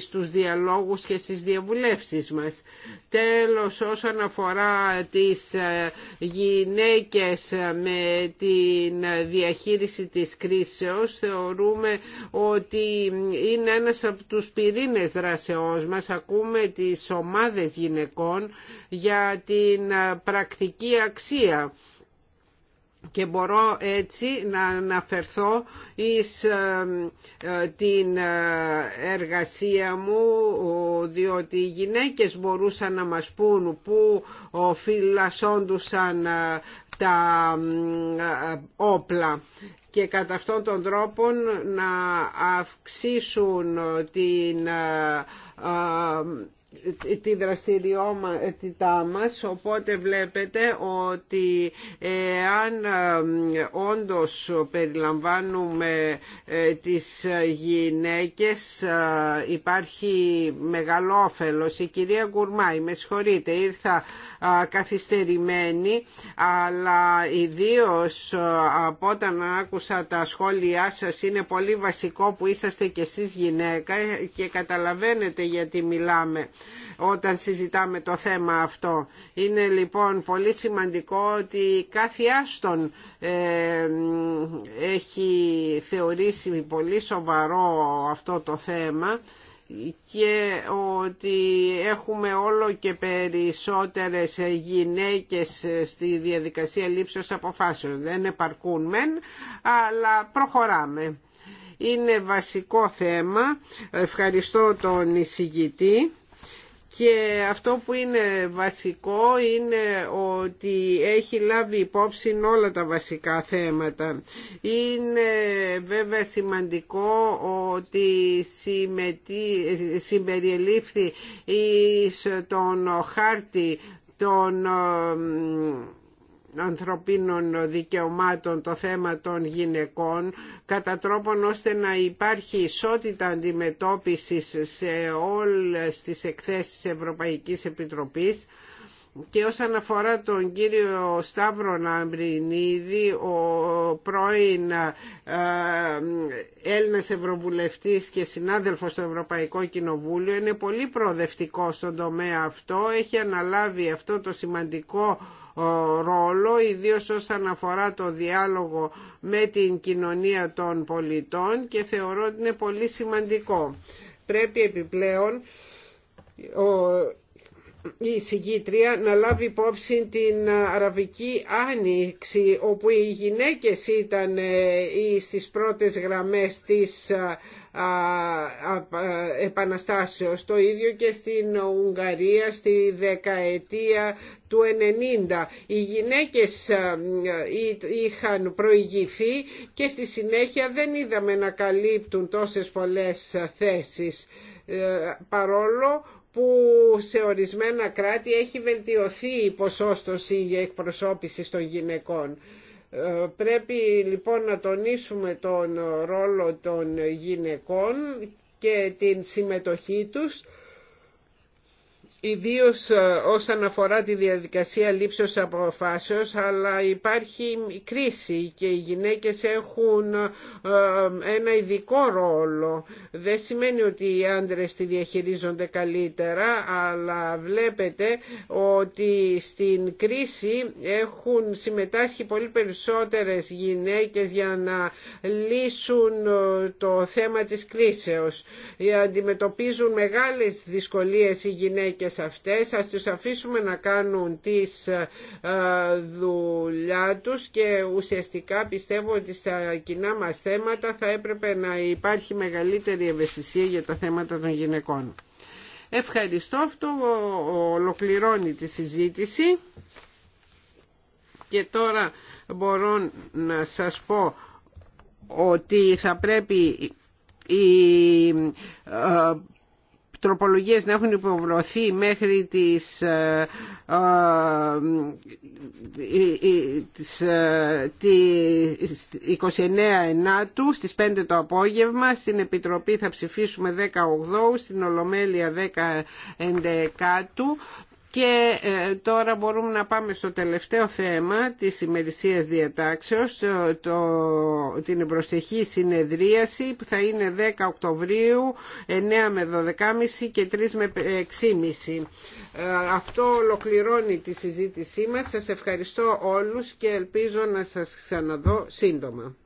A: στους διαλόγους και στις διαβουλεύσεις μας. Τέλος, όσον αφορά τις ε, γυναίκες με την διαχείριση της κρίσεως, θεωρούμε ότι είναι ένας από τους πυρήνες δράσεώς μας. Ακούμε τις ομάδες γυναικών για την πρακτική αξία και μπορώ έτσι να αναφερθώ εις την εργασία μου διότι οι γυναίκες μπορούσαν να μας πούν που φυλασσόντουσαν τα όπλα και κατά αυτόν τον τρόπο να αυξήσουν την τη δραστηριότητά μας οπότε βλέπετε ότι ε, αν ε, όντως περιλαμβάνουμε ε, τις γυναίκες υπάρχει μεγάλο όφελος η κυρία Γκουρμάη με συγχωρείτε ήρθα καθυστερημένη αλλά ιδίως από όταν άκουσα τα σχόλιά σας είναι πολύ βασικό που είσαστε και εσείς γυναίκα και καταλαβαίνετε γιατί μιλάμε όταν συζητάμε το θέμα αυτό. Είναι λοιπόν πολύ σημαντικό ότι κάθε άστον ε, έχει θεωρήσει πολύ σοβαρό αυτό το θέμα και ότι έχουμε όλο και περισσότερες γυναίκες στη διαδικασία λήψεως αποφάσεων. Δεν επαρκούν μεν, αλλά προχωράμε. Είναι βασικό θέμα. Ευχαριστώ τον εισηγητή και αυτό που είναι βασικό είναι ότι έχει λάβει υπόψη όλα τα βασικά θέματα. Είναι βέβαια σημαντικό ότι συμπεριελήφθη τον χάρτη των ανθρωπίνων δικαιωμάτων το θέμα των γυναικών κατά τρόπον ώστε να υπάρχει ισότητα αντιμετώπισης σε όλες τις εκθέσεις Ευρωπαϊκής Επιτροπής και όσον αφορά τον κύριο Σταύρο Ναμπρινίδη, ο πρώην ε, Έλληνας Ευρωβουλευτής και συνάδελφος στο Ευρωπαϊκό Κοινοβούλιο, είναι πολύ προοδευτικό στον τομέα αυτό, έχει αναλάβει αυτό το σημαντικό ε, ρόλο, ιδίως όσον αφορά το διάλογο με την κοινωνία των πολιτών και θεωρώ ότι είναι πολύ σημαντικό. Πρέπει επιπλέον η συγκήτρια να λάβει υπόψη την Αραβική Άνοιξη όπου οι γυναίκες ήταν ε, στις πρώτες γραμμές της ε, ε, επαναστάσεως το ίδιο και στην Ουγγαρία στη δεκαετία του 90 οι γυναίκες είχαν προηγηθεί και στη συνέχεια δεν είδαμε να καλύπτουν τόσες πολλές θέσεις παρόλο που σε ορισμένα κράτη έχει βελτιωθεί η ποσόστοση για εκπροσώπηση των γυναικών. Ε, πρέπει λοιπόν να τονίσουμε τον ρόλο των γυναικών και την συμμετοχή τους ιδίως ε, όσον αφορά τη διαδικασία λήψεως αποφάσεως, αλλά υπάρχει κρίση και οι γυναίκες έχουν ε, ένα ειδικό ρόλο. Δεν σημαίνει ότι οι άντρες τη διαχειρίζονται καλύτερα, αλλά βλέπετε ότι στην κρίση έχουν συμμετάσχει πολύ περισσότερες γυναίκες για να λύσουν ε, το θέμα της κρίσεως. Αντιμετωπίζουν μεγάλες δυσκολίες οι γυναίκες αυτές, ας τους αφήσουμε να κάνουν τις ε, ε, δουλειά τους και ουσιαστικά πιστεύω ότι στα κοινά μας θέματα θα έπρεπε να υπάρχει μεγαλύτερη ευαισθησία για τα θέματα των γυναικών. Ευχαριστώ. Αυτό ολοκληρώνει τη συζήτηση. Και τώρα μπορώ να σας πω ότι θα πρέπει η ε, τροπολογίες να έχουν υποβληθεί μέχρι τις, ε, ε, ε, τις 29 Ενάτου στις 5 το απόγευμα στην Επιτροπή θα ψηφίσουμε 18 στην Ολομέλεια 10 11 και ε, τώρα μπορούμε να πάμε στο τελευταίο θέμα της ημερησίας διατάξεως, το, την προσεχή συνεδρίαση που θα είναι 10 Οκτωβρίου, 9 με 12.30 και 3 με 6.30. Ε, αυτό ολοκληρώνει τη συζήτησή μας. Σας ευχαριστώ όλους και ελπίζω να σας ξαναδώ σύντομα.